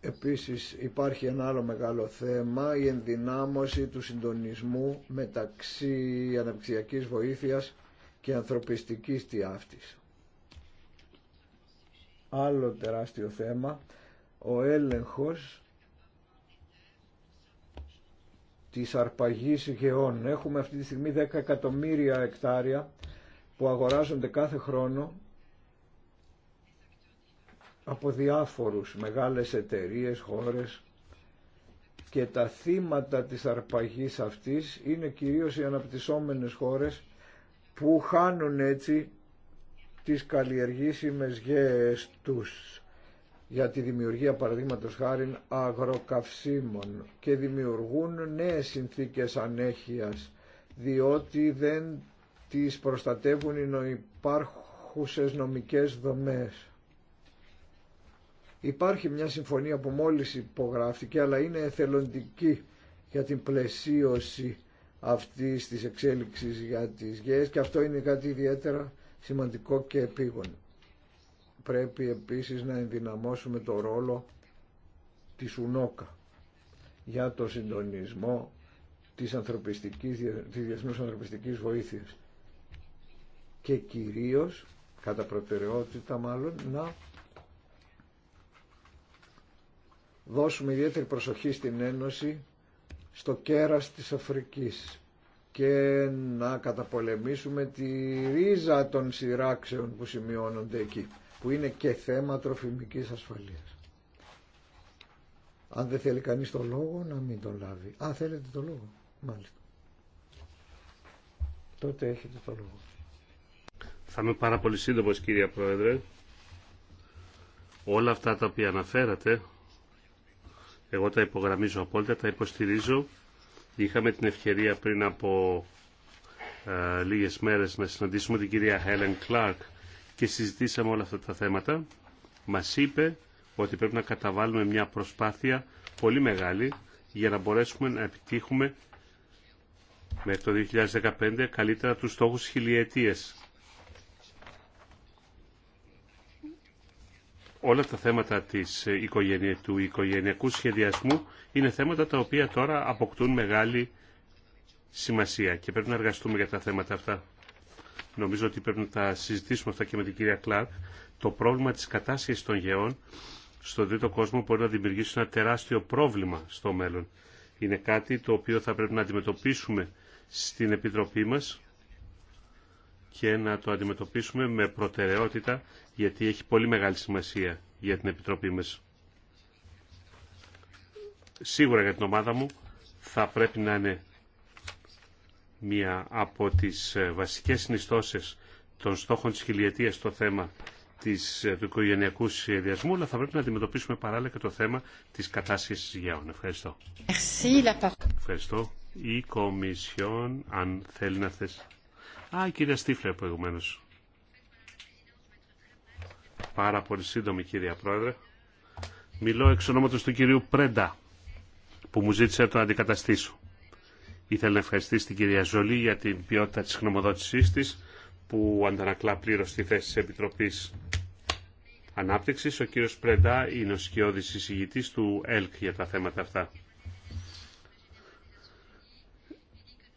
Επίσης υπάρχει ένα άλλο μεγάλο θέμα, η ενδυνάμωση του συντονισμού μεταξύ αναπτυξιακής βοήθειας και ανθρωπιστικής τιάφτης. Άλλο τεράστιο θέμα, ο έλεγχος της αρπαγής γεών. Έχουμε αυτή τη στιγμή 10 εκατομμύρια εκτάρια που αγοράζονται κάθε χρόνο από διάφορους μεγάλες εταιρείες, χώρες και τα θύματα της αρπαγής αυτής είναι κυρίως οι αναπτυσσόμενες χώρες που χάνουν έτσι τις καλλιεργήσιμες γέες τους για τη δημιουργία παραδείγματος χάρη αγροκαυσίμων και δημιουργούν νέες συνθήκες ανέχειας διότι δεν τις προστατεύουν οι υπάρχουσες νομικές δομές. Υπάρχει μια συμφωνία που μόλις υπογράφηκε αλλά είναι εθελοντική για την πλαισίωση αυτή της εξέλιξη για τις ΓΕΕΣ και αυτό είναι κάτι ιδιαίτερα σημαντικό και επίγον. Πρέπει επίσης να ενδυναμώσουμε το ρόλο της ΟΝΟΚΑ για το συντονισμό της, ανθρωπιστικής, της διεθνούς ανθρωπιστικής βοήθειας και κυρίως, κατά προτεραιότητα μάλλον, να δώσουμε ιδιαίτερη προσοχή στην Ένωση στο κέρας της Αφρικής και να καταπολεμήσουμε τη ρίζα των σειράξεων που σημειώνονται εκεί, που είναι και θέμα τροφιμικής ασφαλείας. Αν δεν θέλει κανείς το λόγο, να μην το λάβει. Α, θέλετε το λόγο, μάλιστα. Τότε έχετε το λόγο. Θα είμαι πάρα πολύ σύντομος, κύριε Πρόεδρε. Όλα αυτά τα οποία αναφέρατε, εγώ τα υπογραμμίζω απόλυτα, τα υποστηρίζω. Είχαμε την ευκαιρία πριν από ε, λίγες μέρες να συναντήσουμε την κυρία Helen Clark και συζητήσαμε όλα αυτά τα θέματα. Μας είπε ότι πρέπει να καταβάλουμε μια προσπάθεια πολύ μεγάλη για να μπορέσουμε να επιτύχουμε μέχρι το 2015 καλύτερα τους στόχους χιλιετίες. όλα τα θέματα της ε, οικογένεια, του οικογενειακού σχεδιασμού είναι θέματα τα οποία τώρα αποκτούν μεγάλη σημασία και πρέπει να εργαστούμε για τα θέματα αυτά. Νομίζω ότι πρέπει να τα συζητήσουμε αυτά και με την κυρία Κλάρκ. Το πρόβλημα της κατάσχεσης των γεών στον τρίτο κόσμο μπορεί να δημιουργήσει ένα τεράστιο πρόβλημα στο μέλλον. Είναι κάτι το οποίο θα πρέπει να αντιμετωπίσουμε στην Επιτροπή μας και να το αντιμετωπίσουμε με προτεραιότητα γιατί έχει πολύ μεγάλη σημασία για την Επιτροπή μας. Σίγουρα για την ομάδα μου θα πρέπει να είναι μία από τις ε, βασικές συνιστώσεις των στόχων της χιλιετίας στο θέμα της, ε, του οικογενειακού σχεδιασμού, αλλά θα πρέπει να αντιμετωπίσουμε παράλληλα και το θέμα της κατάσχεσης γεών. Ευχαριστώ. Ευχαριστώ. Η Κομισιόν, αν θέλει να θες. Α, η κυρία Στίφλερ προηγουμένως πάρα πολύ σύντομη κυρία Πρόεδρε. Μιλώ εξ ονόματος του κυρίου Πρέντα που μου ζήτησε να τον αντικαταστήσω. Ήθελα να ευχαριστήσω την κυρία Ζολή για την ποιότητα της γνωμοδότησής της που αντανακλά πλήρω τη θέση της Επιτροπής Ανάπτυξης. Ο κύριος Πρέντα είναι ο σκιώδης εισηγητής του ΕΛΚ για τα θέματα αυτά.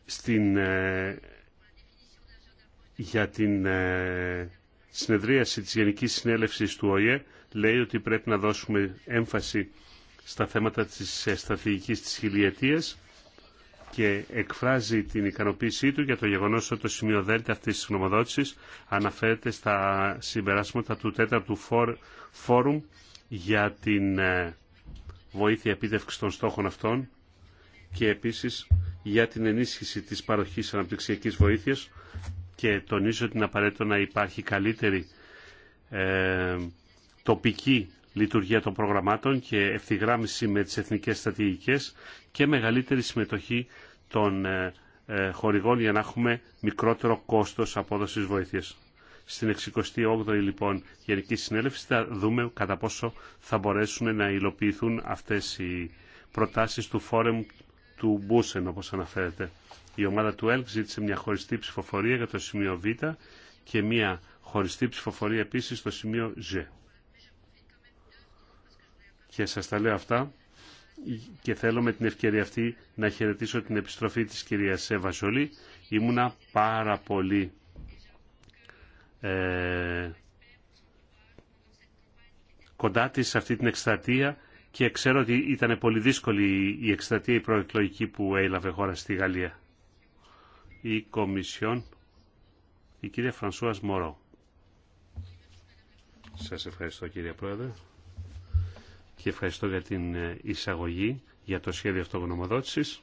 Στην, ε, για την ε, συνεδρίαση της Γενικής Συνέλευσης του ΟΗΕ λέει ότι πρέπει να δώσουμε έμφαση στα θέματα της ε, στρατηγικής της χιλιετίας και εκφράζει την ικανοποίησή του για το γεγονός ότι το σημείο δέλτα αυτής της γνωμοδότησης αναφέρεται στα συμπεράσματα του τέταρτου φόρουμ για την ε, βοήθεια επίτευξη των στόχων αυτών και επίσης για την ενίσχυση της παροχής αναπτυξιακής βοήθειας και τονίζω ότι είναι απαραίτητο να υπάρχει καλύτερη ε, τοπική λειτουργία των προγραμμάτων και ευθυγράμμιση με τις εθνικές στρατηγικές και μεγαλύτερη συμμετοχή των ε, ε χορηγών για να έχουμε μικρότερο κόστος απόδοσης βοήθειας. Στην 68η λοιπόν Γενική Συνέλευση θα δούμε κατά πόσο θα μπορέσουν να υλοποιηθούν αυτές οι προτάσεις του Φόρεμ του Μπούσεν, όπως αναφέρεται. Η ομάδα του ΕΛΚ ζήτησε μια χωριστή ψηφοφορία για το σημείο Β και μια χωριστή ψηφοφορία επίσης στο σημείο Ζ. Και σας τα λέω αυτά και θέλω με την ευκαιρία αυτή να χαιρετήσω την επιστροφή της κυρίας Εύα Ζολή. Ήμουνα πάρα πολύ ε, κοντά της σε αυτή την εκστρατεία και ξέρω ότι ήταν πολύ δύσκολη η εκστρατεία η προεκλογική που έλαβε χώρα στη Γαλλία. Η Κομισιόν, η κυρία Φρανσούας Μωρό. Σας ευχαριστώ κύριε Πρόεδρε και ευχαριστώ για την ε, εισαγωγή για το σχέδιο αυτογνωμοδότησης.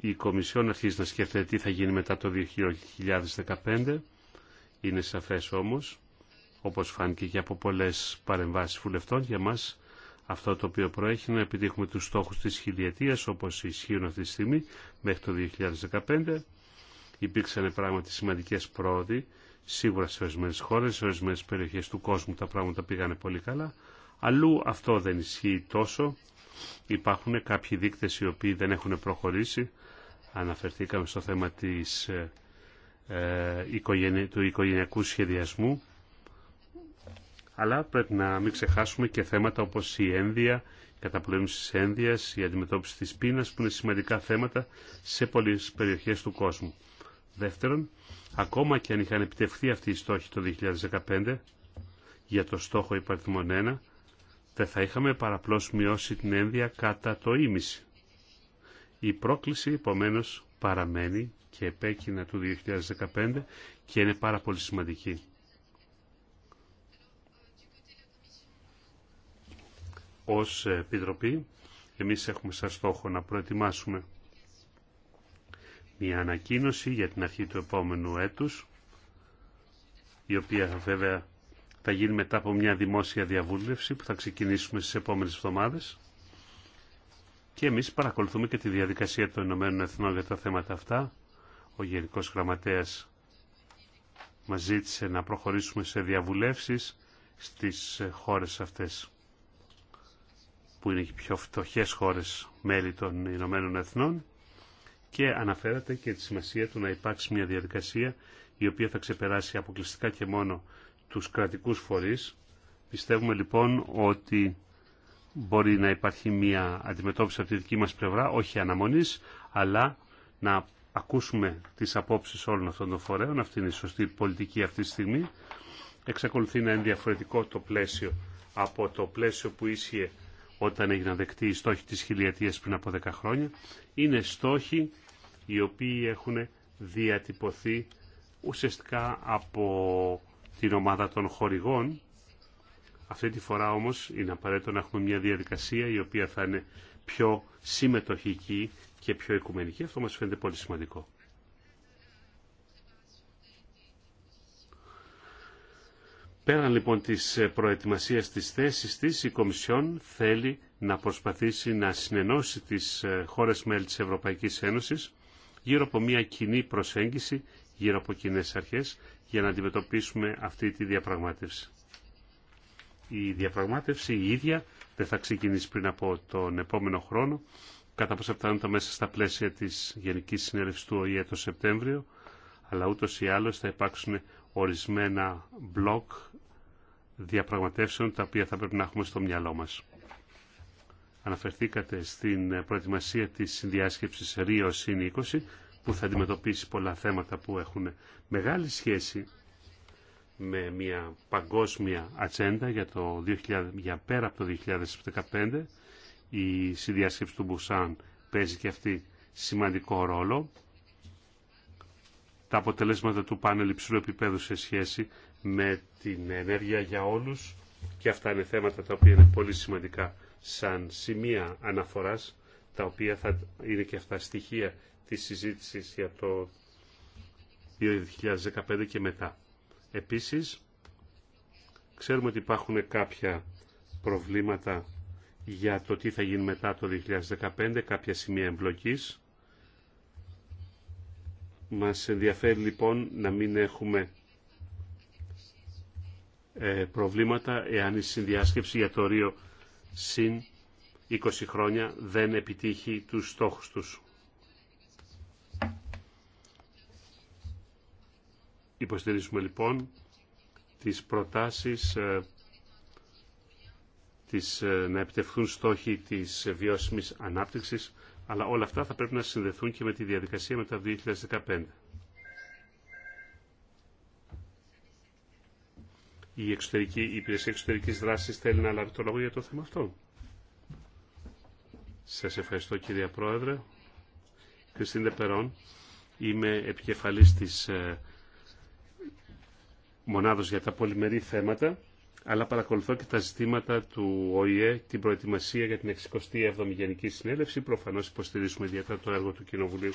Η Κομισιόν αρχίζει να σκέφτεται τι θα γίνει μετά το 2015. Είναι σαφές όμως όπως φάνηκε και από πολλές παρεμβάσεις φουλευτών, για μας αυτό το οποίο προέχει είναι να επιτύχουμε τους στόχους της χιλιετίας όπως ισχύουν αυτή τη στιγμή μέχρι το 2015. Υπήρξαν πράγματι σημαντικές πρόοδοι, σίγουρα σε ορισμένε χώρε, σε ορισμένε περιοχέ του κόσμου τα πράγματα πήγανε πολύ καλά. Αλλού αυτό δεν ισχύει τόσο. Υπάρχουν κάποιοι δείκτε οι οποίοι δεν έχουν προχωρήσει. Αναφερθήκαμε στο θέμα της, ε, ε του οικογενειακού σχεδιασμού αλλά πρέπει να μην ξεχάσουμε και θέματα όπως η ένδυα, η καταπολέμηση της ένδυας, η αντιμετώπιση της πείνας που είναι σημαντικά θέματα σε πολλές περιοχές του κόσμου. Δεύτερον, ακόμα και αν είχαν επιτευχθεί αυτοί οι στόχοι το 2015 για το στόχο υπαριθμών 1, δεν θα είχαμε παραπλώς μειώσει την ένδυα κατά το ίμιση. Η πρόκληση, επομένω παραμένει και επέκεινα του 2015 και είναι πάρα πολύ σημαντική. ως Επιτροπή, εμείς έχουμε σαν στόχο να προετοιμάσουμε μια ανακοίνωση για την αρχή του επόμενου έτους, η οποία βέβαια θα γίνει μετά από μια δημόσια διαβούλευση που θα ξεκινήσουμε στις επόμενες εβδομάδες. Και εμείς παρακολουθούμε και τη διαδικασία των Ηνωμένων Εθνών για τα θέματα αυτά. Ο Γενικός Γραμματέας μας ζήτησε να προχωρήσουμε σε διαβουλεύσεις στις χώρες αυτές που είναι οι πιο φτωχές χώρες μέλη των Ηνωμένων Εθνών και αναφέρατε και τη σημασία του να υπάρξει μια διαδικασία η οποία θα ξεπεράσει αποκλειστικά και μόνο τους κρατικούς φορείς. Πιστεύουμε λοιπόν ότι μπορεί να υπάρχει μια αντιμετώπιση από τη δική μας πλευρά, όχι αναμονής, αλλά να ακούσουμε τις απόψεις όλων αυτών των φορέων. Αυτή είναι η σωστή πολιτική αυτή τη στιγμή. Εξακολουθεί να είναι διαφορετικό το πλαίσιο από το πλαίσιο που ίσχυε όταν έγιναν δεκτοί οι στόχοι της χιλιατίας πριν από 10 χρόνια, είναι στόχοι οι οποίοι έχουν διατυπωθεί ουσιαστικά από την ομάδα των χορηγών. Αυτή τη φορά όμως είναι απαραίτητο να έχουμε μια διαδικασία η οποία θα είναι πιο συμμετοχική και πιο οικουμενική. Αυτό μας φαίνεται πολύ σημαντικό. Πέραν λοιπόν της ε, προετοιμασίας της θέσης της, η Κομισιόν θέλει να προσπαθήσει να συνενώσει τις ε, χώρες μέλη της Ευρωπαϊκής Ένωσης γύρω από μια κοινή προσέγγιση, γύρω από κοινές αρχές, για να αντιμετωπίσουμε αυτή τη διαπραγμάτευση. Η διαπραγμάτευση η ίδια δεν θα ξεκινήσει πριν από τον επόμενο χρόνο, κατά πώς φτάνοντα μέσα στα πλαίσια της Γενικής Συνέλευσης του ΟΗΕ το Σεπτέμβριο, αλλά ούτως ή άλλως θα υπάρξουν ορισμένα μπλοκ διαπραγματεύσεων τα οποία θα πρέπει να έχουμε στο μυαλό μας. Αναφερθήκατε στην προετοιμασία της συνδιάσκεψης Ρίο 20 που θα αντιμετωπίσει πολλά θέματα που έχουν μεγάλη σχέση με μια παγκόσμια ατσέντα για, το 2000, για πέρα από το 2015. Η συνδιάσκεψη του Μπουσάν παίζει και αυτή σημαντικό ρόλο τα αποτελέσματα του πάνελ υψηλού επίπεδου σε σχέση με την ενέργεια για όλους και αυτά είναι θέματα τα οποία είναι πολύ σημαντικά σαν σημεία αναφοράς τα οποία θα είναι και αυτά στοιχεία της συζήτησης για το 2015 και μετά. Επίσης, ξέρουμε ότι υπάρχουν κάποια προβλήματα για το τι θα γίνει μετά το 2015, κάποια σημεία εμπλοκής μας ενδιαφέρει λοιπόν να μην έχουμε ε, προβλήματα εάν η συνδιάσκεψη για το Ρίο συν 20 χρόνια δεν επιτύχει τους στόχους τους. Υποστηρίζουμε λοιπόν τις προτάσεις ε, τις, ε, να επιτευχθούν στόχοι της βιώσιμης ανάπτυξης αλλά όλα αυτά θα πρέπει να συνδεθούν και με τη διαδικασία μετά το 2015. Η, εξωτερική, η υπηρεσία εξωτερικής δράσης θέλει να λάβει το λόγο για το θέμα αυτό. Σας ευχαριστώ κυρία Πρόεδρε. Κριστίνε Περόν, είμαι επικεφαλής της ε, μονάδος για τα πολυμερή θέματα αλλά παρακολουθώ και τα ζητήματα του ΟΗΕ, την προετοιμασία για την 67η Γενική Συνέλευση. Προφανώς υποστηρίζουμε ιδιαίτερα το έργο του Κοινοβουλίου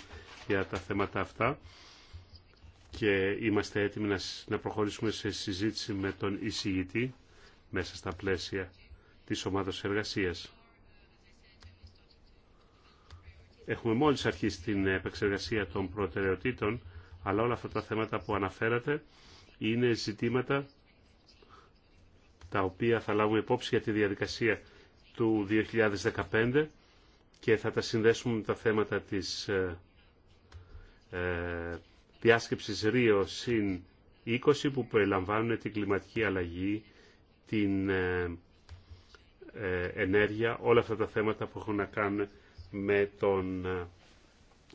για τα θέματα αυτά και είμαστε έτοιμοι να προχωρήσουμε σε συζήτηση με τον εισηγητή μέσα στα πλαίσια της ομάδας εργασίας. Έχουμε μόλις αρχίσει την επεξεργασία των προτεραιοτήτων, αλλά όλα αυτά τα θέματα που αναφέρατε είναι ζητήματα τα οποία θα λάβουμε υπόψη για τη διαδικασία του 2015 και θα τα συνδέσουμε με τα θέματα της ε, ε, διάσκεψης Ρίο συν 20 που περιλαμβάνουν την κλιματική αλλαγή, την ε, ε, ενέργεια, όλα αυτά τα θέματα που έχουν να κάνουν με τον ε,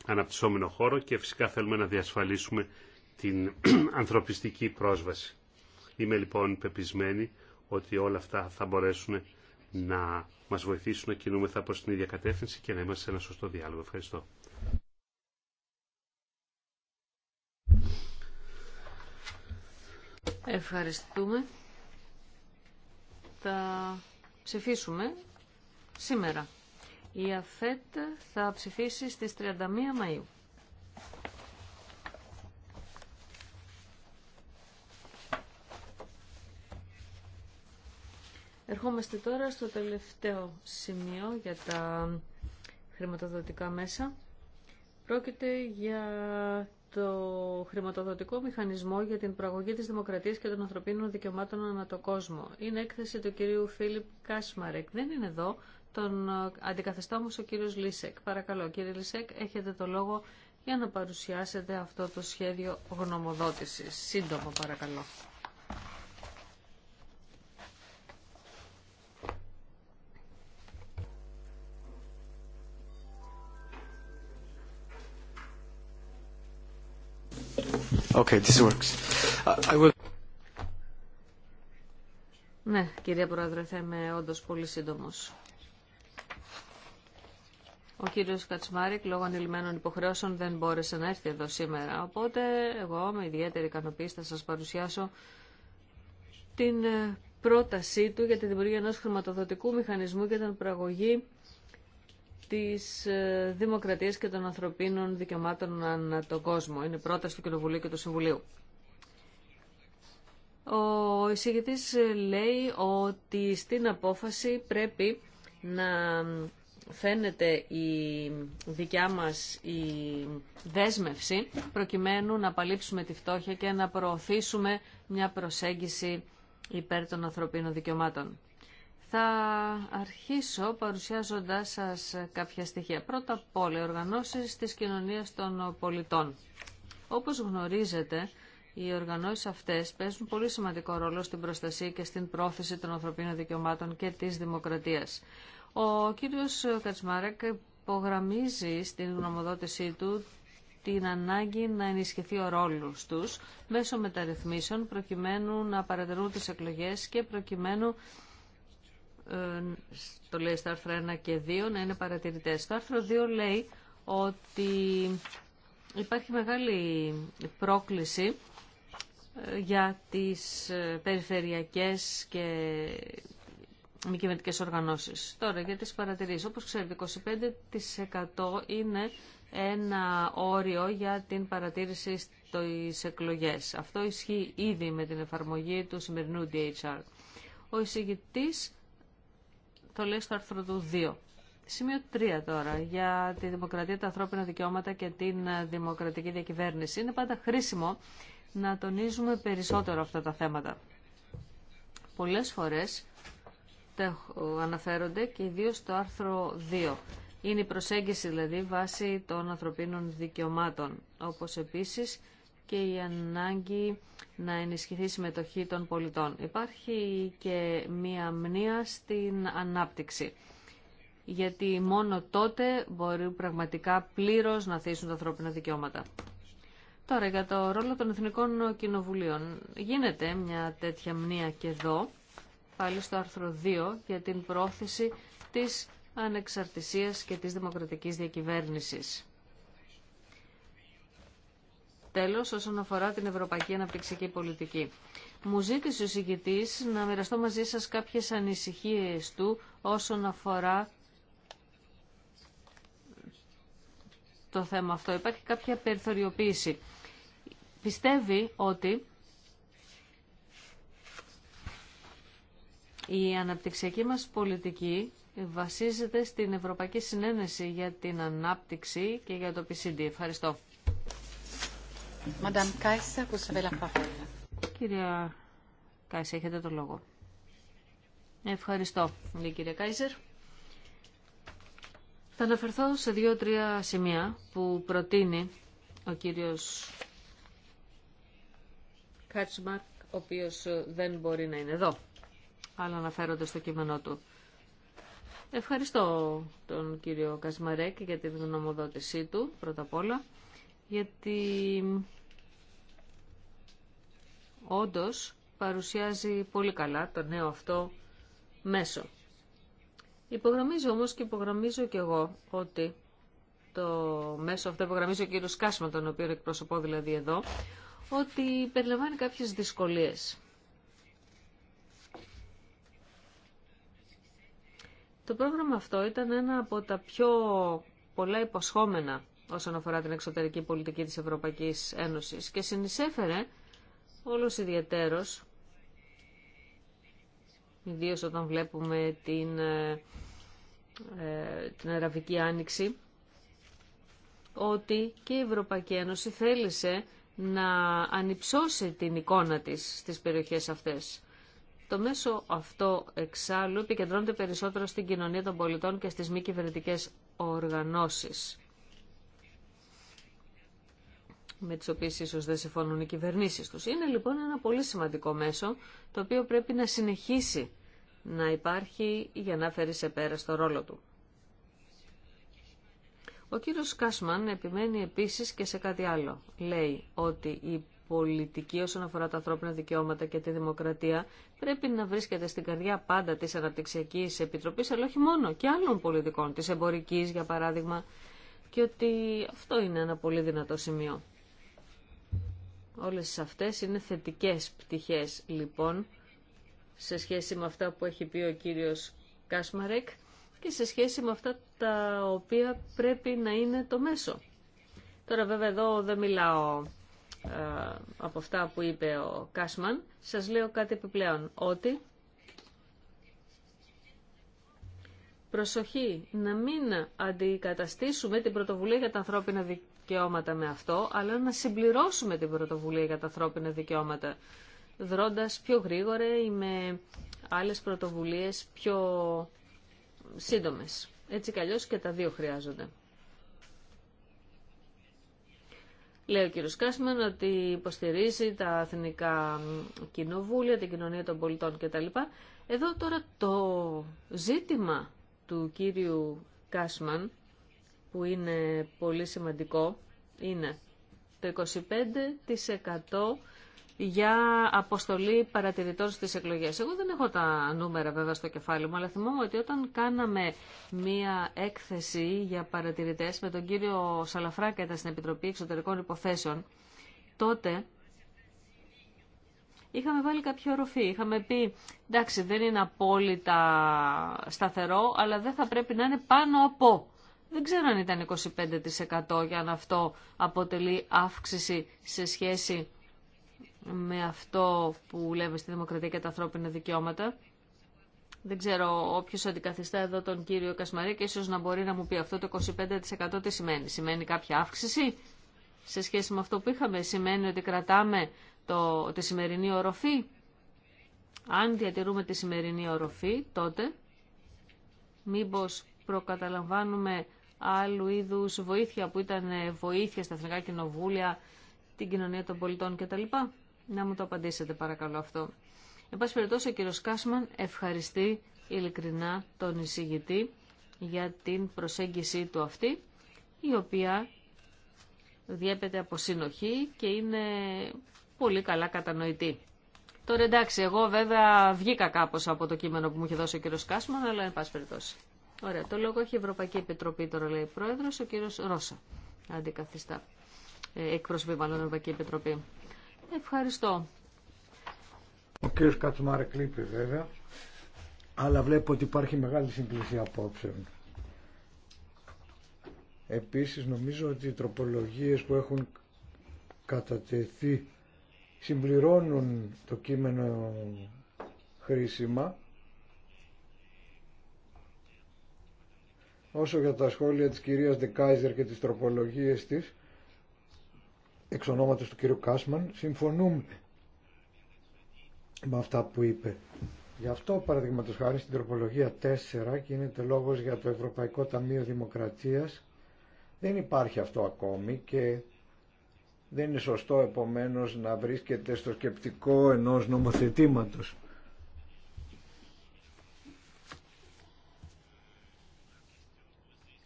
αναπτυσσόμενο χώρο και φυσικά θέλουμε να διασφαλίσουμε την [clears throat] ανθρωπιστική πρόσβαση. Είμαι λοιπόν πεπισμένη ότι όλα αυτά θα μπορέσουν να μας βοηθήσουν να κινούμεθα προς την ίδια κατεύθυνση και να είμαστε σε ένα σωστό διάλογο. Ευχαριστώ. Ευχαριστούμε. Θα ψηφίσουμε σήμερα. Η ΑΦΕΤ θα ψηφίσει στις 31 Μαΐου. Ερχόμαστε τώρα στο τελευταίο σημείο για τα χρηματοδοτικά μέσα. Πρόκειται για το χρηματοδοτικό μηχανισμό για την προαγωγή της δημοκρατίας και των ανθρωπίνων δικαιωμάτων ανά το κόσμο. Είναι έκθεση του κυρίου Φίλιπ Κάσμαρεκ. Δεν είναι εδώ. Τον αντικαθεστά όμως ο κύριος Λίσεκ. Παρακαλώ κύριε Λίσεκ, έχετε το λόγο για να παρουσιάσετε αυτό το σχέδιο γνωμοδότησης. Σύντομο παρακαλώ. Okay, this works. Ναι, κυρία Πρόεδρε, θα είμαι όντως πολύ σύντομος. Ο κύριος Κατσμάρικ, λόγω ανηλυμένων υποχρεώσεων, δεν μπόρεσε να έρθει εδώ σήμερα. Οπότε, εγώ με ιδιαίτερη ικανοποίηση θα σας παρουσιάσω την ε, πρότασή του για τη δημιουργία ενός χρηματοδοτικού μηχανισμού για την προαγωγή της ε, δημοκρατίας και των ανθρωπίνων δικαιωμάτων ανά τον κόσμο. Είναι πρόταση του Κοινοβουλίου και του Συμβουλίου. Ο εισηγητής ε, λέει ότι στην απόφαση πρέπει να φαίνεται η δικιά μας η δέσμευση προκειμένου να παλύψουμε τη φτώχεια και να προωθήσουμε μια προσέγγιση υπέρ των ανθρωπίνων δικαιωμάτων. Θα αρχίσω παρουσιάζοντάς σας κάποια στοιχεία. Πρώτα απ' όλα, οργανώσεις της κοινωνίας των πολιτών. Όπως γνωρίζετε, οι οργανώσεις αυτές παίζουν πολύ σημαντικό ρόλο στην προστασία και στην πρόθεση των ανθρωπίνων δικαιωμάτων και της δημοκρατίας. Ο κύριος Κατσμάρακ υπογραμμίζει στην γνωμοδότησή του την ανάγκη να ενισχυθεί ο ρόλος τους μέσω μεταρρυθμίσεων προκειμένου να παρατηρούν τις εκλογές και προκειμένου ε, το λέει στα άρθρα 1 και 2, να είναι παρατηρητές. Το άρθρο 2 λέει ότι υπάρχει μεγάλη πρόκληση ε, για τις ε, περιφερειακές και μη κυβερνητικές οργανώσεις. Τώρα για τις παρατηρήσεις. Όπως ξέρετε, 25% είναι ένα όριο για την παρατήρηση στις εκλογές. Αυτό ισχύει ήδη με την εφαρμογή του σημερινού DHR. Ο εισηγητής το λέει στο άρθρο του 2. Σημείο 3 τώρα, για τη δημοκρατία, τα ανθρώπινα δικαιώματα και την ε, δημοκρατική διακυβέρνηση. Είναι πάντα χρήσιμο να τονίζουμε περισσότερο αυτά τα θέματα. Πολλές φορές αναφέρονται και ιδίω στο άρθρο 2. Είναι η προσέγγιση δηλαδή βάσει των ανθρωπίνων δικαιωμάτων, όπως επίσης και η ανάγκη να ενισχυθεί η συμμετοχή των πολιτών. Υπάρχει και μία μνήα στην ανάπτυξη γιατί μόνο τότε μπορεί πραγματικά πλήρως να θέσουν τα ανθρώπινα δικαιώματα. Τώρα για το ρόλο των Εθνικών Κοινοβουλίων. Γίνεται μια τέτοια μνήα και εδώ, πάλι στο άρθρο 2, για την πρόθεση της ανεξαρτησίας και της δημοκρατικής διακυβέρνησης. Τέλος, όσον αφορά την Ευρωπαϊκή Αναπτυξιακή Πολιτική. Μου ζήτησε ο συγκητή να μοιραστώ μαζί σας κάποιες ανησυχίες του όσον αφορά το θέμα αυτό. Υπάρχει κάποια περιθωριοποίηση. Πιστεύει ότι η αναπτυξιακή μας πολιτική βασίζεται στην Ευρωπαϊκή Συνένεση για την Ανάπτυξη και για το PCD. Ευχαριστώ. Κυρία Κάισερ, έχετε το λόγο. Ευχαριστώ, λέει κυρία Θα αναφερθώ σε δύο-τρία σημεία που προτείνει ο κύριος Κάτσμαρκ, ο οποίος δεν μπορεί να είναι εδώ, αλλά αναφέρονται στο κείμενό του. Ευχαριστώ τον κύριο Κασμαρέκ για την γνωμοδότησή του, πρώτα απ' όλα γιατί όντως παρουσιάζει πολύ καλά το νέο αυτό μέσο. Υπογραμμίζω όμως και υπογραμμίζω και εγώ ότι το μέσο αυτό υπογραμμίζω και ο Κάσμα, τον οποίο εκπροσωπώ δηλαδή εδώ, ότι περιλαμβάνει κάποιες δυσκολίες. Το πρόγραμμα αυτό ήταν ένα από τα πιο πολλά υποσχόμενα όσον αφορά την εξωτερική πολιτική της Ευρωπαϊκής Ένωσης και συνεισέφερε όλος ιδιαίτερος, ιδίως όταν βλέπουμε την, ε, ε, την Αραβική Άνοιξη, ότι και η Ευρωπαϊκή Ένωση θέλησε να ανυψώσει την εικόνα της στις περιοχές αυτές. Το μέσο αυτό εξάλλου επικεντρώνεται περισσότερο στην κοινωνία των πολιτών και στις μη κυβερνητικέ οργανώσεις με τις οποίες ίσως δεν συμφωνούν οι κυβερνήσεις τους. Είναι λοιπόν ένα πολύ σημαντικό μέσο το οποίο πρέπει να συνεχίσει να υπάρχει για να φέρει σε πέρα στο ρόλο του. Ο κύριος Κάσμαν επιμένει επίσης και σε κάτι άλλο. Λέει ότι η πολιτική όσον αφορά τα ανθρώπινα δικαιώματα και τη δημοκρατία πρέπει να βρίσκεται στην καρδιά πάντα της Αναπτυξιακής Επιτροπής, αλλά όχι μόνο, και άλλων πολιτικών, της εμπορικής για παράδειγμα, και ότι αυτό είναι ένα πολύ δυνατό σημείο. Όλες αυτές είναι θετικές πτυχές λοιπόν σε σχέση με αυτά που έχει πει ο κύριος Κάσμαρεκ και σε σχέση με αυτά τα οποία πρέπει να είναι το μέσο. Τώρα βέβαια εδώ δεν μιλάω ε, από αυτά που είπε ο Κάσμαν. Σας λέω κάτι επιπλέον, ότι προσοχή να μην αντικαταστήσουμε την πρωτοβουλία για τα ανθρώπινα δικαιώματα δικαιώματα με αυτό, αλλά να συμπληρώσουμε την πρωτοβουλία για τα ανθρώπινα δικαιώματα, δρώντας πιο γρήγορα ή με άλλες πρωτοβουλίες πιο σύντομες. Έτσι κι και τα δύο χρειάζονται. Λέει ο κύριο Κάσμαν ότι υποστηρίζει τα εθνικά κοινοβούλια, την κοινωνία των πολιτών κτλ. Εδώ τώρα το ζήτημα του κύριου Κάσμαν που είναι πολύ σημαντικό είναι το 25% για αποστολή παρατηρητών στις εκλογές. Εγώ δεν έχω τα νούμερα βέβαια στο κεφάλι μου, αλλά θυμάμαι ότι όταν κάναμε μία έκθεση για παρατηρητές με τον κύριο Σαλαφράκα στην Επιτροπή Εξωτερικών Υποθέσεων, τότε είχαμε βάλει κάποια οροφή. Είχαμε πει, εντάξει δεν είναι απόλυτα σταθερό, αλλά δεν θα πρέπει να είναι πάνω από δεν ξέρω αν ήταν 25% για αν αυτό αποτελεί αύξηση σε σχέση με αυτό που λέμε στη Δημοκρατία και τα ανθρώπινα δικαιώματα. Δεν ξέρω όποιο αντικαθιστά εδώ τον κύριο Κασμαρή και ίσως να μπορεί να μου πει αυτό το 25% τι σημαίνει. Σημαίνει κάποια αύξηση σε σχέση με αυτό που είχαμε. Σημαίνει ότι κρατάμε το, τη σημερινή οροφή. Αν διατηρούμε τη σημερινή οροφή τότε μήπως προκαταλαμβάνουμε άλλου είδου βοήθεια που ήταν ε, βοήθεια στα εθνικά κοινοβούλια, την κοινωνία των πολιτών κτλ. Να μου το απαντήσετε παρακαλώ αυτό. Εν πάση περιπτώσει ο κύριος Κάσμαν ευχαριστεί ειλικρινά τον εισηγητή για την προσέγγιση του αυτή, η οποία διέπεται από συνοχή και είναι πολύ καλά κατανοητή. Τώρα εντάξει, εγώ βέβαια βγήκα κάπως από το κείμενο που μου είχε δώσει ο κύριος Κάσμαν, αλλά εν πάση περιπτώσει. Ωραία, το λόγο έχει η Ευρωπαϊκή Επιτροπή τώρα, λέει Πρόεδρο, ο κύριο Ρώσα, αντικαθιστά, ε, εκπροσωπή μάλλον Ευρωπαϊκή Επιτροπή. Ευχαριστώ. Ο κύριος Κατσουμάρεκ κλείπει βέβαια, αλλά βλέπω ότι υπάρχει μεγάλη συμπλησία απόψεων. Επίσης νομίζω ότι οι τροπολογίες που έχουν κατατεθεί συμπληρώνουν το κείμενο χρήσιμα Όσο για τα σχόλια της κυρίας Ντεκάιζερ και τις τροπολογίες της, εξ ονόματος του κυρίου Κάσμαν, συμφωνούμε με αυτά που είπε. Γι' αυτό, παραδείγματο χάρη, στην τροπολογία 4 γίνεται λόγος για το Ευρωπαϊκό Ταμείο Δημοκρατίας. Δεν υπάρχει αυτό ακόμη και δεν είναι σωστό επομένως να βρίσκεται στο σκεπτικό ενός νομοθετήματος.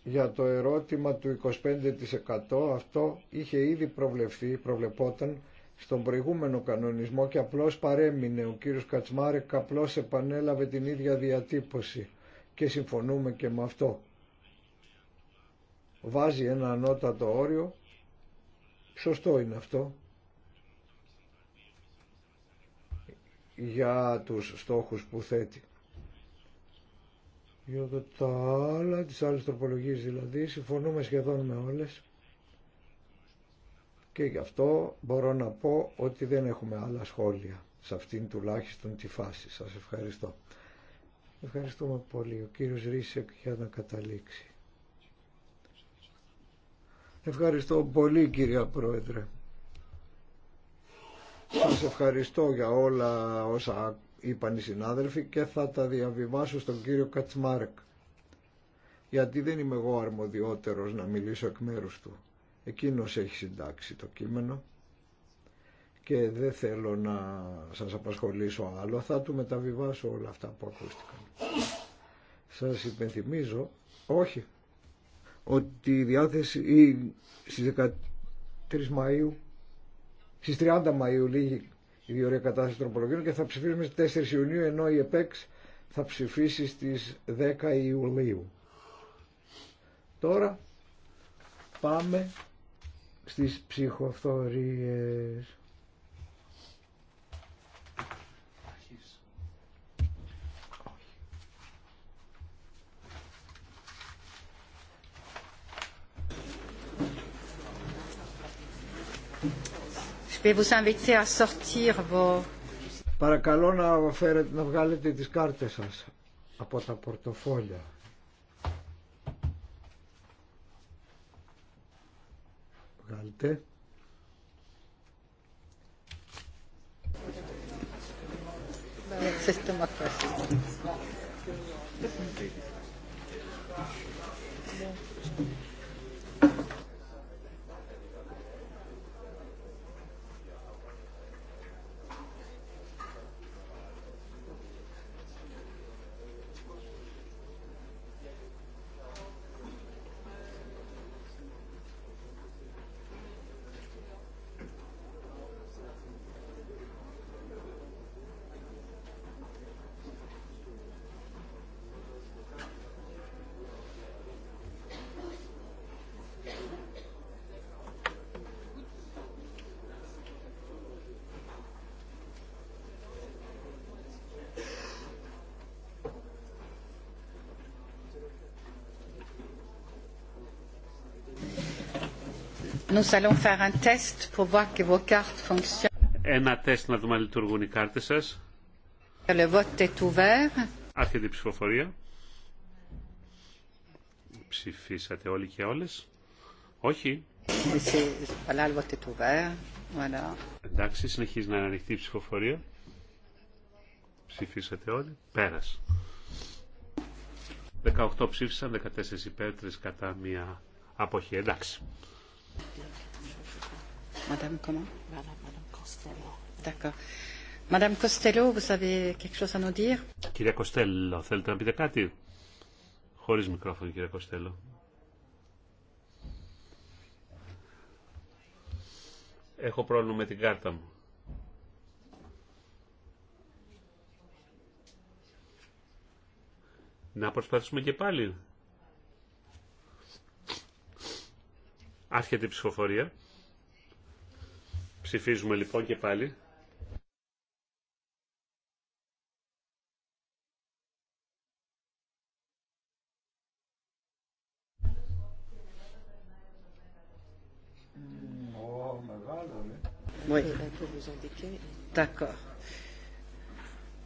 για το ερώτημα του 25% αυτό είχε ήδη προβλεφθεί, προβλεπόταν στον προηγούμενο κανονισμό και απλώς παρέμεινε. Ο κύριος Κατσμάρεκ απλώς επανέλαβε την ίδια διατύπωση και συμφωνούμε και με αυτό. Βάζει ένα ανώτατο όριο, σωστό είναι αυτό, για τους στόχους που θέτει. Για το τα άλλα, τις άλλες τροπολογίες δηλαδή, συμφωνούμε σχεδόν με όλες και γι' αυτό μπορώ να πω ότι δεν έχουμε άλλα σχόλια σε αυτήν τουλάχιστον τη φάση. Σας ευχαριστώ. Ευχαριστούμε πολύ. Ο κύριος Ρίσεκ για να καταλήξει. Ευχαριστώ πολύ κύριε Πρόεδρε. Σας ευχαριστώ για όλα όσα είπαν οι συνάδελφοι και θα τα διαβιβάσω στον κύριο Κατσμάρκ γιατί δεν είμαι εγώ αρμοδιότερος να μιλήσω εκ μέρους του. Εκείνος έχει συντάξει το κείμενο και δεν θέλω να σας απασχολήσω άλλο, θα του μεταβιβάσω όλα αυτά που ακούστηκαν. Σας υπενθυμίζω, όχι, ότι η διάθεση στι στις 13 Μαΐου, στις 30 Μαΐου λίγη η διορία κατάσταση των και θα ψηφίσουμε στις 4 Ιουνίου ενώ η ΕΠΕΞ θα ψηφίσει στις 10 Ιουλίου. Τώρα πάμε στις ψυχοφθορίες. Παρακαλώ να, φέρετε, να βγάλετε τις κάρτες σας από τα πορτοφόλια. Ευχαριστώ. Ένα τεστ να δούμε αν λειτουργούν οι κάρτες σας. Le Άρχεται η ψηφοφορία. Ψηφίσατε όλοι και όλες. Όχι. Εντάξει, συνεχίζει να είναι ανοιχτή η ψηφοφορία. Ψηφίσατε όλοι. Πέρας. 18 ψήφισαν, 14 υπέρ, 3 κατά μία αποχή. Εντάξει. Madame comment D'accord. Madame Costello, vous avez quelque chose à nous dire Κυρία Κοστέλο, θέλετε να πείτε κάτι? Χωρίς μικρόφωνο, κυρία Κοστέλο. Έχω πρόβλημα με την κάρτα μου. Να προσπαθήσουμε και πάλι Άρχεται η ψηφοφορία. Ψηφίζουμε λοιπόν και πάλι.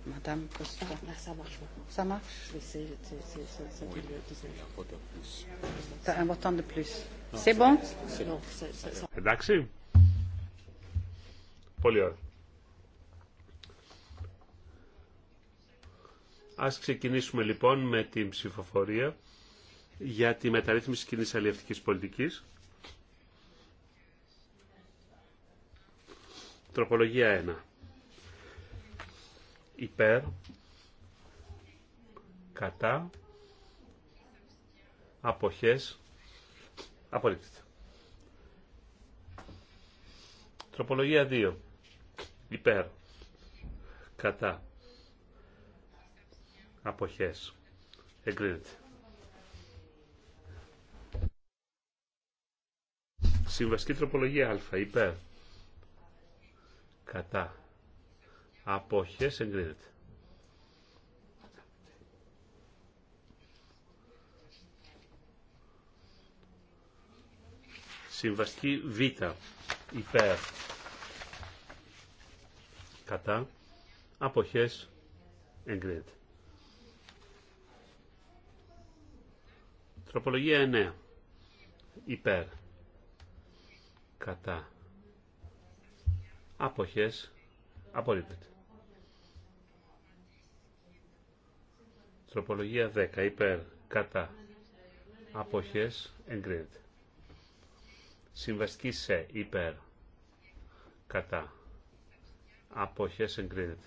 Madame Costa. Ça marche. Ça marche C'est un votant de plus. C'est bon Εντάξει. Πολύ ωραία. Ας ξεκινήσουμε λοιπόν με την ψηφοφορία για τη μεταρρύθμιση κοινή αλληλευτικής πολιτικής. Τροπολογία 1 υπέρ, κατά, αποχές, απορρίπτεται. Τροπολογία 2. Υπέρ. Κατά. Αποχές. Εγκρίνεται. Συμβασική τροπολογία α. Υπέρ. Κατά αποχές εγκρίνεται. Συμβαστική Β υπέρ κατά αποχές εγκρίνεται. Τροπολογία 9 υπέρ κατά αποχές απορρίπτεται. Τροπολογία 10 υπέρ κατά αποχές εγκρίνεται. Συμβαστική σε υπέρ κατά αποχές εγκρίνεται.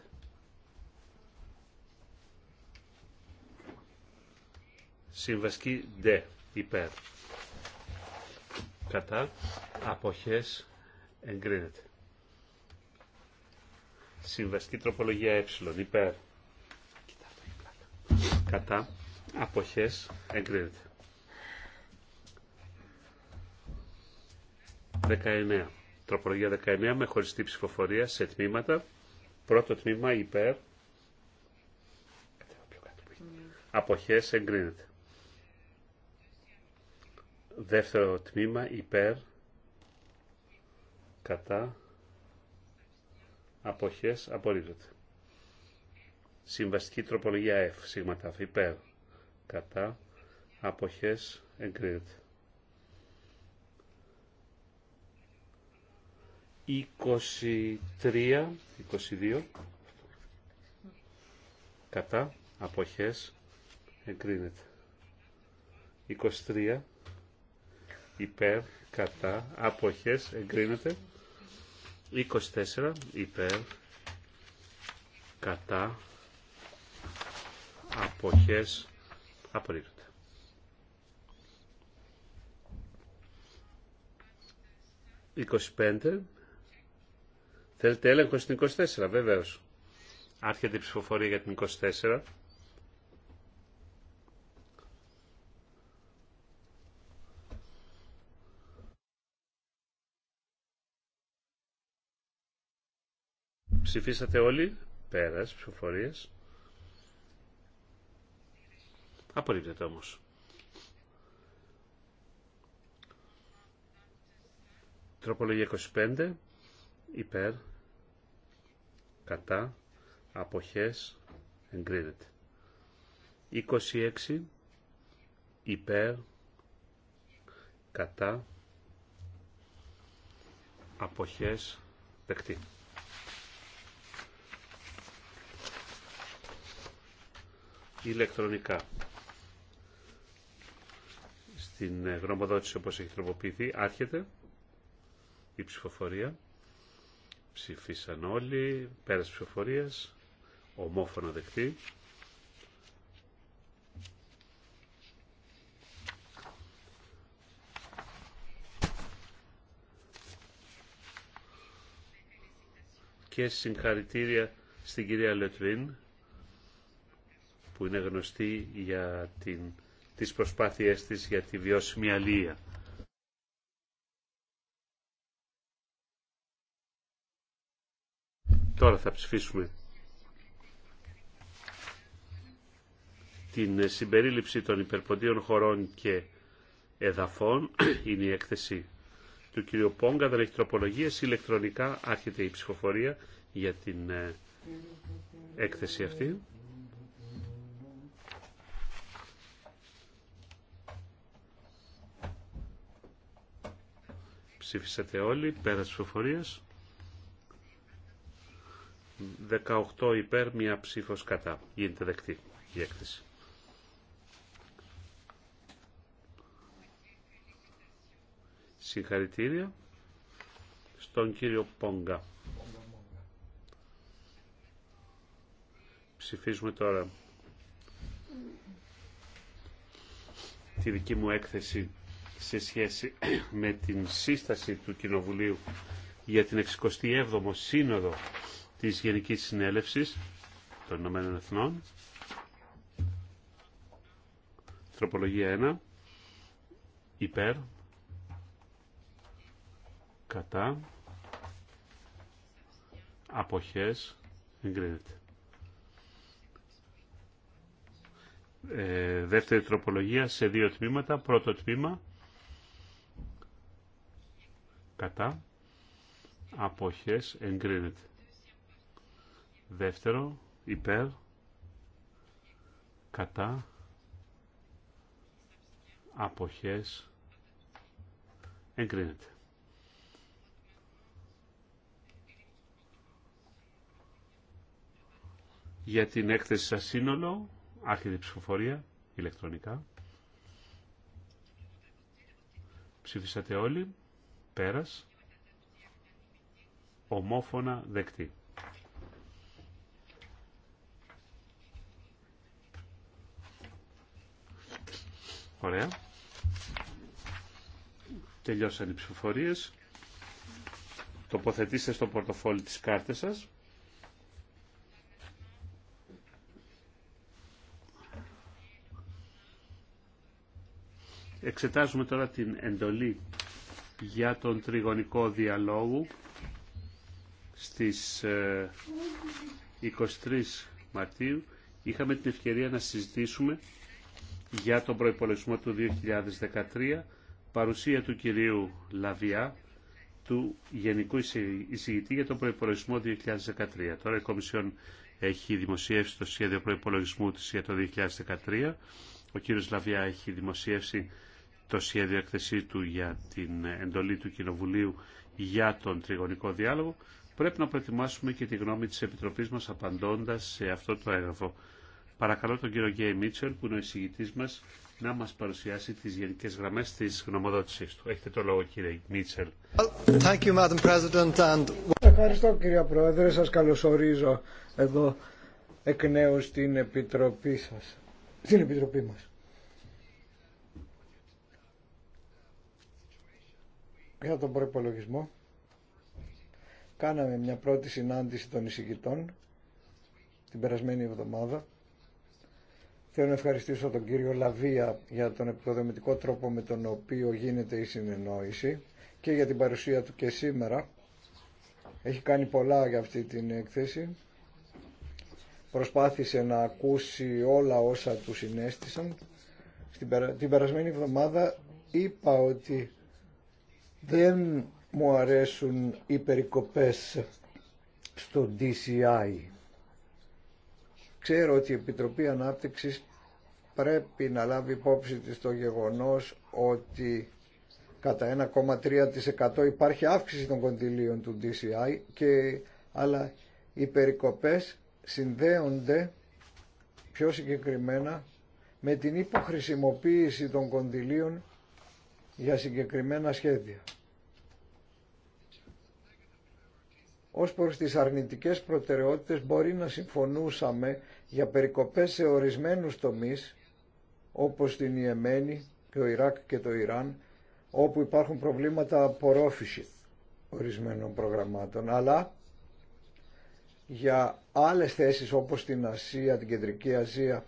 Συμβαστική δε υπέρ κατά αποχές εγκρίνεται. Συμβαστική τροπολογία ε υπέρ κατά αποχές εγκρίνεται. 19. Τροπολογία 19 με χωριστή ψηφοφορία σε τμήματα. Πρώτο τμήμα υπέρ. Αποχές εγκρίνεται. Δεύτερο τμήμα υπέρ. Κατά. Αποχές απορρίπτεται. Συμβαστική τροπολογία F, σίγμα τα υπέρ, κατά, αποχές, εγκρίνεται. 23, 22, κατά, αποχές, εγκρίνεται. 23, υπέρ, κατά, αποχές, εγκρίνεται. 24, υπέρ, κατά, αποχές απορρίπτεται. «25». Θέλετε έλεγχο στην 24, βεβαίως. Άρχεται η ψηφοφορία για την 24. Ψηφίσατε όλοι, πέρας ψηφοφορίες. Απορρίπτεται όμως. Τροπολογία 25. Υπέρ. Κατά. Αποχές. Εγκρίνεται. 26. Υπέρ. Κατά. Αποχές. Δεκτή. Ηλεκτρονικά στην ε, γνωμοδότηση όπως έχει τροποποιηθεί. Άρχεται η ψηφοφορία. Ψηφίσαν όλοι. Πέρας ψηφοφορίας. Ομόφωνα δεκτή. και συγχαρητήρια στην κυρία Λετβίν που είναι γνωστή για την τις προσπάθειές της για τη βιώσιμη αλία. Τώρα θα ψηφίσουμε την συμπερίληψη των υπερποντίων χωρών και εδαφών. Είναι η έκθεση του κ. Πόγκα, δεν έχει τροπολογίες. Ηλεκτρονικά άρχεται η ψηφοφορία για την ε, έκθεση αυτή. Ψήφισατε όλοι, πέρα της ψηφοφορίας. 18 υπέρ, μία ψήφος κατά. Γίνεται δεκτή η έκθεση. Συγχαρητήρια στον κύριο Πόγκα. Ψηφίζουμε τώρα τη δική μου έκθεση σε σχέση [clears throat] με την σύσταση του Κοινοβουλίου για την 67ο Σύνοδο της Γενικής Συνέλευσης των Ηνωμένων Εθνών. Τροπολογία 1. Υπέρ. Κατά. Αποχές. Εγκρίνεται. Ε, δεύτερη τροπολογία σε δύο τμήματα. Πρώτο τμήμα κατά αποχές εγκρίνεται. Δεύτερο, υπέρ, κατά, αποχές, εγκρίνεται. Για την έκθεση σας σύνολο, άρχεται ψηφοφορία, ηλεκτρονικά. Ψήφισατε όλοι. Πέρας. Ομόφωνα δεκτή. Ωραία. Τελειώσαν οι ψηφοφορίες. Τοποθετήστε στο πορτοφόλι τις κάρτες σας. Εξετάζουμε τώρα την εντολή για τον τριγωνικό διαλόγου στις 23 ε, Μαρτίου είχαμε την ευκαιρία να συζητήσουμε για τον προϋπολογισμό του 2013 παρουσία του κυρίου Λαβιά του Γενικού Εισηγητή για τον προϋπολογισμό 2013. Τώρα η Κομισιόν έχει δημοσιεύσει το σχέδιο προϋπολογισμού της για το 2013. Ο κύριος Λαβιά έχει δημοσιεύσει το σχέδιο έκθεσή του για την εντολή του Κοινοβουλίου για τον τριγωνικό διάλογο, πρέπει να προετοιμάσουμε και τη γνώμη της Επιτροπής μας απαντώντας σε αυτό το έγγραφο. Παρακαλώ τον κύριο Γκέι Μίτσελ, που είναι ο εισηγητής μας, να μας παρουσιάσει τις γενικές γραμμές της γνωμοδότησής του. Έχετε το λόγο κύριε Μίτσελ. Ευχαριστώ κύριε Πρόεδρε, σας καλωσορίζω εδώ εκ νέου στην Επιτροπή σας, στην Επιτροπή μας. για τον προπολογισμό. Κάναμε μια πρώτη συνάντηση των εισηγητών την περασμένη εβδομάδα. Θέλω να ευχαριστήσω τον κύριο Λαβία για τον επικοδομητικό τρόπο με τον οποίο γίνεται η συνεννόηση και για την παρουσία του και σήμερα. Έχει κάνει πολλά για αυτή την έκθεση. Προσπάθησε να ακούσει όλα όσα του συνέστησαν. Την περασμένη εβδομάδα είπα ότι δεν μου αρέσουν οι περικοπές στο DCI. Ξέρω ότι η Επιτροπή Ανάπτυξης πρέπει να λάβει υπόψη της το γεγονός ότι κατά 1,3% υπάρχει αύξηση των κοντιλίων του DCI και, αλλά οι περικοπές συνδέονται πιο συγκεκριμένα με την υποχρησιμοποίηση των κοντιλίων για συγκεκριμένα σχέδια. Ως προς τις αρνητικές προτεραιότητες μπορεί να συμφωνούσαμε για περικοπές σε ορισμένους τομείς, όπως την Ιεμένη, το Ιράκ και το Ιράν, όπου υπάρχουν προβλήματα απορρόφησης ορισμένων προγραμμάτων, αλλά για άλλες θέσεις όπως την Ασία, την Κεντρική Ασία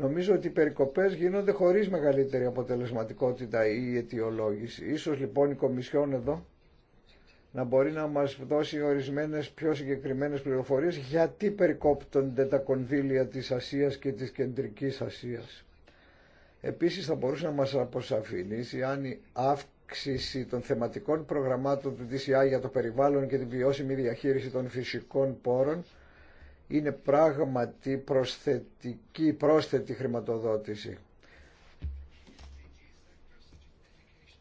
Νομίζω ότι οι περικοπές γίνονται χωρίς μεγαλύτερη αποτελεσματικότητα ή αιτιολόγηση. Ίσως λοιπόν η Κομισιόν εδώ να μπορεί να μας δώσει ορισμένες πιο συγκεκριμένες πληροφορίες γιατί περικόπτονται τα κονδύλια της Ασίας και της Κεντρικής Ασίας. Επίσης θα μπορούσε να μας αποσαφηνίσει αν η αύξηση των θεματικών προγραμμάτων του DCI για το περιβάλλον και την βιώσιμη διαχείριση των φυσικών πόρων είναι πράγματι προσθετική, πρόσθετη χρηματοδότηση.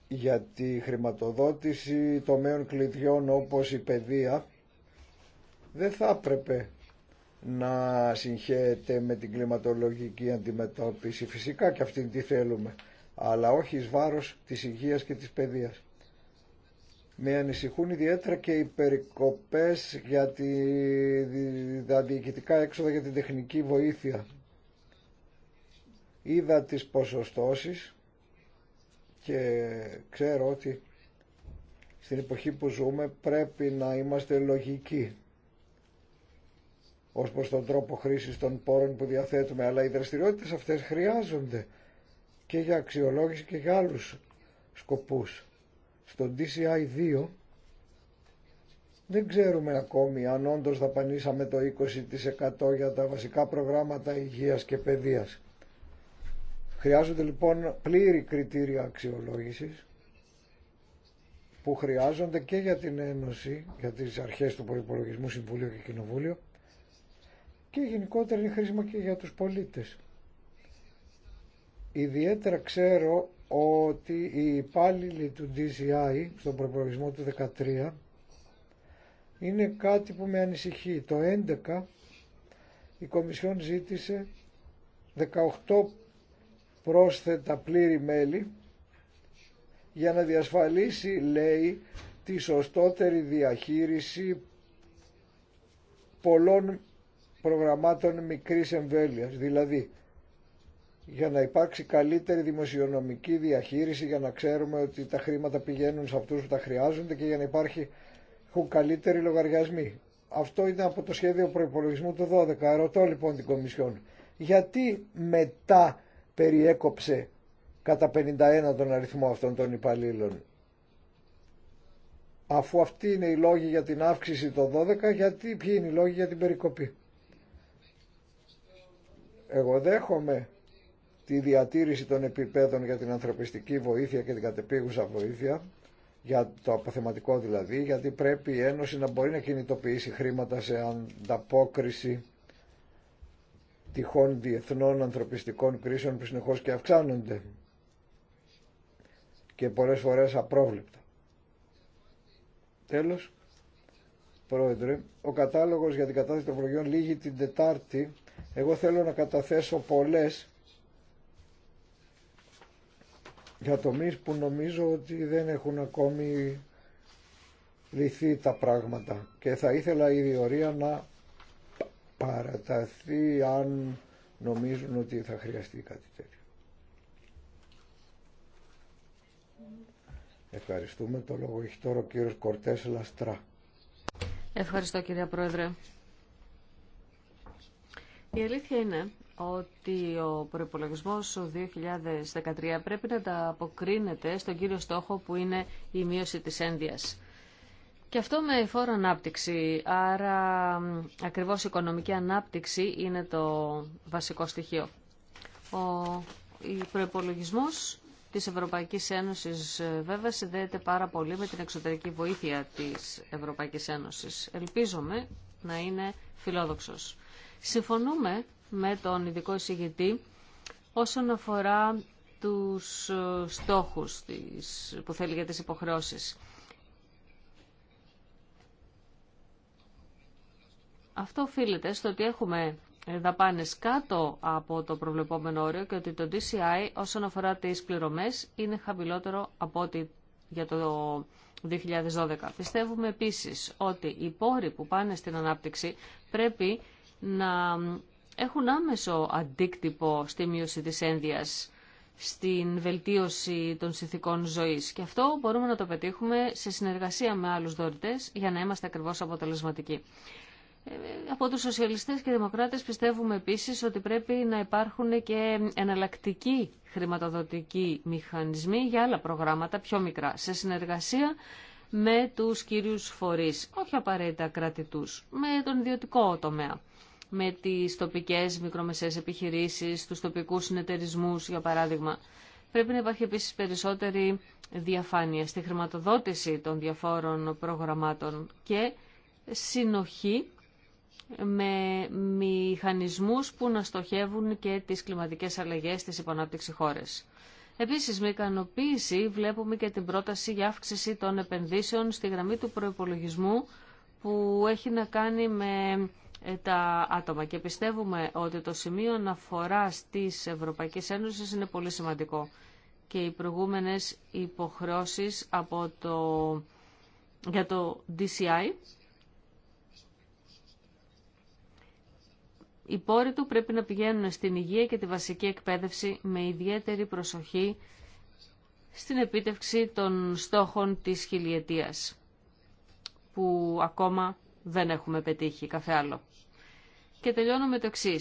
Γιατί η χρηματοδότηση τομέων κλειδιών όπως η παιδεία δεν θα έπρεπε να συγχέεται με την κλιματολογική αντιμετώπιση. Φυσικά και αυτή τη θέλουμε, αλλά όχι εις βάρος της υγείας και της παιδείας. Με ανησυχούν ιδιαίτερα και οι περικοπές για τα διοικητικά έξοδα για την τεχνική βοήθεια. Είδα τις ποσοστώσεις και ξέρω ότι στην εποχή που ζούμε πρέπει να είμαστε λογικοί ως προς τον τρόπο χρήσης των πόρων που διαθέτουμε, αλλά οι δραστηριότητες αυτές χρειάζονται και για αξιολόγηση και για άλλους σκοπούς στο DCI 2 δεν ξέρουμε ακόμη αν όντως δαπανίσαμε το 20% για τα βασικά προγράμματα υγείας και παιδείας. Χρειάζονται λοιπόν πλήρη κριτήρια αξιολόγησης που χρειάζονται και για την Ένωση, για τις αρχές του προϋπολογισμού Συμβούλιο και Κοινοβούλιο και γενικότερα είναι χρήσιμο και για τους πολίτες. Ιδιαίτερα ξέρω ότι οι υπάλληλοι του DCI στον προπολογισμό του 2013 είναι κάτι που με ανησυχεί. Το 11 η Κομισιόν ζήτησε 18 πρόσθετα πλήρη μέλη για να διασφαλίσει, λέει, τη σωστότερη διαχείριση πολλών προγραμμάτων μικρής εμβέλειας. Δηλαδή, για να υπάρξει καλύτερη δημοσιονομική διαχείριση για να ξέρουμε ότι τα χρήματα πηγαίνουν σε αυτούς που τα χρειάζονται και για να υπάρχει, καλύτεροι λογαριασμοί. Αυτό ήταν από το σχέδιο προϋπολογισμού του 12. Ρωτώ λοιπόν την Κομισιόν. Γιατί μετά περιέκοψε κατά 51 τον αριθμό αυτών των υπαλλήλων. Αφού αυτοί είναι οι λόγοι για την αύξηση το 12, γιατί ποιοι είναι οι λόγοι για την περικοπή. Εγώ δέχομαι τη διατήρηση των επιπέδων για την ανθρωπιστική βοήθεια και την κατεπίγουσα βοήθεια, για το αποθεματικό δηλαδή, γιατί πρέπει η Ένωση να μπορεί να κινητοποιήσει χρήματα σε ανταπόκριση τυχών διεθνών ανθρωπιστικών κρίσεων που συνεχώς και αυξάνονται και πολλές φορές απρόβλεπτα. Τέλος, Πρόεδρε, ο κατάλογος για την κατάσταση των προγειών λύγει την Τετάρτη. Εγώ θέλω να καταθέσω πολλές για τομείς που νομίζω ότι δεν έχουν ακόμη λυθεί τα πράγματα και θα ήθελα η διορία να παραταθεί αν νομίζουν ότι θα χρειαστεί κάτι τέτοιο. Ευχαριστούμε. Το λόγο έχει τώρα ο κύριος Κορτές Λαστρά. Ευχαριστώ κυρία Πρόεδρε. Η αλήθεια είναι ότι ο προϋπολογισμός 2013 πρέπει να τα αποκρίνεται στον κύριο στόχο που είναι η μείωση της ένδυας. Και αυτό με φόρο ανάπτυξη, άρα ακριβώς η οικονομική ανάπτυξη είναι το βασικό στοιχείο. Ο προϋπολογισμός της Ευρωπαϊκής Ένωσης βέβαια συνδέεται πάρα πολύ με την εξωτερική βοήθεια της Ευρωπαϊκής Ένωσης. Ελπίζομαι να είναι φιλόδοξος. Συμφωνούμε με τον ειδικό εισηγητή όσον αφορά τους ε, στόχους της, που θέλει για τις υποχρεώσεις. Αυτό οφείλεται στο ότι έχουμε δαπάνες κάτω από το προβλεπόμενο όριο και ότι το DCI όσον αφορά τις πληρωμές είναι χαμηλότερο από ό,τι για το 2012. Πιστεύουμε επίσης ότι οι πόροι που πάνε στην ανάπτυξη πρέπει να έχουν άμεσο αντίκτυπο στη μείωση της ένδειας στην βελτίωση των συνθηκών ζωής. Και αυτό μπορούμε να το πετύχουμε σε συνεργασία με άλλους δόρυτες για να είμαστε ακριβώς αποτελεσματικοί. Ε, από τους σοσιαλιστές και δημοκράτες πιστεύουμε επίσης ότι πρέπει να υπάρχουν και εναλλακτικοί χρηματοδοτικοί μηχανισμοί για άλλα προγράμματα πιο μικρά, σε συνεργασία με τους κύριους φορείς, όχι απαραίτητα κρατητούς, με τον ιδιωτικό τομέα με τις τοπικές μικρομεσαίες επιχειρήσεις, τους τοπικούς συνεταιρισμούς, για παράδειγμα. Πρέπει να υπάρχει επίσης περισσότερη διαφάνεια στη χρηματοδότηση των διαφόρων προγραμμάτων και συνοχή με μηχανισμούς που να στοχεύουν και τις κλιματικές αλλαγές της υπονάπτυξη χώρες. Επίσης, με ικανοποίηση βλέπουμε και την πρόταση για αύξηση των επενδύσεων στη γραμμή του προϋπολογισμού που έχει να κάνει με ε, τα άτομα και πιστεύουμε ότι το σημείο αναφορά της Ευρωπαϊκής Ένωση είναι πολύ σημαντικό και οι προηγούμενες υποχρώσεις από το, για το DCI οι πόροι του πρέπει να πηγαίνουν στην υγεία και τη βασική εκπαίδευση με ιδιαίτερη προσοχή στην επίτευξη των στόχων της χιλιετίας που ακόμα δεν έχουμε πετύχει, κάθε άλλο. Και τελειώνω με το εξή.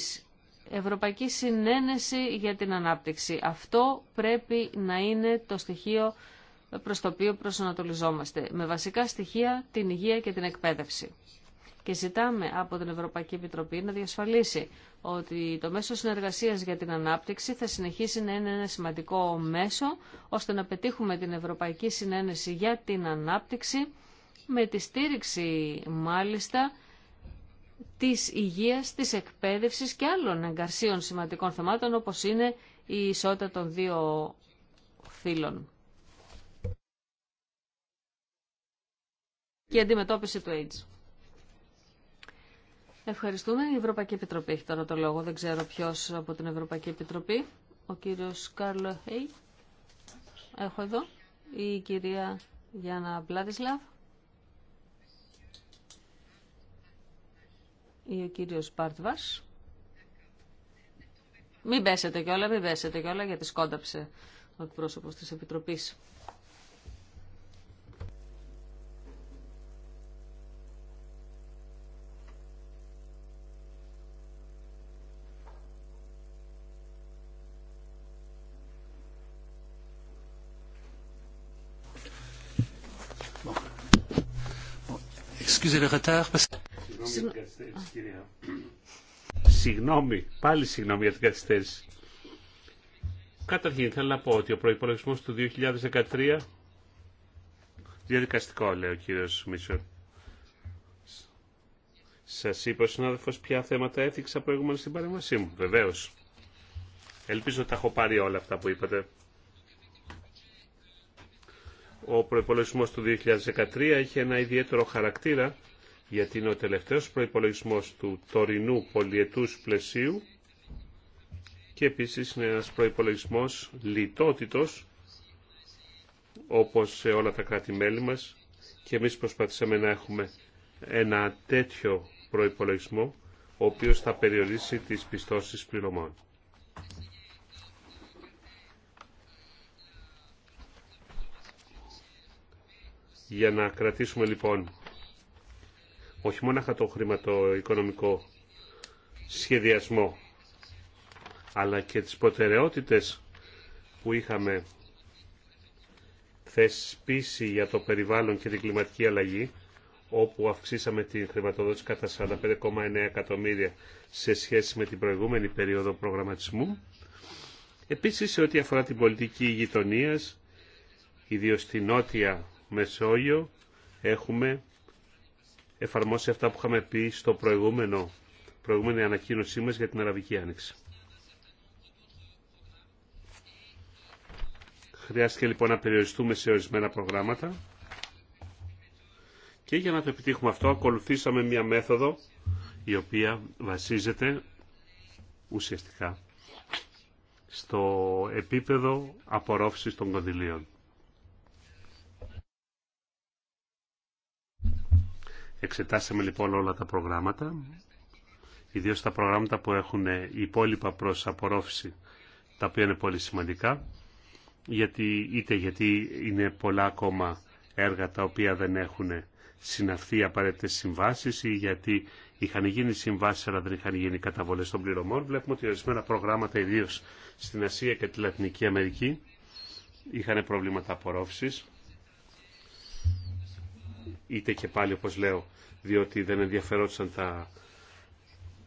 Ευρωπαϊκή συνένεση για την ανάπτυξη. Αυτό πρέπει να είναι το στοιχείο προς το οποίο προσανατολιζόμαστε. Με βασικά στοιχεία την υγεία και την εκπαίδευση. Και ζητάμε από την Ευρωπαϊκή Επιτροπή να διασφαλίσει ότι το μέσο συνεργασίας για την ανάπτυξη θα συνεχίσει να είναι ένα σημαντικό μέσο ώστε να πετύχουμε την Ευρωπαϊκή Συνένεση για την Ανάπτυξη με τη στήριξη μάλιστα της υγείας, της εκπαίδευσης και άλλων εγκαρσίων σημαντικών θεμάτων όπως είναι η ισότητα των δύο φύλων. Και η αντιμετώπιση του AIDS. Ευχαριστούμε. Η Ευρωπαϊκή Επιτροπή έχει τώρα το λόγο. Δεν ξέρω ποιος από την Ευρωπαϊκή Επιτροπή. Ο κύριος Κάρλο Χέι. Έχω εδώ. Η κυρία Γιάννα Μπλάτισλαβ. ή ο κύριος Πάρτβας. Μην πέσετε κιόλα, μην πέσετε κιόλα, γιατί σκόνταψε ο εκπρόσωπος της Επιτροπής. Συγγνώμη πάλι συγγνώμη για την καθυστέρηση. Καταρχήν θέλω να πω ότι ο προπολογισμό του 2013 διαδικαστικό λέει ο κύριο Μίτσορ. Σα είπα ο συνάδελφο ποια θέματα έθιξα προηγούμενα στην παρέμβασή μου. βεβαίω. Ελπίζω ότι τα έχω πάρει όλα αυτά που είπατε. Ο προπολογισμό του 2013 είχε ένα ιδιαίτερο χαρακτήρα γιατί είναι ο τελευταίος προϋπολογισμός του τωρινού πολιετούς πλαισίου και επίσης είναι ένας προϋπολογισμός λιτότητος όπως σε όλα τα κράτη-μέλη μας και εμείς προσπαθήσαμε να έχουμε ένα τέτοιο προϋπολογισμό ο οποίος θα περιορίσει τις πιστώσεις πληρωμών. Για να κρατήσουμε λοιπόν όχι μόνο το χρηματοοικονομικό σχεδιασμό, αλλά και τις προτεραιότητες που είχαμε θεσπίσει για το περιβάλλον και την κλιματική αλλαγή, όπου αυξήσαμε τη χρηματοδότηση κατά 45,9 εκατομμύρια σε σχέση με την προηγούμενη περίοδο προγραμματισμού. Επίσης, σε ό,τι αφορά την πολιτική γειτονίας, ιδίως στη Νότια Μεσόγειο, έχουμε εφαρμόσει αυτά που είχαμε πει στο προηγούμενο, προηγούμενη ανακοίνωσή μας για την Αραβική Άνοιξη. Χρειάστηκε λοιπόν να περιοριστούμε σε ορισμένα προγράμματα και για να το επιτύχουμε αυτό ακολουθήσαμε μια μέθοδο η οποία βασίζεται ουσιαστικά στο επίπεδο απορρόφησης των κονδυλίων. Εξετάσαμε λοιπόν όλα τα προγράμματα, ιδίως τα προγράμματα που έχουν υπόλοιπα προς απορρόφηση, τα οποία είναι πολύ σημαντικά, γιατί, είτε γιατί είναι πολλά ακόμα έργα τα οποία δεν έχουν συναυθεί απαραίτητε συμβάσεις ή γιατί είχαν γίνει συμβάσει αλλά δεν είχαν γίνει καταβολές των πληρωμών. Βλέπουμε ότι ορισμένα προγράμματα, ιδίω στην Ασία και τη Λατινική Αμερική, είχαν προβλήματα απορρόφησης είτε και πάλι όπως λέω διότι δεν ενδιαφερόντουσαν τα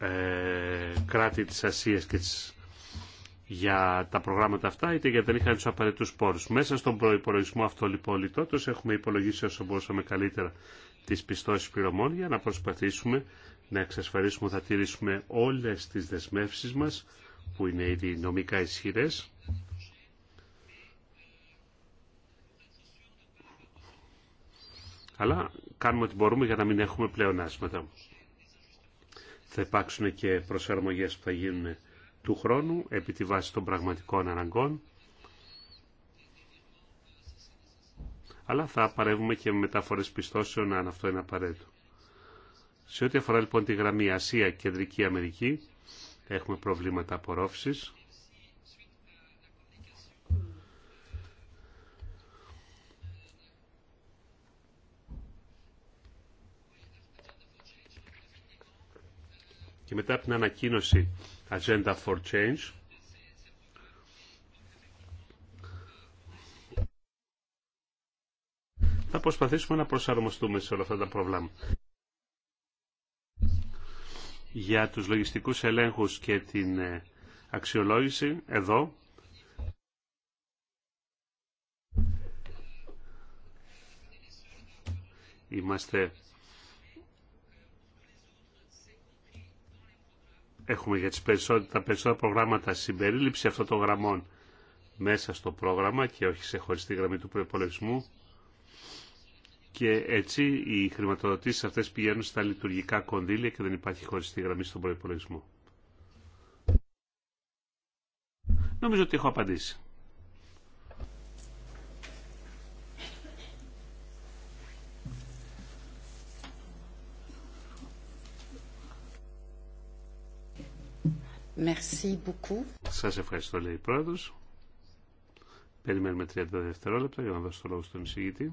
ε, κράτη της Ασίας και για τα προγράμματα αυτά είτε γιατί δεν είχαν τους απαραίτητους πόρους. Μέσα στον προϋπολογισμό αυτό λοιπόν έχουμε υπολογίσει όσο μπορούσαμε καλύτερα τις πιστώσεις πληρωμών για να προσπαθήσουμε να εξασφαλίσουμε θα τηρήσουμε όλες τις δεσμεύσεις μας που είναι ήδη νομικά ισχυρές αλλά κάνουμε ό,τι μπορούμε για να μην έχουμε πλεονάσματα. Θα υπάρξουν και προσαρμογές που θα γίνουν του χρόνου επί τη βάση των πραγματικών αναγκών. Αλλά θα παρεύουμε και μεταφορές πιστώσεων αν αυτό είναι απαραίτητο. Σε ό,τι αφορά λοιπόν τη γραμμή Ασία-Κεντρική Αμερική, έχουμε προβλήματα απορρόφησης. και μετά από την ανακοίνωση Agenda for Change θα προσπαθήσουμε να προσαρμοστούμε σε όλα αυτά τα προβλήματα. Για τους λογιστικούς ελέγχους και την ε, αξιολόγηση, εδώ, είμαστε έχουμε για τις περισσότερα, τα περισσότερα προγράμματα συμπερίληψη αυτών των γραμμών μέσα στο πρόγραμμα και όχι σε χωριστή γραμμή του προπολογισμού. Και έτσι οι χρηματοδοτήσεις αυτές πηγαίνουν στα λειτουργικά κονδύλια και δεν υπάρχει χωριστή γραμμή στον προπολογισμό. Νομίζω ότι έχω απαντήσει. Σα Σας ευχαριστώ, λέει η πρόεδρος. Περιμένουμε 30 δευτερόλεπτα για να δώσω το λόγο στον εισηγητή.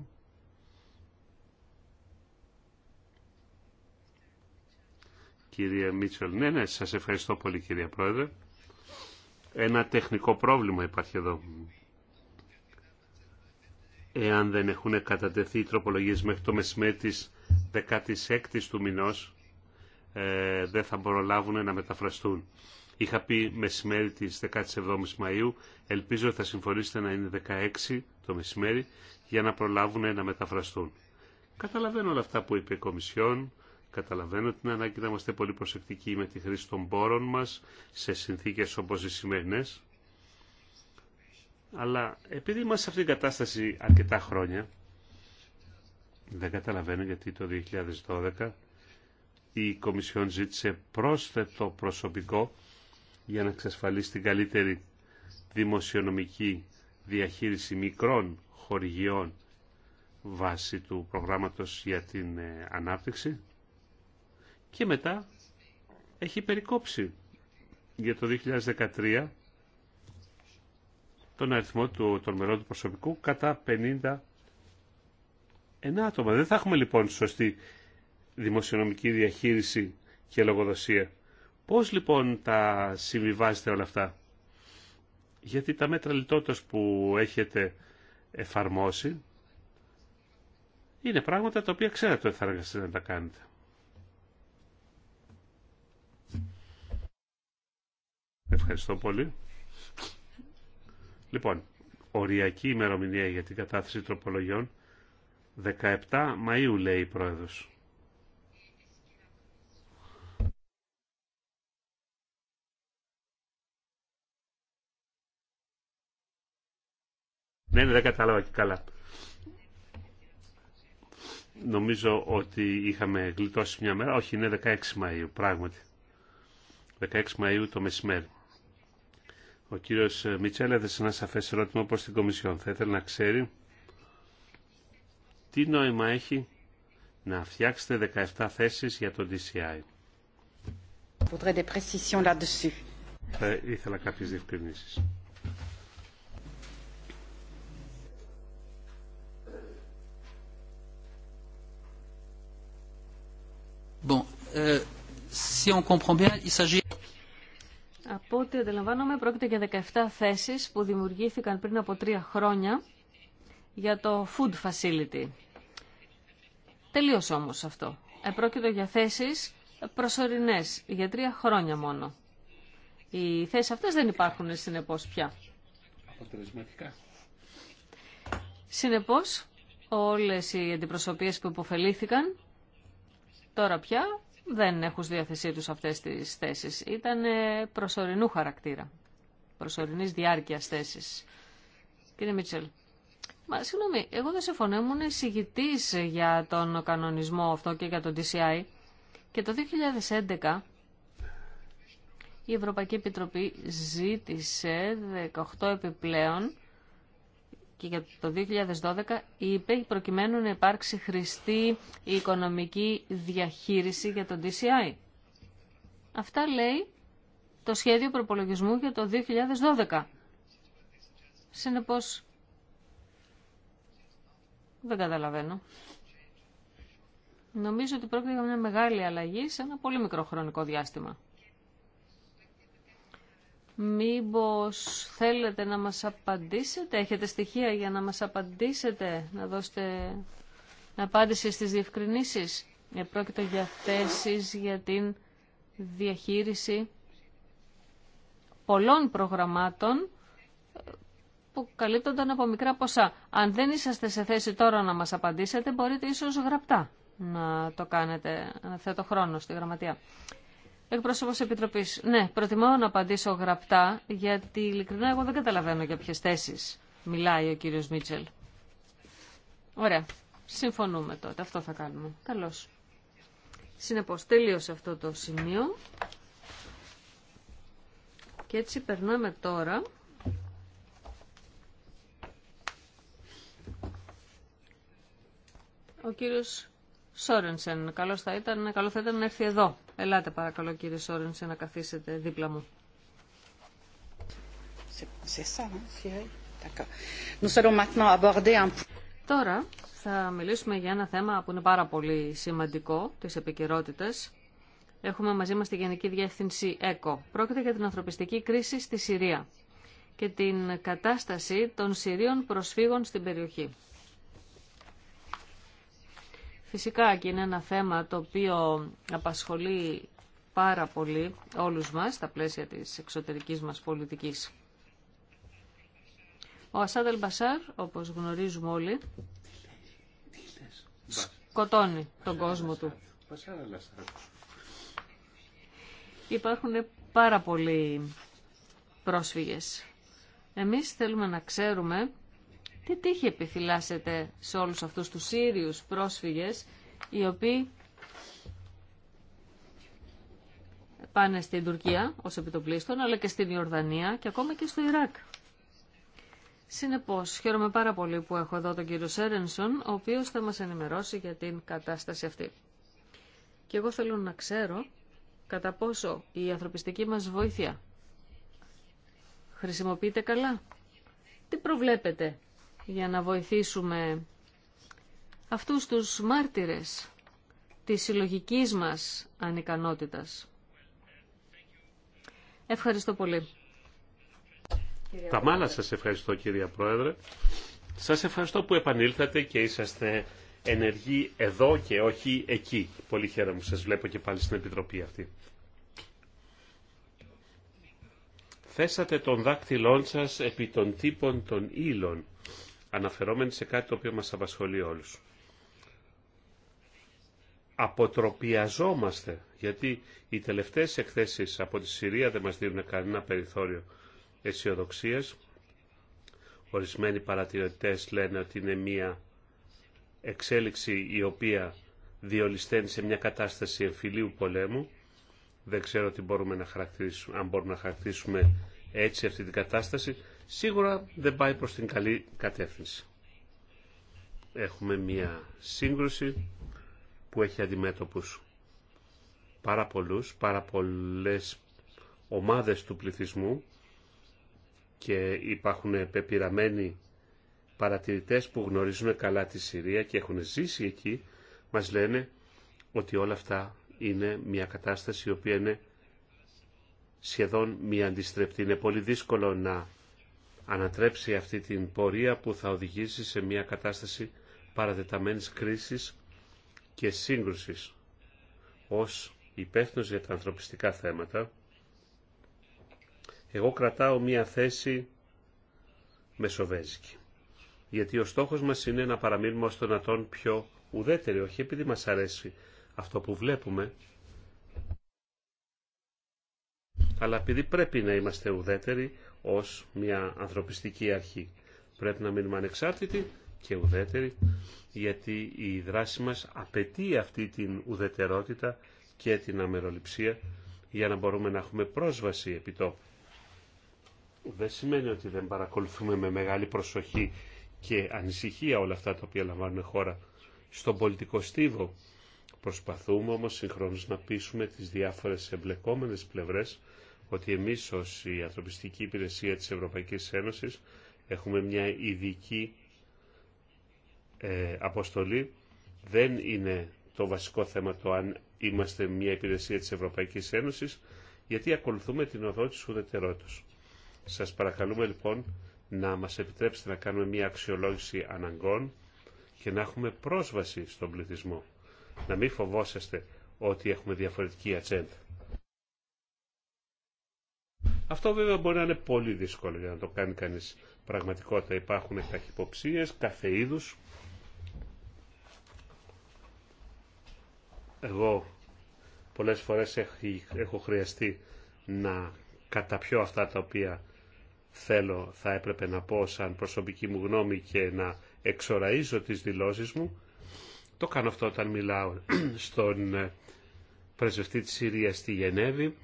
Κυρία Μίτσελ, ναι, ναι, σας ευχαριστώ πολύ κυρία Πρόεδρε. Ένα τεχνικό πρόβλημα υπάρχει εδώ. Εάν δεν έχουν κατατεθεί οι τροπολογίες μέχρι το μεσημέρι της 16ης του μηνό, ε, δεν θα μπορούν να μεταφραστούν. Είχα πει μεσημέρι της 17 η Μαου, ελπίζω θα συμφωνήσετε να είναι 16 το μεσημέρι για να προλάβουν να μεταφραστούν. Καταλαβαίνω όλα αυτά που είπε η Κομισιόν, καταλαβαίνω την ανάγκη να είμαστε πολύ προσεκτικοί με τη χρήση των πόρων μας σε συνθήκες όπω οι σημερινε, Αλλά επειδή είμαστε σε αυτήν την κατάσταση αρκετά χρόνια, δεν καταλαβαίνω γιατί το 2012 η Κομισιόν ζήτησε πρόσθετο προσωπικό για να εξασφαλίσει την καλύτερη δημοσιονομική διαχείριση μικρών χορηγιών βάσει του προγράμματος για την ε, ανάπτυξη και μετά έχει περικόψει για το 2013 τον αριθμό του, των μελών του προσωπικού κατά 51 άτομα. Δεν θα έχουμε λοιπόν σωστή δημοσιονομική διαχείριση και λογοδοσία Πώς λοιπόν τα συμβιβάζετε όλα αυτά. Γιατί τα μέτρα λιτότητας που έχετε εφαρμόσει είναι πράγματα τα οποία ξέρετε ότι θα εργαστείτε να τα κάνετε. Ευχαριστώ πολύ. Λοιπόν, οριακή ημερομηνία για την κατάθεση τροπολογιών 17 Μαΐου λέει η Πρόεδρος. Ναι, ναι, δεν κατάλαβα και καλά. Νομίζω ότι είχαμε γλιτώσει μια μέρα. Όχι, είναι 16 Μαΐου, πράγματι. 16 Μαΐου το μεσημέρι. Ο κύριος ε, Μιτσέλ έδεσε ένα σαφές ερώτημα προς την Κομισιόν. Θα ήθελε να ξέρει τι νόημα έχει να φτιάξετε 17 θέσεις για το DCI. Θα ήθελα κάποιες διευκρινήσεις. Euh, από ό,τι αντιλαμβάνομαι, πρόκειται για 17 θέσεις που δημιουργήθηκαν πριν από τρία χρόνια για το Food Facility. Τελείωσε όμως αυτό. Επρόκειτο για θέσεις προσωρινές, για τρία χρόνια μόνο. Οι θέσεις αυτές δεν υπάρχουν συνεπώς πια. Αποτελεσματικά. Συνεπώς, όλες οι αντιπροσωπείες που υποφελήθηκαν Τώρα πια δεν έχουν στη διάθεσή τους αυτές τις θέσεις. Ήταν ε, προσωρινού χαρακτήρα, προσωρινής διάρκειας θέσεις. Κύριε Μίτσελ, μα συγγνώμη, εγώ δεν συμφωνώ, ήμουν εισηγητής για τον κανονισμό αυτό και για τον DCI και το 2011 η Ευρωπαϊκή Επιτροπή ζήτησε 18 επιπλέον και για το 2012 είπε προκειμένου να υπάρξει χρηστή η οικονομική διαχείριση για τον DCI. Αυτά λέει το σχέδιο προπολογισμού για το 2012. Συνεπώς, δεν καταλαβαίνω. Νομίζω ότι πρόκειται για μια μεγάλη αλλαγή σε ένα πολύ μικρό χρονικό διάστημα. Μήπως θέλετε να μας απαντήσετε, έχετε στοιχεία για να μας απαντήσετε, να δώσετε απάντηση στις διευκρινήσεις. Ε, πρόκειται για θέσεις για την διαχείριση πολλών προγραμμάτων ε, που καλύπτονταν από μικρά ποσά. Αν δεν είσαστε σε θέση τώρα να μας απαντήσετε, μπορείτε ίσως γραπτά να το κάνετε, να θέτω χρόνο στη γραμματεία. Εκπρόσωπος Επιτροπή. Ναι, προτιμώ να απαντήσω γραπτά, γιατί ειλικρινά εγώ δεν καταλαβαίνω για ποιες θέσει. μιλάει ο κύριο Μίτσελ. Ωραία. Συμφωνούμε τότε. Αυτό θα κάνουμε. Καλώς. Συνεπώ, τελείωσε αυτό το σημείο. Και έτσι περνάμε τώρα... Ο κύριος Σόρενσεν, καλώς θα ήταν, καλό θα ήταν να έρθει εδώ. Ελάτε παρακαλώ κύριε Σόρενσεν να καθίσετε δίπλα μου. Τώρα θα μιλήσουμε για ένα θέμα που είναι πάρα πολύ σημαντικό, τις επικαιρότητε. Έχουμε μαζί μας τη Γενική Διεύθυνση ΕΚΟ. Πρόκειται για την ανθρωπιστική κρίση στη Συρία και την κατάσταση των Συρίων προσφύγων στην περιοχή. Φυσικά και είναι ένα θέμα το οποίο απασχολεί πάρα πολύ όλους μας στα πλαίσια της εξωτερικής μας πολιτικής. Ο Ασάντ Ελμπασάρ, όπως γνωρίζουμε όλοι, σκοτώνει τον κόσμο του. Υπάρχουν πάρα πολλοί πρόσφυγες. Εμείς θέλουμε να ξέρουμε τι τύχη επιθυλάσετε σε όλους αυτούς τους Σύριους πρόσφυγες οι οποίοι πάνε στην Τουρκία ως επιτοπλίστων αλλά και στην Ιορδανία και ακόμα και στο Ιράκ. Συνεπώς, χαίρομαι πάρα πολύ που έχω εδώ τον κύριο Σέρενσον, ο οποίος θα μας ενημερώσει για την κατάσταση αυτή. Και εγώ θέλω να ξέρω κατά πόσο η ανθρωπιστική μας βοήθεια χρησιμοποιείται καλά. Τι προβλέπετε για να βοηθήσουμε αυτούς τους μάρτυρες της συλλογική μας ανικανότητας. Ευχαριστώ πολύ. Τα μάλα σας ευχαριστώ κυρία Πρόεδρε. Σας ευχαριστώ που επανήλθατε και είσαστε ενεργοί εδώ και όχι εκεί. Πολύ χαίρομαι που σας βλέπω και πάλι στην Επιτροπή αυτή. Θέσατε τον δάκτυλόν σας επί των τύπων των ύλων αναφερόμενοι σε κάτι το οποίο μας απασχολεί όλους. Αποτροπιαζόμαστε, γιατί οι τελευταίες εκθέσεις από τη Συρία δεν μας δίνουν κανένα περιθώριο αισιοδοξία. Ορισμένοι παρατηρητές λένε ότι είναι μία εξέλιξη η οποία διολυσταίνει σε μια κατάσταση εμφυλίου πολέμου. Δεν ξέρω τι μπορούμε να χαρακτηρίσουμε, αν μπορούμε να χαρακτηρίσουμε έτσι αυτή την κατάσταση σίγουρα δεν πάει προς την καλή κατεύθυνση. Έχουμε μία σύγκρουση που έχει αντιμέτωπους πάρα πολλούς, πάρα πολλές ομάδες του πληθυσμού και υπάρχουν πεπειραμένοι παρατηρητές που γνωρίζουν καλά τη Συρία και έχουν ζήσει εκεί, μας λένε ότι όλα αυτά είναι μια κατάσταση η οποία είναι σχεδόν μη αντιστρεπτή. Είναι πολύ δύσκολο να ανατρέψει αυτή την πορεία που θα οδηγήσει σε μια κατάσταση παραδεταμένης κρίσης και σύγκρουσης. Ως υπεύθυνο για τα ανθρωπιστικά θέματα, εγώ κρατάω μια θέση μεσοβέζικη. Γιατί ο στόχος μας είναι να παραμείνουμε ως τον ατόν πιο ουδέτεροι, όχι επειδή μας αρέσει αυτό που βλέπουμε, αλλά επειδή πρέπει να είμαστε ουδέτεροι ως μια ανθρωπιστική αρχή. Πρέπει να μείνουμε ανεξάρτητοι και ουδέτεροι, γιατί η δράση μας απαιτεί αυτή την ουδετερότητα και την αμεροληψία για να μπορούμε να έχουμε πρόσβαση επιτόπου. Δεν σημαίνει ότι δεν παρακολουθούμε με μεγάλη προσοχή και ανησυχία όλα αυτά τα οποία λαμβάνουν χώρα στον πολιτικό στίβο. Προσπαθούμε όμως συγχρόνως να πείσουμε τις διάφορες εμπλεκόμενες πλευρές ότι εμείς ως η ανθρωπιστική υπηρεσία της Ευρωπαϊκής Ένωσης έχουμε μια ειδική ε, αποστολή. Δεν είναι το βασικό θέμα το αν είμαστε μια υπηρεσία της Ευρωπαϊκής Ένωσης, γιατί ακολουθούμε την οδό της ουδετερότητας. Σας παρακαλούμε λοιπόν να μας επιτρέψετε να κάνουμε μια αξιολόγηση αναγκών και να έχουμε πρόσβαση στον πληθυσμό. Να μην φοβόσαστε ότι έχουμε διαφορετική ατζέντα. Αυτό βέβαια μπορεί να είναι πολύ δύσκολο για να το κάνει κανείς πραγματικότητα. Υπάρχουν καχυποψίες, κάθε είδου. Εγώ πολλές φορές έχω χρειαστεί να καταπιώ αυτά τα οποία θέλω, θα έπρεπε να πω σαν προσωπική μου γνώμη και να εξοραίζω τις δηλώσεις μου. Το κάνω αυτό όταν μιλάω [clears throat] στον ε, πρεσβευτή της Συρίας στη Γενέβη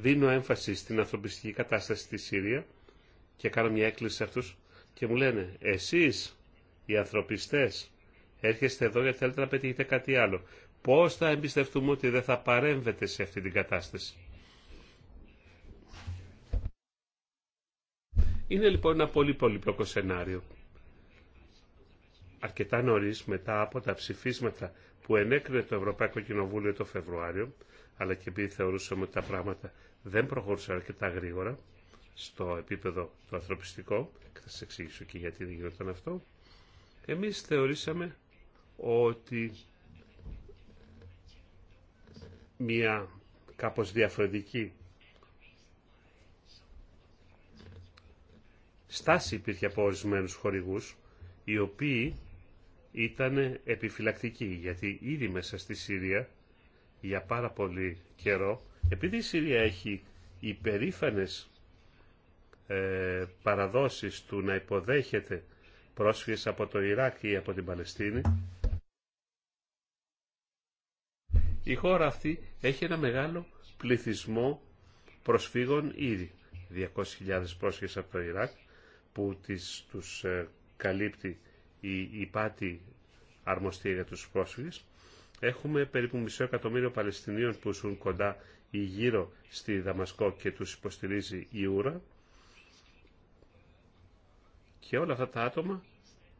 δίνω έμφαση στην ανθρωπιστική κατάσταση στη Συρία και κάνω μια έκκληση σε αυτούς και μου λένε εσείς οι ανθρωπιστές έρχεστε εδώ γιατί θέλετε να πετύχετε κάτι άλλο. Πώς θα εμπιστευτούμε ότι δεν θα παρέμβετε σε αυτή την κατάσταση. Είναι λοιπόν ένα πολύ πολύπλοκο σενάριο. Αρκετά νωρίς μετά από τα ψηφίσματα που ενέκρινε το Ευρωπαϊκό Κοινοβούλιο το Φεβρουάριο, αλλά και επειδή θεωρούσαμε ότι τα πράγματα δεν προχώρησαν αρκετά γρήγορα στο επίπεδο το ανθρωπιστικό, και θα σα εξηγήσω και γιατί δεν γινόταν αυτό, εμείς θεωρήσαμε ότι μια κάπως διαφορετική στάση υπήρχε από ορισμένου χορηγούς, οι οποίοι ήταν επιφυλακτικοί, γιατί ήδη μέσα στη Συρία για πάρα πολύ καιρό, επειδή η Συρία έχει υπερήφανες ε, παραδόσεις του να υποδέχεται πρόσφυγες από το Ιράκ ή από την Παλαιστίνη, η χώρα αυτή έχει ένα μεγάλο πληθυσμό προσφύγων ήδη. 200.000 πρόσφυγες από το Ιράκ που τις, τους ε, καλύπτει η, η πάτη αρμοστία για τους πρόσφυγες Έχουμε περίπου μισό εκατομμύριο Παλαιστινίων που ζουν κοντά ή γύρω στη Δαμασκό και τους υποστηρίζει η ούρα. Και όλα αυτά τα άτομα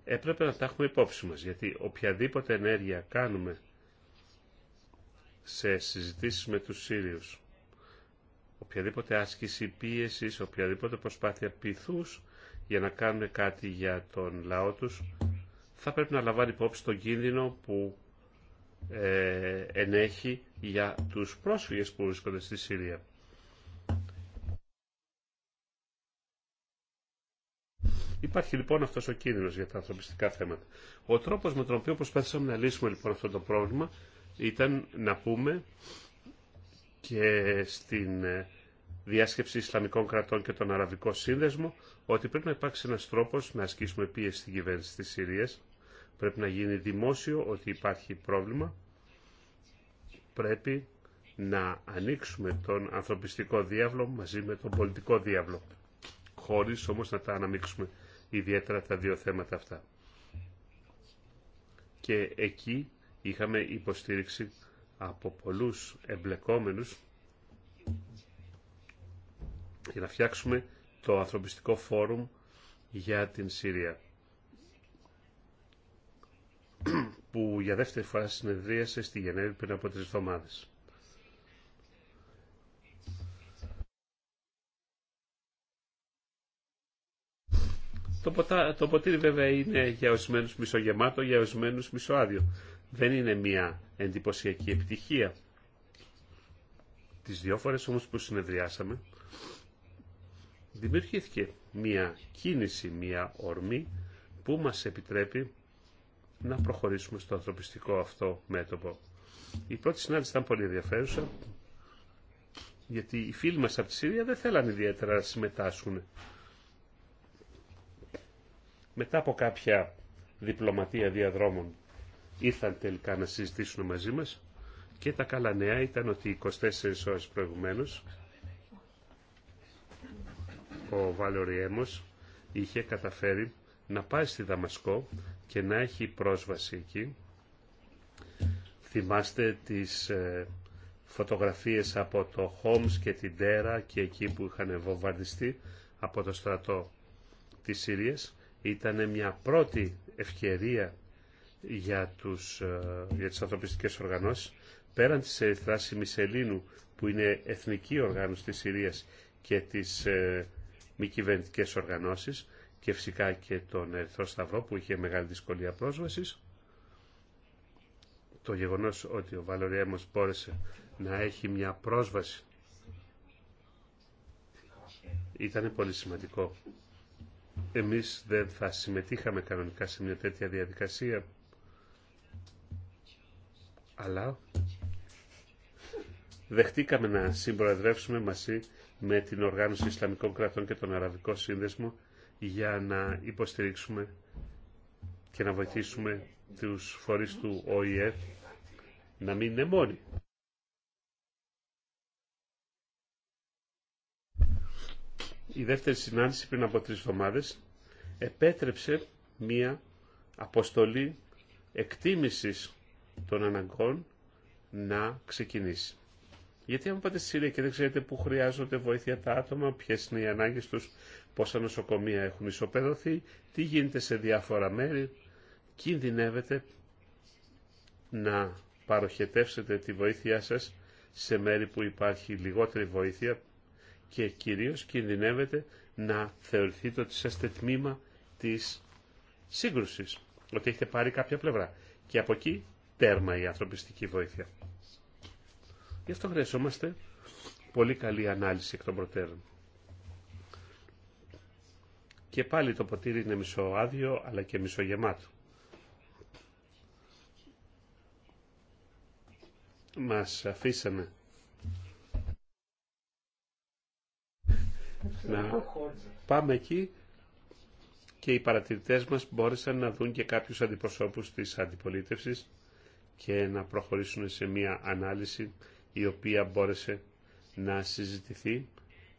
έπρεπε να τα έχουμε υπόψη μας, γιατί οποιαδήποτε ενέργεια κάνουμε σε συζητήσεις με τους Σύριους, οποιαδήποτε άσκηση πίεσης, οποιαδήποτε προσπάθεια πειθούς για να κάνουμε κάτι για τον λαό τους, θα πρέπει να λαμβάνει υπόψη τον κίνδυνο που ε, ενέχει για τους πρόσφυγες που βρίσκονται στη Συρία. Υπάρχει λοιπόν αυτό ο κίνδυνο για τα ανθρωπιστικά θέματα. Ο τρόπο με τον οποίο προσπαθήσαμε να λύσουμε λοιπόν αυτό το πρόβλημα ήταν να πούμε και στην ε, διάσκεψη Ισλαμικών κρατών και τον Αραβικό Σύνδεσμο ότι πρέπει να υπάρξει ένα τρόπο να ασκήσουμε πίεση στην κυβέρνηση τη Συρίας Πρέπει να γίνει δημόσιο ότι υπάρχει πρόβλημα. Πρέπει να ανοίξουμε τον ανθρωπιστικό διάβλο μαζί με τον πολιτικό διάβλο. Χωρίς όμως να τα αναμίξουμε ιδιαίτερα τα δύο θέματα αυτά. Και εκεί είχαμε υποστήριξη από πολλούς εμπλεκόμενους για να φτιάξουμε το ανθρωπιστικό φόρουμ για την Συρία. [clears throat] που για δεύτερη φορά συνεδρίασε στη Γενέβη πριν από τρεις εβδομάδες. Το, ποτήρι βέβαια είναι για ορισμένου μισογεμάτο, για ορισμένου μισοάδιο. Δεν είναι μια εντυπωσιακή επιτυχία. Τις δύο φορές όμως που συνεδριάσαμε, δημιουργήθηκε μια κίνηση, μια ορμή που μας επιτρέπει να προχωρήσουμε στο ανθρωπιστικό αυτό μέτωπο. Η πρώτη συνάντηση ήταν πολύ ενδιαφέρουσα, γιατί οι φίλοι μας από τη Συρία δεν θέλαν ιδιαίτερα να συμμετάσχουν. Μετά από κάποια διπλωματία διαδρόμων ήρθαν τελικά να συζητήσουν μαζί μας και τα καλά νέα ήταν ότι 24 ώρες προηγουμένως ο Βάλεο είχε καταφέρει να πάει στη Δαμασκό και να έχει πρόσβαση εκεί. Θυμάστε τις ε, φωτογραφίες από το Χόμς και την Τέρα και εκεί που είχαν βομβαρδιστεί από το στρατό της Συρίας. Ήταν μια πρώτη ευκαιρία για, τους, ε, για τις ανθρωπιστικές οργανώσεις. Πέραν της Ερυθράς Μισελίνου που είναι εθνική οργάνωση της Συρίας και της ε, μη κυβερνητικέ οργανώσεις και φυσικά και τον Ερυθρό Σταυρό που είχε μεγάλη δυσκολία πρόσβασης. Το γεγονός ότι ο Βαλωριέμος μπόρεσε να έχει μια πρόσβαση ήταν πολύ σημαντικό. Εμείς δεν θα συμμετείχαμε κανονικά σε μια τέτοια διαδικασία, αλλά δεχτήκαμε να συμπροεδρεύσουμε μαζί με την Οργάνωση Ισλαμικών Κρατών και τον Αραβικό Σύνδεσμο για να υποστηρίξουμε και να βοηθήσουμε τους φορείς του ΟΗΕ να μην είναι μόνοι. Η δεύτερη συνάντηση πριν από τρεις εβδομάδες επέτρεψε μία αποστολή εκτίμησης των αναγκών να ξεκινήσει. Γιατί αν πάτε στη Συρία και δεν ξέρετε πού χρειάζονται βοήθεια τα άτομα, ποιες είναι οι ανάγκες τους, πόσα νοσοκομεία έχουν ισοπεδωθεί, τι γίνεται σε διάφορα μέρη, κινδυνεύετε να παροχετεύσετε τη βοήθειά σας σε μέρη που υπάρχει λιγότερη βοήθεια και κυρίως κινδυνεύετε να θεωρηθείτε ότι είστε τμήμα της σύγκρουσης, ότι έχετε πάρει κάποια πλευρά. Και από εκεί τέρμα η ανθρωπιστική βοήθεια. Γι' αυτό χρειαζόμαστε πολύ καλή ανάλυση εκ των προτέρων και πάλι το ποτήρι είναι μισοάδιο αλλά και μισογεμάτο. Μας αφήσαμε να πάμε εκεί και οι παρατηρητές μας μπόρεσαν να δουν και κάποιους αντιπροσώπους της αντιπολίτευσης και να προχωρήσουν σε μια ανάλυση η οποία μπόρεσε να συζητηθεί.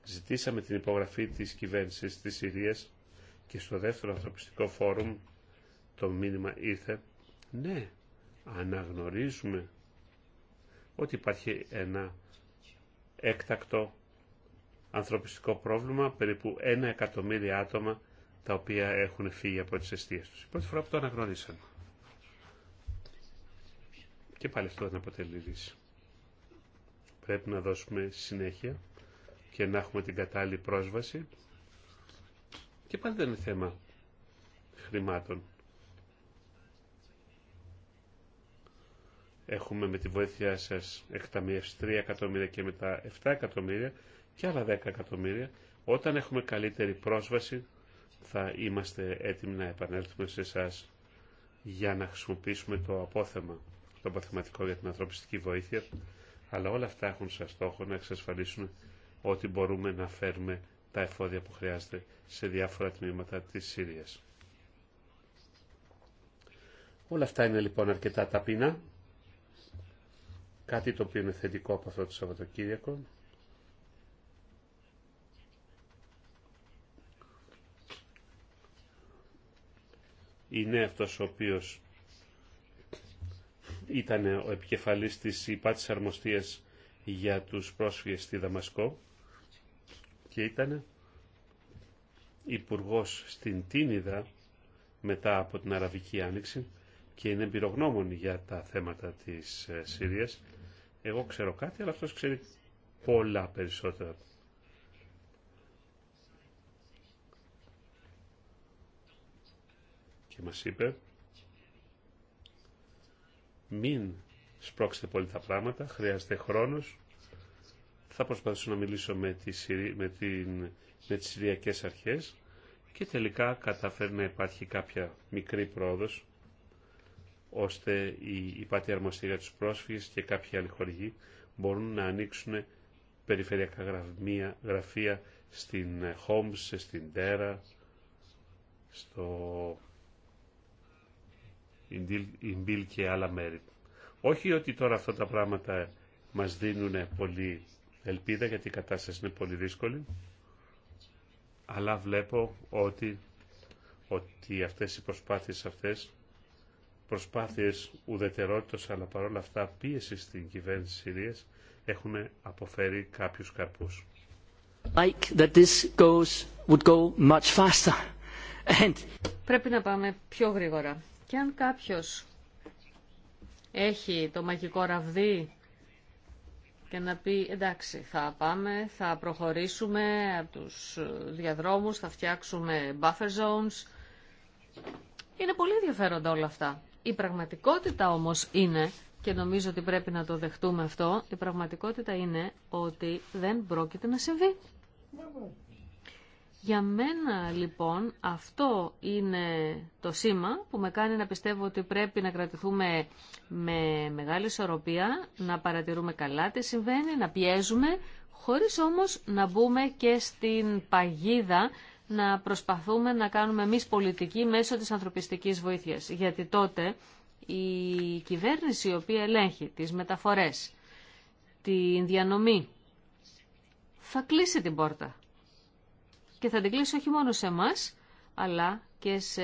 Ζητήσαμε την υπογραφή της κυβέρνησης της Συρίας και στο δεύτερο ανθρωπιστικό φόρουμ το μήνυμα ήρθε ναι, αναγνωρίζουμε ότι υπάρχει ένα έκτακτο ανθρωπιστικό πρόβλημα, περίπου ένα εκατομμύριο άτομα τα οποία έχουν φύγει από τις αιστείες τους. Η πρώτη φορά που το αναγνωρίσαμε. Και πάλι αυτό δεν αποτελεί λύση. Πρέπει να δώσουμε συνέχεια και να έχουμε την κατάλληλη πρόσβαση και πάλι δεν είναι θέμα χρημάτων. Έχουμε με τη βοήθειά σας εκταμιεύσει 3 εκατομμύρια και μετά 7 εκατομμύρια και άλλα 10 εκατομμύρια. Όταν έχουμε καλύτερη πρόσβαση θα είμαστε έτοιμοι να επανέλθουμε σε εσά για να χρησιμοποιήσουμε το απόθεμα, το αποθεματικό για την ανθρωπιστική βοήθεια. Αλλά όλα αυτά έχουν σαν στόχο να εξασφαλίσουν ότι μπορούμε να φέρουμε τα εφόδια που χρειάζεται σε διάφορα τμήματα της Συρίας. Όλα αυτά είναι λοιπόν αρκετά ταπεινά. Κάτι το οποίο είναι θετικό από αυτό το Σαββατοκύριακο. Είναι αυτός ο οποίος ήταν ο επικεφαλής της υπάτης αρμοστίας για τους πρόσφυγες στη Δαμασκό και ήταν υπουργό στην Τίνιδα μετά από την Αραβική Άνοιξη και είναι εμπειρογνώμων για τα θέματα της ε, Συρίας. Εγώ ξέρω κάτι, αλλά αυτός ξέρει πολλά περισσότερα. Και μας είπε, μην σπρώξετε πολύ τα πράγματα, χρειάζεται χρόνος, θα προσπαθήσω να μιλήσω με, τη, με, την, με τις Συριακές αρχές και τελικά καταφέρνει να υπάρχει κάποια μικρή πρόοδος ώστε η πάτη αρμοστήρια για τους πρόσφυγες και κάποια άλλοι χορηγοί μπορούν να ανοίξουν περιφερειακά γραφεία, στην ε, Χόμς, ε, στην Τέρα, στο Ιμπίλ και άλλα μέρη. Όχι ότι τώρα αυτά τα πράγματα μας δίνουν πολύ ελπίδα γιατί η κατάσταση είναι πολύ δύσκολη. Αλλά βλέπω ότι, ότι αυτές οι προσπάθειες αυτές, προσπάθειες ουδετερότητας αλλά παρόλα αυτά πίεση στην κυβέρνηση της Συρίας έχουν αποφέρει κάποιους καρπούς. Πρέπει να πάμε πιο γρήγορα. Και αν κάποιος έχει το μαγικό ραβδί και να πει εντάξει θα πάμε, θα προχωρήσουμε από τους διαδρόμους, θα φτιάξουμε buffer zones. Είναι πολύ ενδιαφέροντα όλα αυτά. Η πραγματικότητα όμως είναι, και νομίζω ότι πρέπει να το δεχτούμε αυτό, η πραγματικότητα είναι ότι δεν πρόκειται να συμβεί. Για μένα λοιπόν αυτό είναι το σήμα που με κάνει να πιστεύω ότι πρέπει να κρατηθούμε με μεγάλη ισορροπία, να παρατηρούμε καλά τι συμβαίνει, να πιέζουμε, χωρίς όμως να μπούμε και στην παγίδα να προσπαθούμε να κάνουμε εμεί πολιτική μέσω της ανθρωπιστικής βοήθειας. Γιατί τότε η κυβέρνηση η οποία ελέγχει τις μεταφορές, την διανομή, θα κλείσει την πόρτα και θα την κλείσω όχι μόνο σε εμά, αλλά και σε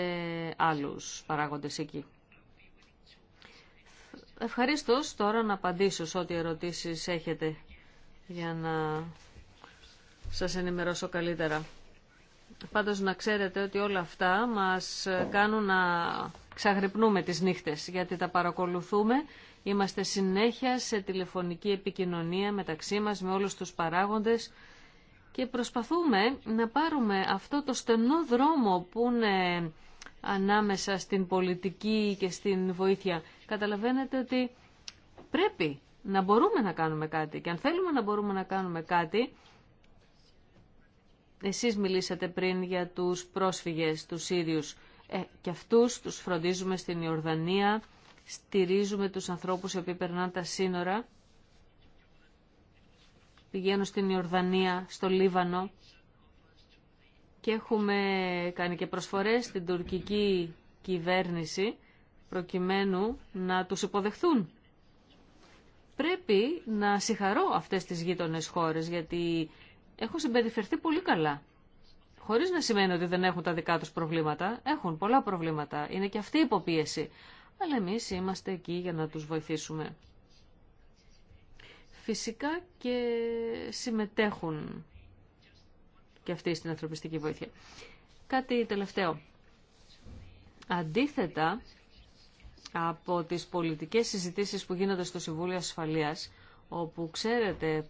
άλλους παράγοντες εκεί. Ευχαριστώ τώρα να απαντήσω σε ό,τι ερωτήσεις έχετε για να σας ενημερώσω καλύτερα. Πάντως να ξέρετε ότι όλα αυτά μας κάνουν να ξαγρυπνούμε τις νύχτες γιατί τα παρακολουθούμε. Είμαστε συνέχεια σε τηλεφωνική επικοινωνία μεταξύ μας με όλους τους παράγοντες και προσπαθούμε να πάρουμε αυτό το στενό δρόμο που είναι ανάμεσα στην πολιτική και στην βοήθεια. Καταλαβαίνετε ότι πρέπει να μπορούμε να κάνουμε κάτι και αν θέλουμε να μπορούμε να κάνουμε κάτι, εσείς μιλήσατε πριν για τους πρόσφυγες, τους Σύριους, ε, και αυτούς τους φροντίζουμε στην Ιορδανία, στηρίζουμε τους ανθρώπους οι οποίοι περνάνε τα σύνορα Πηγαίνω στην Ιορδανία, στο Λίβανο και έχουμε κάνει και προσφορές στην τουρκική κυβέρνηση προκειμένου να τους υποδεχθούν. Πρέπει να συγχαρώ αυτές τις γείτονες χώρες γιατί έχουν συμπεριφερθεί πολύ καλά. Χωρίς να σημαίνει ότι δεν έχουν τα δικά τους προβλήματα. Έχουν πολλά προβλήματα. Είναι και αυτή η υποπίεση. Αλλά εμείς είμαστε εκεί για να τους βοηθήσουμε φυσικά και συμμετέχουν και αυτοί στην ανθρωπιστική βοήθεια. Κάτι τελευταίο. Αντίθετα από τις πολιτικές συζητήσεις που γίνονται στο Συμβούλιο Ασφαλείας, όπου ξέρετε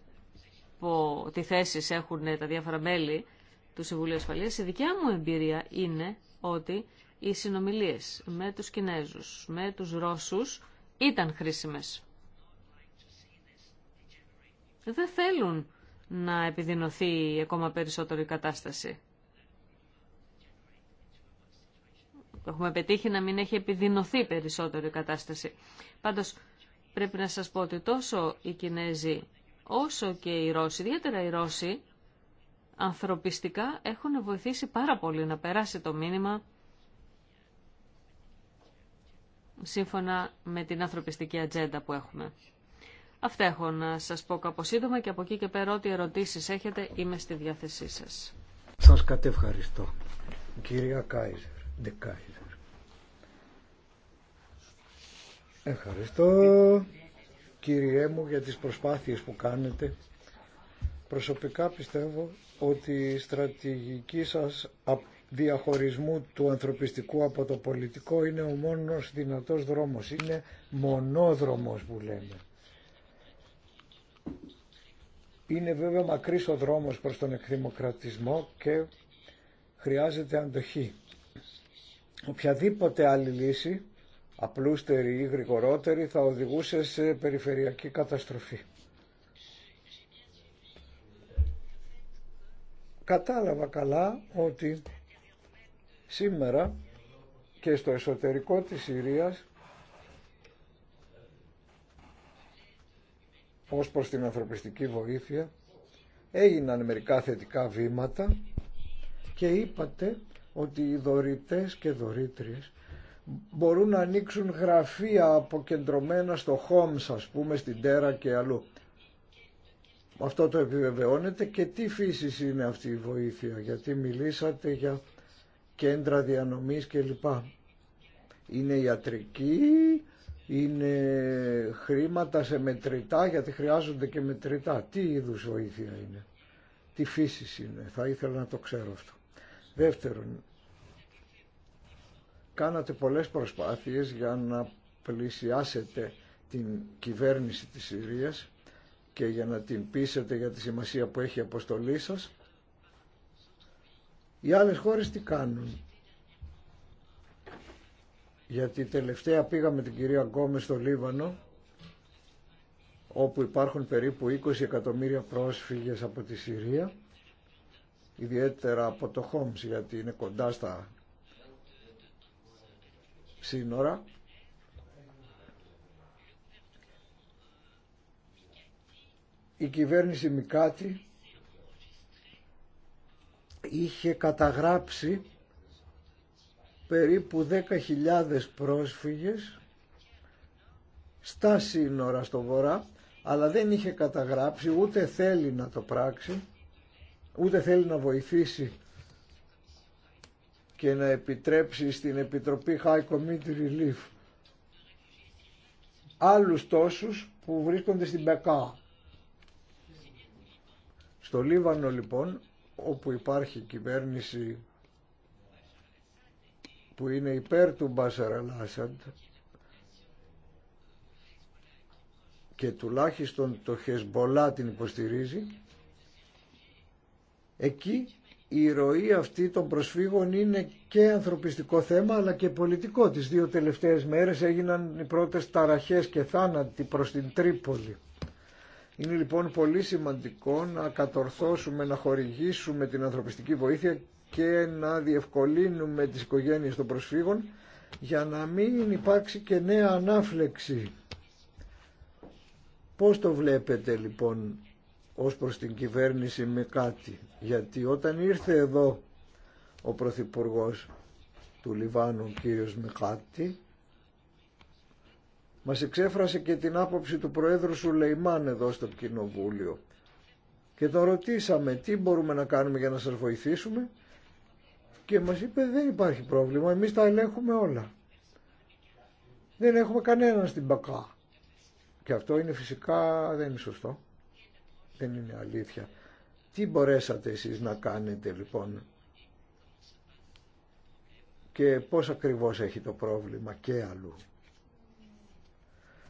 πό τι θέσεις έχουν τα διάφορα μέλη του Συμβουλίου Ασφαλείας, η δικιά μου εμπειρία είναι ότι οι συνομιλίες με τους Κινέζους, με τους Ρώσους ήταν χρήσιμες δεν θέλουν να επιδεινωθεί ακόμα περισσότερο η κατάσταση. Έχουμε πετύχει να μην έχει επιδεινωθεί περισσότερο η κατάσταση. Πάντως, πρέπει να σας πω ότι τόσο οι Κινέζοι όσο και οι Ρώσοι, ιδιαίτερα οι Ρώσοι, ανθρωπιστικά έχουν βοηθήσει πάρα πολύ να περάσει το μήνυμα σύμφωνα με την ανθρωπιστική ατζέντα που έχουμε. Αυτά έχω να σας πω κάπως σύντομα και από εκεί και πέρα ό,τι ερωτήσεις έχετε είμαι στη διάθεσή σας. Σας κατευχαριστώ. Κυρία Κάιζερ, Κάιζερ. Ευχαριστώ κύριέ μου για τις προσπάθειες που κάνετε. Προσωπικά πιστεύω ότι η στρατηγική σας διαχωρισμού του ανθρωπιστικού από το πολιτικό είναι ο μόνος δυνατός δρόμος. Είναι μονόδρομος που λέμε. Είναι βέβαια μακρύς ο δρόμος προς τον εκδημοκρατισμό και χρειάζεται αντοχή. Οποιαδήποτε άλλη λύση, απλούστερη ή γρηγορότερη, θα οδηγούσε σε περιφερειακή καταστροφή. Κατάλαβα καλά ότι σήμερα και στο εσωτερικό της Συρίας ως προς την ανθρωπιστική βοήθεια έγιναν μερικά θετικά βήματα και είπατε ότι οι δωρητές και δωρήτριες μπορούν να ανοίξουν γραφεία αποκεντρωμένα στο Χόμς ας πούμε στην Τέρα και αλλού. Αυτό το επιβεβαιώνεται και τι φύσης είναι αυτή η βοήθεια γιατί μιλήσατε για κέντρα διανομής κλπ. Είναι ιατρική, είναι χρήματα σε μετρητά γιατί χρειάζονται και μετρητά. Τι είδους βοήθεια είναι, τι φύση είναι, θα ήθελα να το ξέρω αυτό. Δεύτερον, κάνατε πολλές προσπάθειες για να πλησιάσετε την κυβέρνηση της Συρίας και για να την πείσετε για τη σημασία που έχει η αποστολή σας. Οι άλλες χώρες τι κάνουν γιατί τελευταία πήγαμε την κυρία Γκόμε στο Λίβανο όπου υπάρχουν περίπου 20 εκατομμύρια πρόσφυγες από τη Συρία ιδιαίτερα από το Χόμς γιατί είναι κοντά στα σύνορα η κυβέρνηση Μικάτη είχε καταγράψει περίπου 10.000 πρόσφυγες στα σύνορα στο βορρά, αλλά δεν είχε καταγράψει, ούτε θέλει να το πράξει, ούτε θέλει να βοηθήσει και να επιτρέψει στην Επιτροπή High Committee Relief άλλους τόσους που βρίσκονται στην ΠΚΑ. Στο Λίβανο λοιπόν, όπου υπάρχει κυβέρνηση που είναι υπέρ του Μπάσαρ και τουλάχιστον το Χεσμπολά την υποστηρίζει εκεί η ροή αυτή των προσφύγων είναι και ανθρωπιστικό θέμα αλλά και πολιτικό. Τις δύο τελευταίες μέρες έγιναν οι πρώτες ταραχές και θάνατοι προς την Τρίπολη. Είναι λοιπόν πολύ σημαντικό να κατορθώσουμε, να χορηγήσουμε την ανθρωπιστική βοήθεια και να διευκολύνουμε τις οικογένειες των προσφύγων για να μην υπάρξει και νέα ανάφλεξη. Πώς το βλέπετε λοιπόν ως προς την κυβέρνηση με κάτι. Γιατί όταν ήρθε εδώ ο Πρωθυπουργό του Λιβάνου, κύριος Μιχάτη μας εξέφρασε και την άποψη του Προέδρου Σουλεϊμάν εδώ στο Κοινοβούλιο. Και τον ρωτήσαμε τι μπορούμε να κάνουμε για να σας βοηθήσουμε και μας είπε δεν υπάρχει πρόβλημα, εμείς τα ελέγχουμε όλα. Δεν έχουμε κανέναν στην ΠΑΚΑ. Και αυτό είναι φυσικά δεν είναι σωστό. Δεν είναι αλήθεια. Τι μπορέσατε εσείς να κάνετε λοιπόν και πώς ακριβώς έχει το πρόβλημα και αλλού.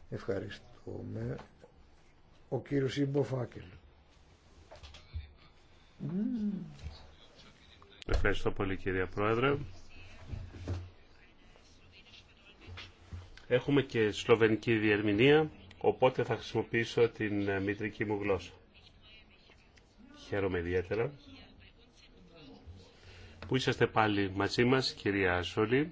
Ευχαριστούμε. Ο κύριος Ιμποφάκελ. Ευχαριστώ πολύ κυρία Πρόεδρε. Έχουμε και σλοβενική διερμηνία, οπότε θα χρησιμοποιήσω την ε, μητρική μου γλώσσα. Χαίρομαι ιδιαίτερα που είσαστε πάλι μαζί μας, κυρία Σόλη.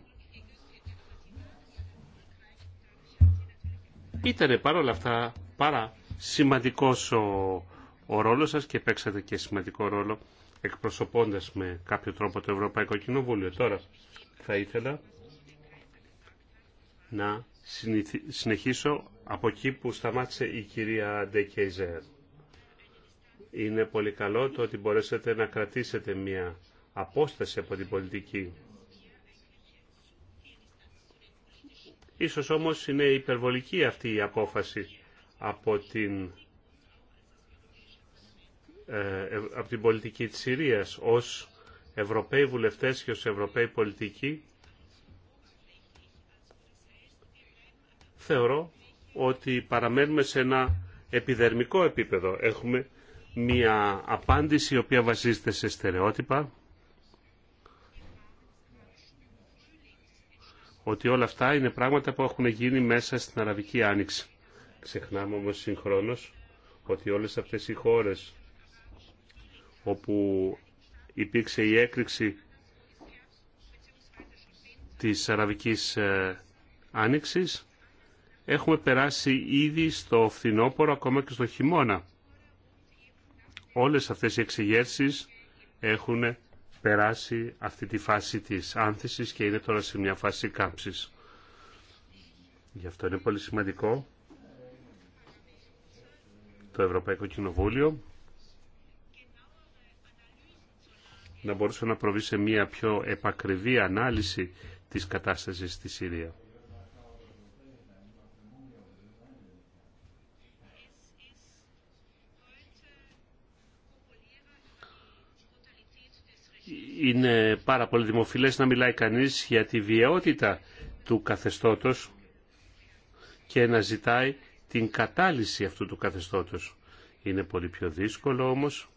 Ήταν παρόλα αυτά πάρα σημαντικός ο, ο ρόλος σας και παίξατε και σημαντικό ρόλο εκπροσωπώντας με κάποιο τρόπο το Ευρωπαϊκό Κοινοβούλιο. Τώρα θα ήθελα να συνεχίσω από εκεί που σταμάτησε η κυρία Ντεκέιζερ. Είναι πολύ καλό το ότι μπορέσετε να κρατήσετε μια απόσταση από την πολιτική. Ίσως όμως είναι υπερβολική αυτή η απόφαση από την ε, ε, από την πολιτική της Συρίας ως Ευρωπαίοι βουλευτές και ως Ευρωπαίοι πολιτικοί θεωρώ ότι παραμένουμε σε ένα επιδερμικό επίπεδο. Έχουμε μια απάντηση η οποία βασίζεται σε στερεότυπα ότι όλα αυτά είναι πράγματα που έχουν γίνει μέσα στην Αραβική Άνοιξη. Ξεχνάμε όμως συγχρόνως ότι όλες αυτές οι χώρες όπου υπήρξε η έκρηξη της Αραβικής ε, Άνοιξης. Έχουμε περάσει ήδη στο φθινόπωρο, ακόμα και στο χειμώνα. Όλες αυτές οι εξηγέρσεις έχουν περάσει αυτή τη φάση της άνθησης και είναι τώρα σε μια φάση κάμψης. Γι' αυτό είναι πολύ σημαντικό το Ευρωπαϊκό Κοινοβούλιο να μπορούσε να προβεί σε μια πιο επακριβή ανάλυση της κατάστασης στη Συρία. Είναι πάρα πολύ δημοφιλές να μιλάει κανείς για τη βιαιότητα του καθεστώτος και να ζητάει την κατάλυση αυτού του καθεστώτος. Είναι πολύ πιο δύσκολο όμως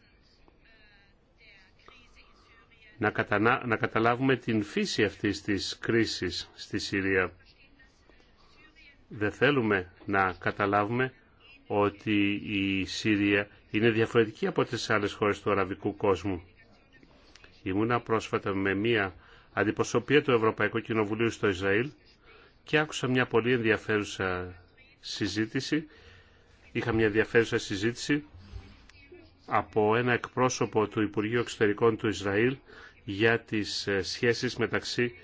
να, κατανα... καταλάβουμε την φύση αυτής της κρίσης στη Συρία. Δεν θέλουμε να καταλάβουμε ότι η Συρία είναι διαφορετική από τις άλλες χώρες του αραβικού κόσμου. Ήμουνα πρόσφατα με μία αντιπροσωπεία του Ευρωπαϊκού Κοινοβουλίου στο Ισραήλ και άκουσα μια πολύ ενδιαφέρουσα συζήτηση. Είχα μια ενδιαφέρουσα συζήτηση από ένα εκπρόσωπο του Υπουργείου Εξωτερικών του Ισραήλ για τις ε, σχέσεις μεταξύ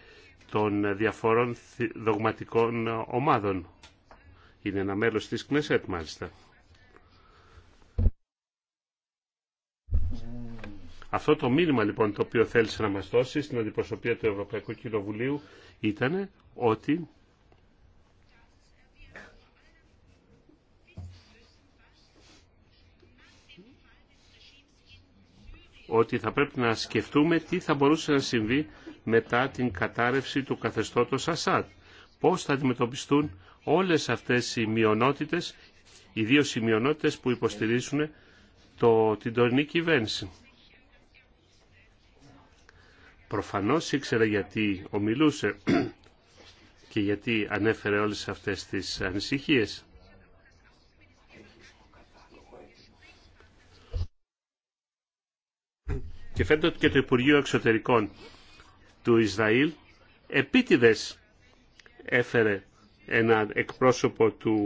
των ε, διαφόρων δογματικών ε, ομάδων. Είναι ένα μέλος της Κνεσέτ μάλιστα. Αυτό το μήνυμα λοιπόν το οποίο θέλησε να μας δώσει στην αντιπροσωπεία του Ευρωπαϊκού Κοινοβουλίου ήταν ότι ότι θα πρέπει να σκεφτούμε τι θα μπορούσε να συμβεί μετά την κατάρρευση του καθεστώτος Ασάτ. Πώς θα αντιμετωπιστούν όλες αυτές οι μειονότητες, οι δύο σημειονότητες που υποστηρίζουν το, την τωρινή κυβέρνηση. Προφανώς ήξερα γιατί ομιλούσε [clears throat] και γιατί ανέφερε όλες αυτές τις ανησυχίες. Και φαίνεται ότι και το Υπουργείο Εξωτερικών του Ισραήλ επίτηδες έφερε ένα εκπρόσωπο του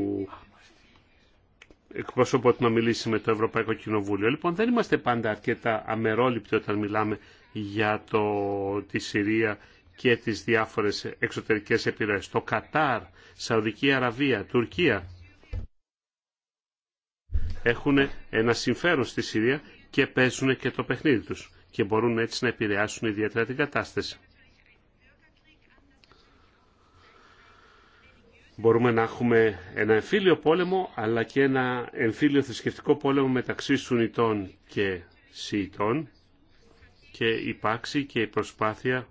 εκπρόσωπο του να μιλήσει με το Ευρωπαϊκό Κοινοβούλιο. Λοιπόν, δεν είμαστε πάντα αρκετά αμερόληπτοι όταν μιλάμε για το, τη Συρία και τις διάφορες εξωτερικές επιρροές. Το Κατάρ, Σαουδική Αραβία, Τουρκία έχουν ένα συμφέρον στη Συρία και παίζουν και το παιχνίδι τους και μπορούν έτσι να επηρεάσουν ιδιαίτερα την κατάσταση. Μπορούμε να έχουμε ένα εμφύλιο πόλεμο, αλλά και ένα εμφύλιο θρησκευτικό πόλεμο μεταξύ Σουνιτών και Σιητών και υπάρξει και η προσπάθεια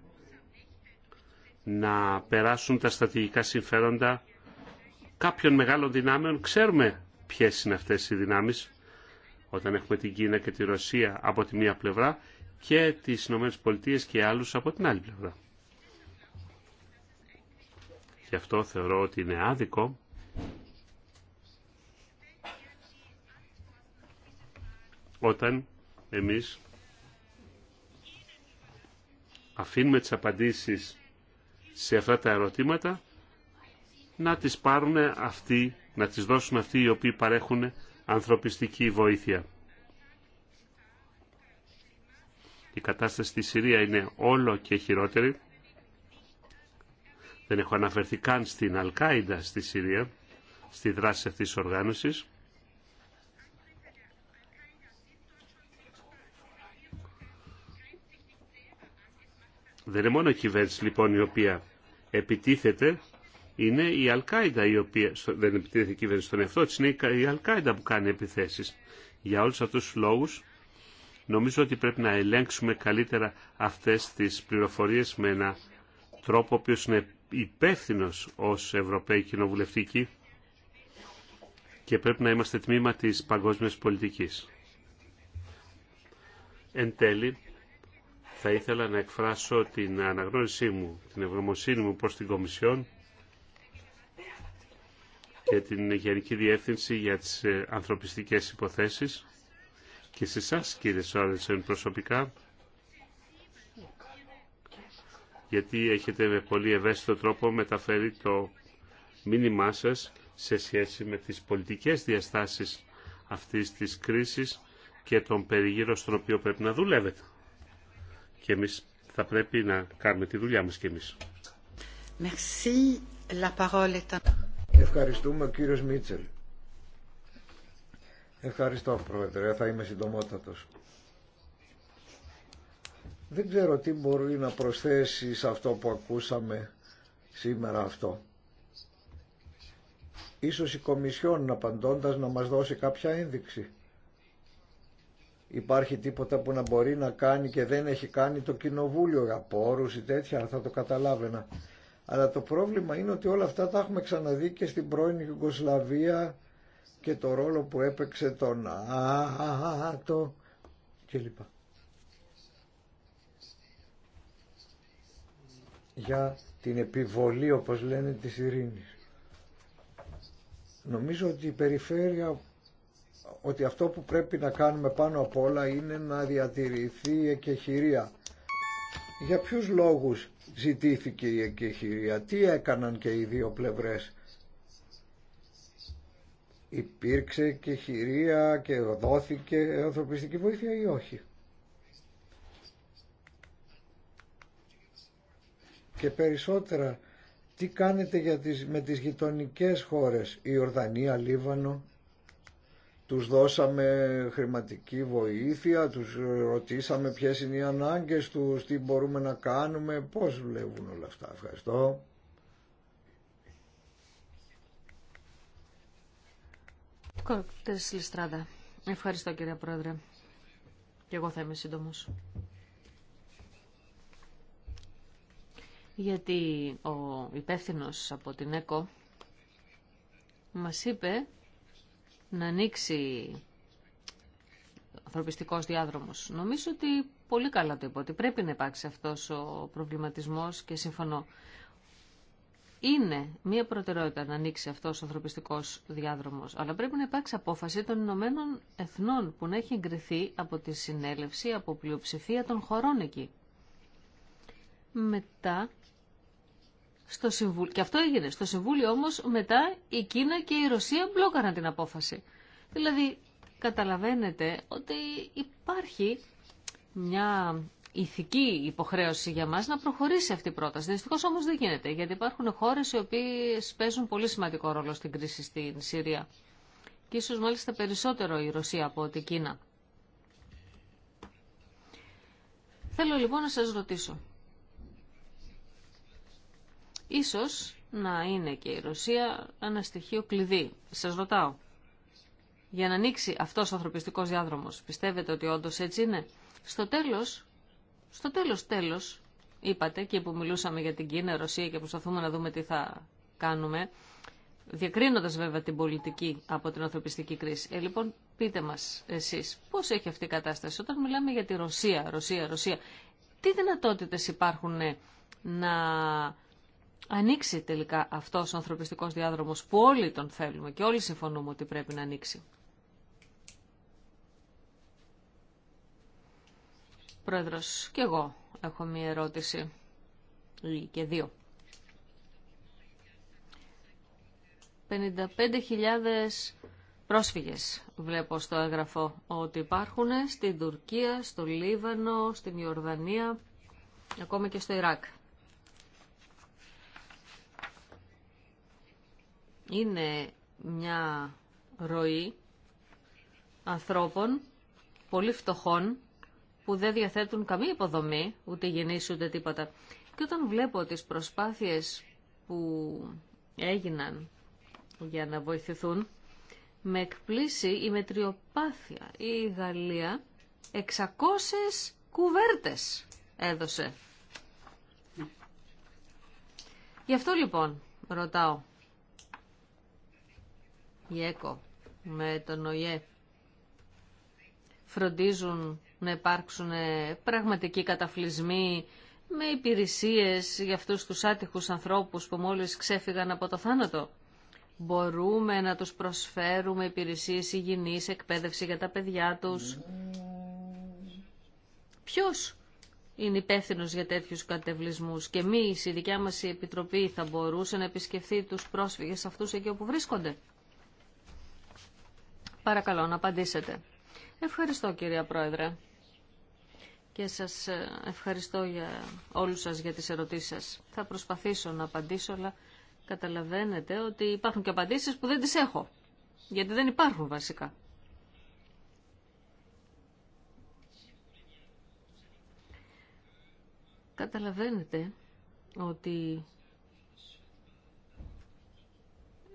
να περάσουν τα στρατηγικά συμφέροντα κάποιων μεγάλων δυνάμεων. Ξέρουμε ποιες είναι αυτές οι δυνάμεις. Όταν έχουμε την Κίνα και τη Ρωσία από τη μία πλευρά και τις Ηνωμένες Πολιτείες και άλλους από την άλλη πλευρά. Γι' αυτό θεωρώ ότι είναι άδικο όταν εμείς αφήνουμε τις απαντήσεις σε αυτά τα ερωτήματα να τις πάρουν αυτοί, να τις δώσουν αυτοί οι οποίοι παρέχουν ανθρωπιστική βοήθεια. Η κατάσταση στη Συρία είναι όλο και χειρότερη. Δεν έχω αναφερθεί καν στην Αλκάιντα στη Συρία, στη δράση αυτής της οργάνωσης. Δεν είναι μόνο η κυβέρνηση λοιπόν η οποία επιτίθεται είναι η Αλκάιντα η οποία δεν επιτίθεται κυβέρνηση στον εαυτό της, είναι η Αλκάιντα που κάνει επιθέσεις. Για όλους αυτούς τους λόγους νομίζω ότι πρέπει να ελέγξουμε καλύτερα αυτές τις πληροφορίες με ένα τρόπο ο οποίος είναι υπεύθυνο ως Ευρωπαίοι Κοινοβουλευτικοί και πρέπει να είμαστε τμήμα της παγκόσμιας πολιτικής. Εν τέλει, θα ήθελα να εκφράσω την αναγνώρισή μου, την ευγνωμοσύνη μου προς την Κομισιόν και την Γενική Διεύθυνση για τις ε, ανθρωπιστικές υποθέσεις και σε εσά κύριε Σόρενσεν προσωπικά γιατί έχετε με πολύ ευαίσθητο τρόπο μεταφέρει το μήνυμά σας σε σχέση με τις πολιτικές διαστάσεις αυτής της κρίσης και τον περιγύρο στον οποίο πρέπει να δουλεύετε. Και εμείς θα πρέπει να κάνουμε τη δουλειά μας κι εμείς. Merci. Ευχαριστούμε ο κύριος Μίτσελ. Ευχαριστώ πρόεδρε, θα είμαι συντομότατος. Δεν ξέρω τι μπορεί να προσθέσει σε αυτό που ακούσαμε σήμερα αυτό. Ίσως η Κομισιόν απαντώντας να μας δώσει κάποια ένδειξη. Υπάρχει τίποτα που να μπορεί να κάνει και δεν έχει κάνει το Κοινοβούλιο για πόρους ή τέτοια, θα το καταλάβαινα. Αλλά το πρόβλημα είναι ότι όλα αυτά τα έχουμε ξαναδεί και στην πρώην Ιουγκοσλαβία και το ρόλο που έπαιξε το ΝΑΤΟ κλπ. Για την επιβολή, όπως λένε, της ειρήνης. Νομίζω ότι η περιφέρεια ότι αυτό που πρέπει να κάνουμε πάνω απ' όλα είναι να διατηρηθεί η εκεχηρία. Για ποιους λόγους ζητήθηκε η εκεχηρία. Τι έκαναν και οι δύο πλευρές. Υπήρξε και χειρία και δόθηκε ανθρωπιστική βοήθεια ή όχι. Και περισσότερα, τι κάνετε για τις, με τις γειτονικές χώρες, η Ορδανία, Λίβανο, τους δώσαμε χρηματική βοήθεια, τους ρωτήσαμε ποιες είναι οι ανάγκες τους, τι μπορούμε να κάνουμε, πώς βλέπουν όλα αυτά. Ευχαριστώ. Κόρτες Λιστράδα. Ευχαριστώ κύριε Πρόεδρε. Και εγώ θα είμαι σύντομος. Γιατί ο υπεύθυνο από την ΕΚΟ μας είπε να ανοίξει ο ανθρωπιστικός διάδρομος. Νομίζω ότι πολύ καλά το είπα, ότι πρέπει να υπάρξει αυτός ο προβληματισμός και συμφωνώ. Είναι μία προτεραιότητα να ανοίξει αυτός ο ανθρωπιστικό διάδρομος, αλλά πρέπει να υπάρξει απόφαση των Ηνωμένων Εθνών που να έχει εγκριθεί από τη συνέλευση, από πλειοψηφία των χωρών εκεί. Μετά στο Συμβούλιο. Και αυτό έγινε. Στο Συμβούλιο όμως μετά η Κίνα και η Ρωσία μπλόκαραν την απόφαση. Δηλαδή καταλαβαίνετε ότι υπάρχει μια ηθική υποχρέωση για μας να προχωρήσει αυτή η πρόταση. Δυστυχώς όμως δεν γίνεται, γιατί υπάρχουν χώρες οι οποίες παίζουν πολύ σημαντικό ρόλο στην κρίση στην Συρία. Και ίσως μάλιστα περισσότερο η Ρωσία από η Κίνα. Θέλω λοιπόν να σας ρωτήσω. Ίσως να είναι και η Ρωσία ένα στοιχείο κλειδί. Σας ρωτάω. Για να ανοίξει αυτός ο ανθρωπιστικός διάδρομος. Πιστεύετε ότι όντω έτσι είναι. Στο τέλος, στο τέλος τέλος, είπατε και που μιλούσαμε για την Κίνα, Ρωσία και προσπαθούμε να δούμε τι θα κάνουμε, διακρίνοντας βέβαια την πολιτική από την ανθρωπιστική κρίση. Ε, λοιπόν, πείτε μας εσείς, πώς έχει αυτή η κατάσταση όταν μιλάμε για τη Ρωσία, Ρωσία, Ρωσία. Τι δυνατότητες υπάρχουν να ανοίξει τελικά αυτός ο ανθρωπιστικός διάδρομος που όλοι τον θέλουμε και όλοι συμφωνούμε ότι πρέπει να ανοίξει. Πρόεδρος, και εγώ έχω μία ερώτηση ή και δύο. 55.000 πρόσφυγες βλέπω στο έγγραφο ότι υπάρχουν στην Τουρκία, στο Λίβανο, στην Ιορδανία, ακόμα και στο Ιράκ. είναι μια ροή ανθρώπων πολύ φτωχών που δεν διαθέτουν καμία υποδομή, ούτε γεννήσει ούτε τίποτα. Και όταν βλέπω τις προσπάθειες που έγιναν για να βοηθηθούν, με εκπλήσει η μετριοπάθεια. Η Γαλλία 600 κουβέρτες έδωσε. Ναι. Γι' αυτό λοιπόν ρωτάω, η ΕΚΟ με τον ΟΙΕ φροντίζουν να υπάρξουν πραγματικοί καταφλισμοί με υπηρεσίες για αυτούς τους άτυχους ανθρώπους που μόλις ξέφυγαν από το θάνατο. Μπορούμε να τους προσφέρουμε υπηρεσίες υγιεινής, εκπαίδευση για τα παιδιά τους. Ποιος είναι υπεύθυνο για τέτοιους κατευλισμούς και εμεί η δικιά μας η Επιτροπή θα μπορούσε να επισκεφθεί τους πρόσφυγες αυτούς εκεί όπου βρίσκονται. Παρακαλώ να απαντήσετε. Ευχαριστώ κυρία Πρόεδρε και σας ε, ευχαριστώ για όλους σας για τις ερωτήσεις σας. Θα προσπαθήσω να απαντήσω, αλλά καταλαβαίνετε ότι υπάρχουν και απαντήσεις που δεν τις έχω, γιατί δεν υπάρχουν βασικά. Καταλαβαίνετε ότι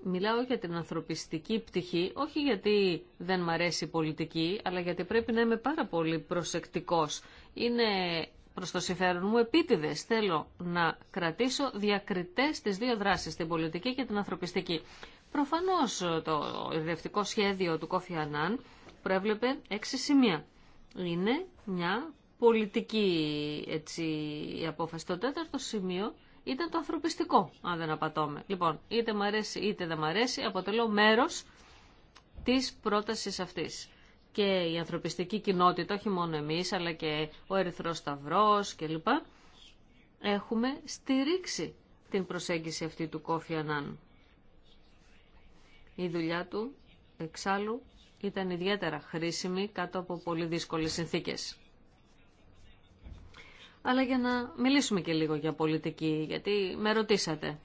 Μιλάω για την ανθρωπιστική πτυχή, όχι γιατί δεν μ' αρέσει η πολιτική, αλλά γιατί πρέπει να είμαι πάρα πολύ προσεκτικός. Είναι προς το συμφέρον μου επίτηδες. Θέλω να κρατήσω διακριτές τις δύο δράσεις, την πολιτική και την ανθρωπιστική. Προφανώς το ειδευτικό σχέδιο του Κόφι Ανάν προέβλεπε έξι σημεία. Είναι μια πολιτική έτσι, η απόφαση. Το τέταρτο σημείο ήταν το ανθρωπιστικό, αν δεν απατώμε. Λοιπόν, είτε μ' αρέσει είτε δεν μ' αρέσει, αποτελώ μέρος της πρότασης αυτής. Και η ανθρωπιστική κοινότητα, όχι μόνο εμείς, αλλά και ο Ερυθρός Σταυρός κλπ. Έχουμε στηρίξει την προσέγγιση αυτή του Κόφιανάν. Η δουλειά του, εξάλλου, ήταν ιδιαίτερα χρήσιμη κάτω από πολύ δύσκολες συνθήκες αλλά για να μιλήσουμε και λίγο για πολιτική, γιατί με ρωτήσατε.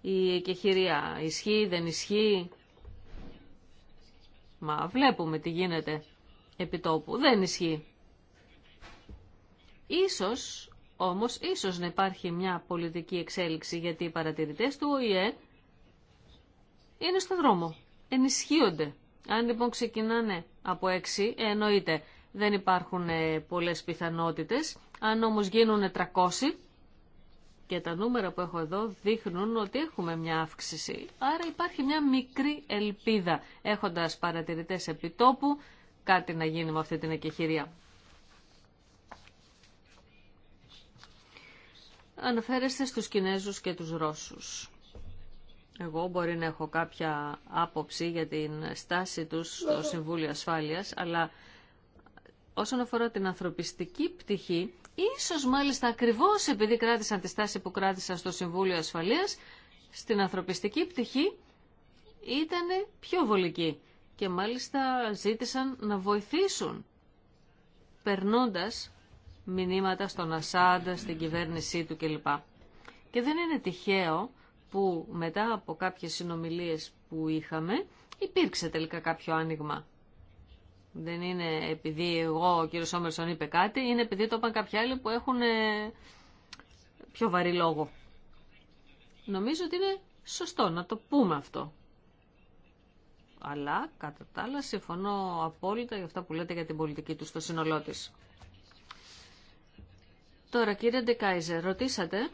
Η εκεχηρία ισχύει, δεν ισχύει. Μα βλέπουμε τι γίνεται επί τόπου. Δεν ισχύει. Ίσως, όμως, ίσως να υπάρχει μια πολιτική εξέλιξη γιατί οι παρατηρητές του ΟΗΕ είναι στο δρόμο. Ενισχύονται. Αν λοιπόν ξεκινάνε από έξι... εννοείται δεν υπάρχουν ε, πολλές πιθανότητες. Αν όμως γίνουν 300, και τα νούμερα που έχω εδώ δείχνουν ότι έχουμε μια αύξηση. Άρα υπάρχει μια μικρή ελπίδα, έχοντας παρατηρητές επιτόπου, κάτι να γίνει με αυτή την εκεχηρία. Αναφέρεστε στους Κινέζους και τους Ρώσους. Εγώ μπορεί να έχω κάποια άποψη για την στάση τους στο Συμβούλιο Ασφάλειας, αλλά όσον αφορά την ανθρωπιστική πτυχή, ίσως μάλιστα ακριβώς επειδή κράτησαν τη στάση που κράτησαν στο Συμβούλιο Ασφαλείας, στην ανθρωπιστική πτυχή ήταν πιο βολική και μάλιστα ζήτησαν να βοηθήσουν περνώντας μηνύματα στον Ασάντα, στην κυβέρνησή του κλπ. Και δεν είναι τυχαίο που μετά από κάποιες συνομιλίες που είχαμε υπήρξε τελικά κάποιο άνοιγμα. Δεν είναι επειδή εγώ ο κύριος Όμερσον είπε κάτι, είναι επειδή το είπαν κάποιοι άλλοι που έχουν ε, πιο βαρύ λόγο. Νομίζω ότι είναι σωστό να το πούμε αυτό. Αλλά κατά τα άλλα συμφωνώ απόλυτα για αυτά που λέτε για την πολιτική του στο σύνολό τη. Τώρα κύριε Ντεκάιζερ, ρωτήσατε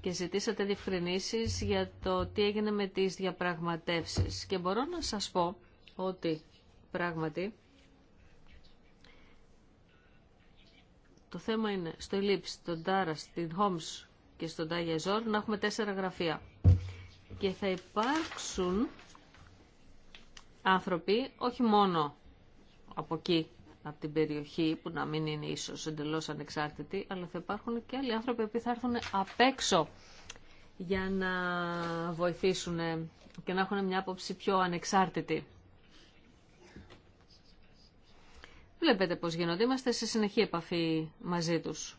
και ζητήσατε διευκρινήσεις για το τι έγινε με τις διαπραγματεύσεις. Και μπορώ να σας πω ότι πράγματι Το θέμα είναι στο Ελίψ, τον Τάρα, στην Χόμς και στον Τάγια να έχουμε τέσσερα γραφεία. Και θα υπάρξουν άνθρωποι, όχι μόνο από εκεί, από την περιοχή, που να μην είναι ίσως εντελώς ανεξάρτητοι, αλλά θα υπάρχουν και άλλοι άνθρωποι που θα έρθουν απ' έξω για να βοηθήσουν και να έχουν μια άποψη πιο ανεξάρτητη. Βλέπετε πώς γίνονται. Είμαστε σε συνεχή επαφή μαζί τους.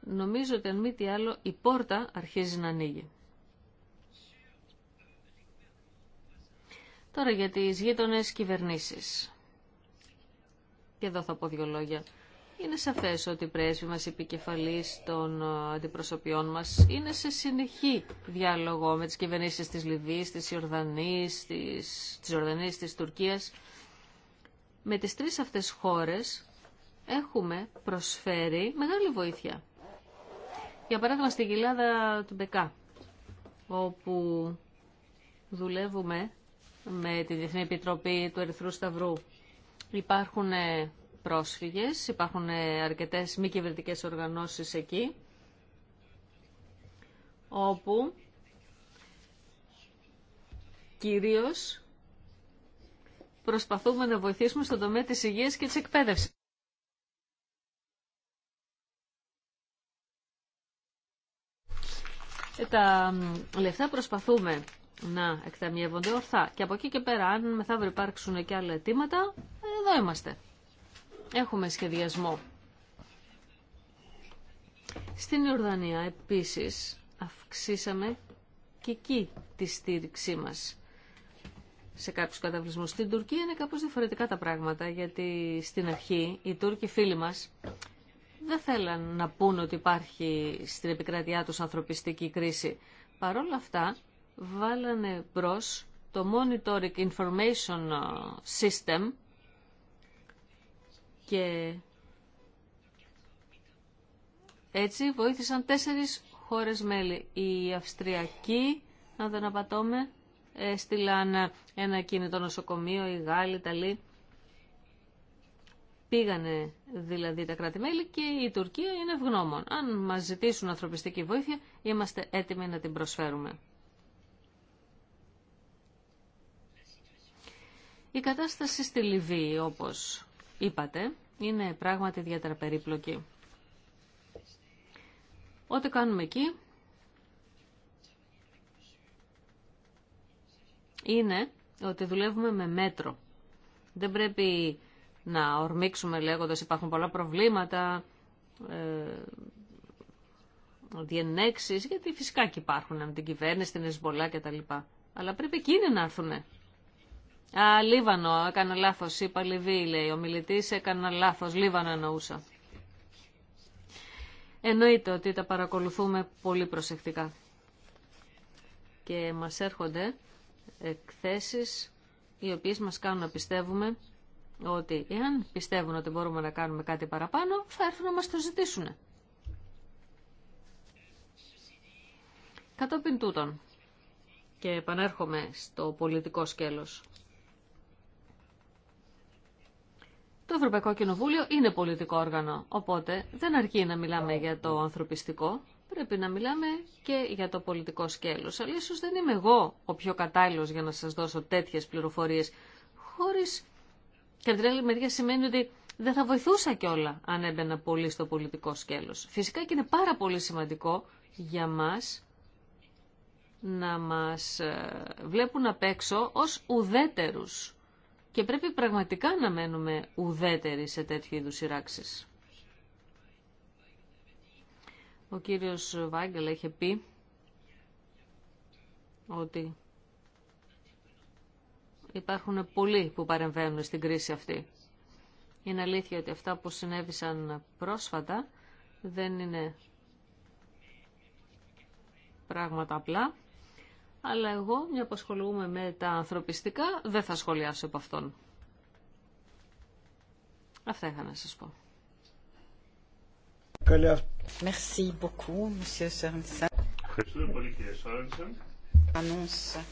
Νομίζω ότι αν μη τι άλλο η πόρτα αρχίζει να ανοίγει. Τώρα για τις γείτονες κυβερνήσεις. Και εδώ θα πω δύο λόγια. Είναι σαφές ότι οι πρέσβοι μας, οι επικεφαλής των ε, αντιπροσωπιών μας είναι σε συνεχή διάλογο με τις κυβερνήσεις της Λιβύης, της Ιορδανίας, της, της, της Τουρκίας. Με τις τρεις αυτές χώρες έχουμε προσφέρει μεγάλη βοήθεια. Για παράδειγμα στην κοιλάδα του Μπεκά, όπου δουλεύουμε με τη Διεθνή Επιτροπή του Ερυθρού Σταυρού. Υπάρχουν ε, πρόσφυγες, υπάρχουν ε, αρκετές μη κυβερνητικές οργανώσεις εκεί, όπου κυρίως προσπαθούμε να βοηθήσουμε στον τομέα της υγείας και της εκπαίδευσης. Ε, τα λεφτά προσπαθούμε να εκταμιεύονται ορθά. Και από εκεί και πέρα, αν μεθαύριο υπάρξουν και άλλα αιτήματα, εδώ είμαστε. Έχουμε σχεδιασμό. Στην Ιορδανία, επίσης, αυξήσαμε και εκεί τη στήριξή μας σε κάποιους καταβλισμούς. Στην Τουρκία είναι κάπως διαφορετικά τα πράγματα, γιατί στην αρχή οι Τούρκοι φίλοι μας δεν θέλαν να πούν ότι υπάρχει στην επικράτειά τους ανθρωπιστική κρίση. Παρ' όλα αυτά βάλανε μπρο το Monitoring Information ε, System και έτσι βοήθησαν τέσσερις χώρες μέλη. Η Αυστριακή, αν δεν απατώμε, έστειλαν ένα κινητό νοσοκομείο, οι Γάλλοι, τα Ιταλοί. Πήγανε δηλαδή τα κράτη-μέλη και η Τουρκία είναι ευγνώμων. Αν μας ζητήσουν ανθρωπιστική βοήθεια, είμαστε έτοιμοι να την προσφέρουμε. Η κατάσταση στη Λιβύη, όπως είπατε, είναι πράγματι ιδιαίτερα περίπλοκη. Ό,τι κάνουμε εκεί είναι ότι δουλεύουμε με μέτρο. Δεν πρέπει να ορμήξουμε λέγοντας υπάρχουν πολλά προβλήματα, ε, διενέξεις, γιατί φυσικά και υπάρχουν με την κυβέρνηση, την Εσβολά κτλ. Αλλά πρέπει εκείνοι να έρθουν. Α, Λίβανο, έκανα λάθος, είπα Λιβύη, λέει ο μιλητής, έκανα λάθος, Λίβανο εννοούσα. Εννοείται ότι τα παρακολουθούμε πολύ προσεκτικά. Και μας έρχονται εκθέσεις οι οποίες μας κάνουν να πιστεύουμε ότι εάν πιστεύουν ότι μπορούμε να κάνουμε κάτι παραπάνω, θα έρθουν να μας το ζητήσουν. Κατόπιν τούτων, και επανέρχομαι στο πολιτικό σκέλος. Το Ευρωπαϊκό Κοινοβούλιο είναι πολιτικό όργανο, οπότε δεν αρκεί να μιλάμε για το ανθρωπιστικό, πρέπει να μιλάμε και για το πολιτικό σκέλος. Αλλά ίσως δεν είμαι εγώ ο πιο κατάλληλος για να σας δώσω τέτοιες πληροφορίες. Χωρίς, και την άλλη μεριά σημαίνει ότι δεν θα βοηθούσα κιόλα αν έμπαινα πολύ στο πολιτικό σκέλος. Φυσικά και είναι πάρα πολύ σημαντικό για μας να μας ε, βλέπουν απ' έξω ως ουδέτερους. Και πρέπει πραγματικά να μένουμε ουδέτεροι σε τέτοιου είδους σειράξεις. Ο κύριος Βάγκελ είχε πει ότι υπάρχουν πολλοί που παρεμβαίνουν στην κρίση αυτή. Είναι αλήθεια ότι αυτά που συνέβησαν πρόσφατα δεν είναι πράγματα απλά, αλλά εγώ, μια που ασχολούμαι με τα ανθρωπιστικά, δεν θα σχολιάσω από αυτόν. Αυτά είχα να σας πω. Καλή Merci beaucoup, Monsieur Ευχαριστούμε πολύ, κύριε Σόρενσεν.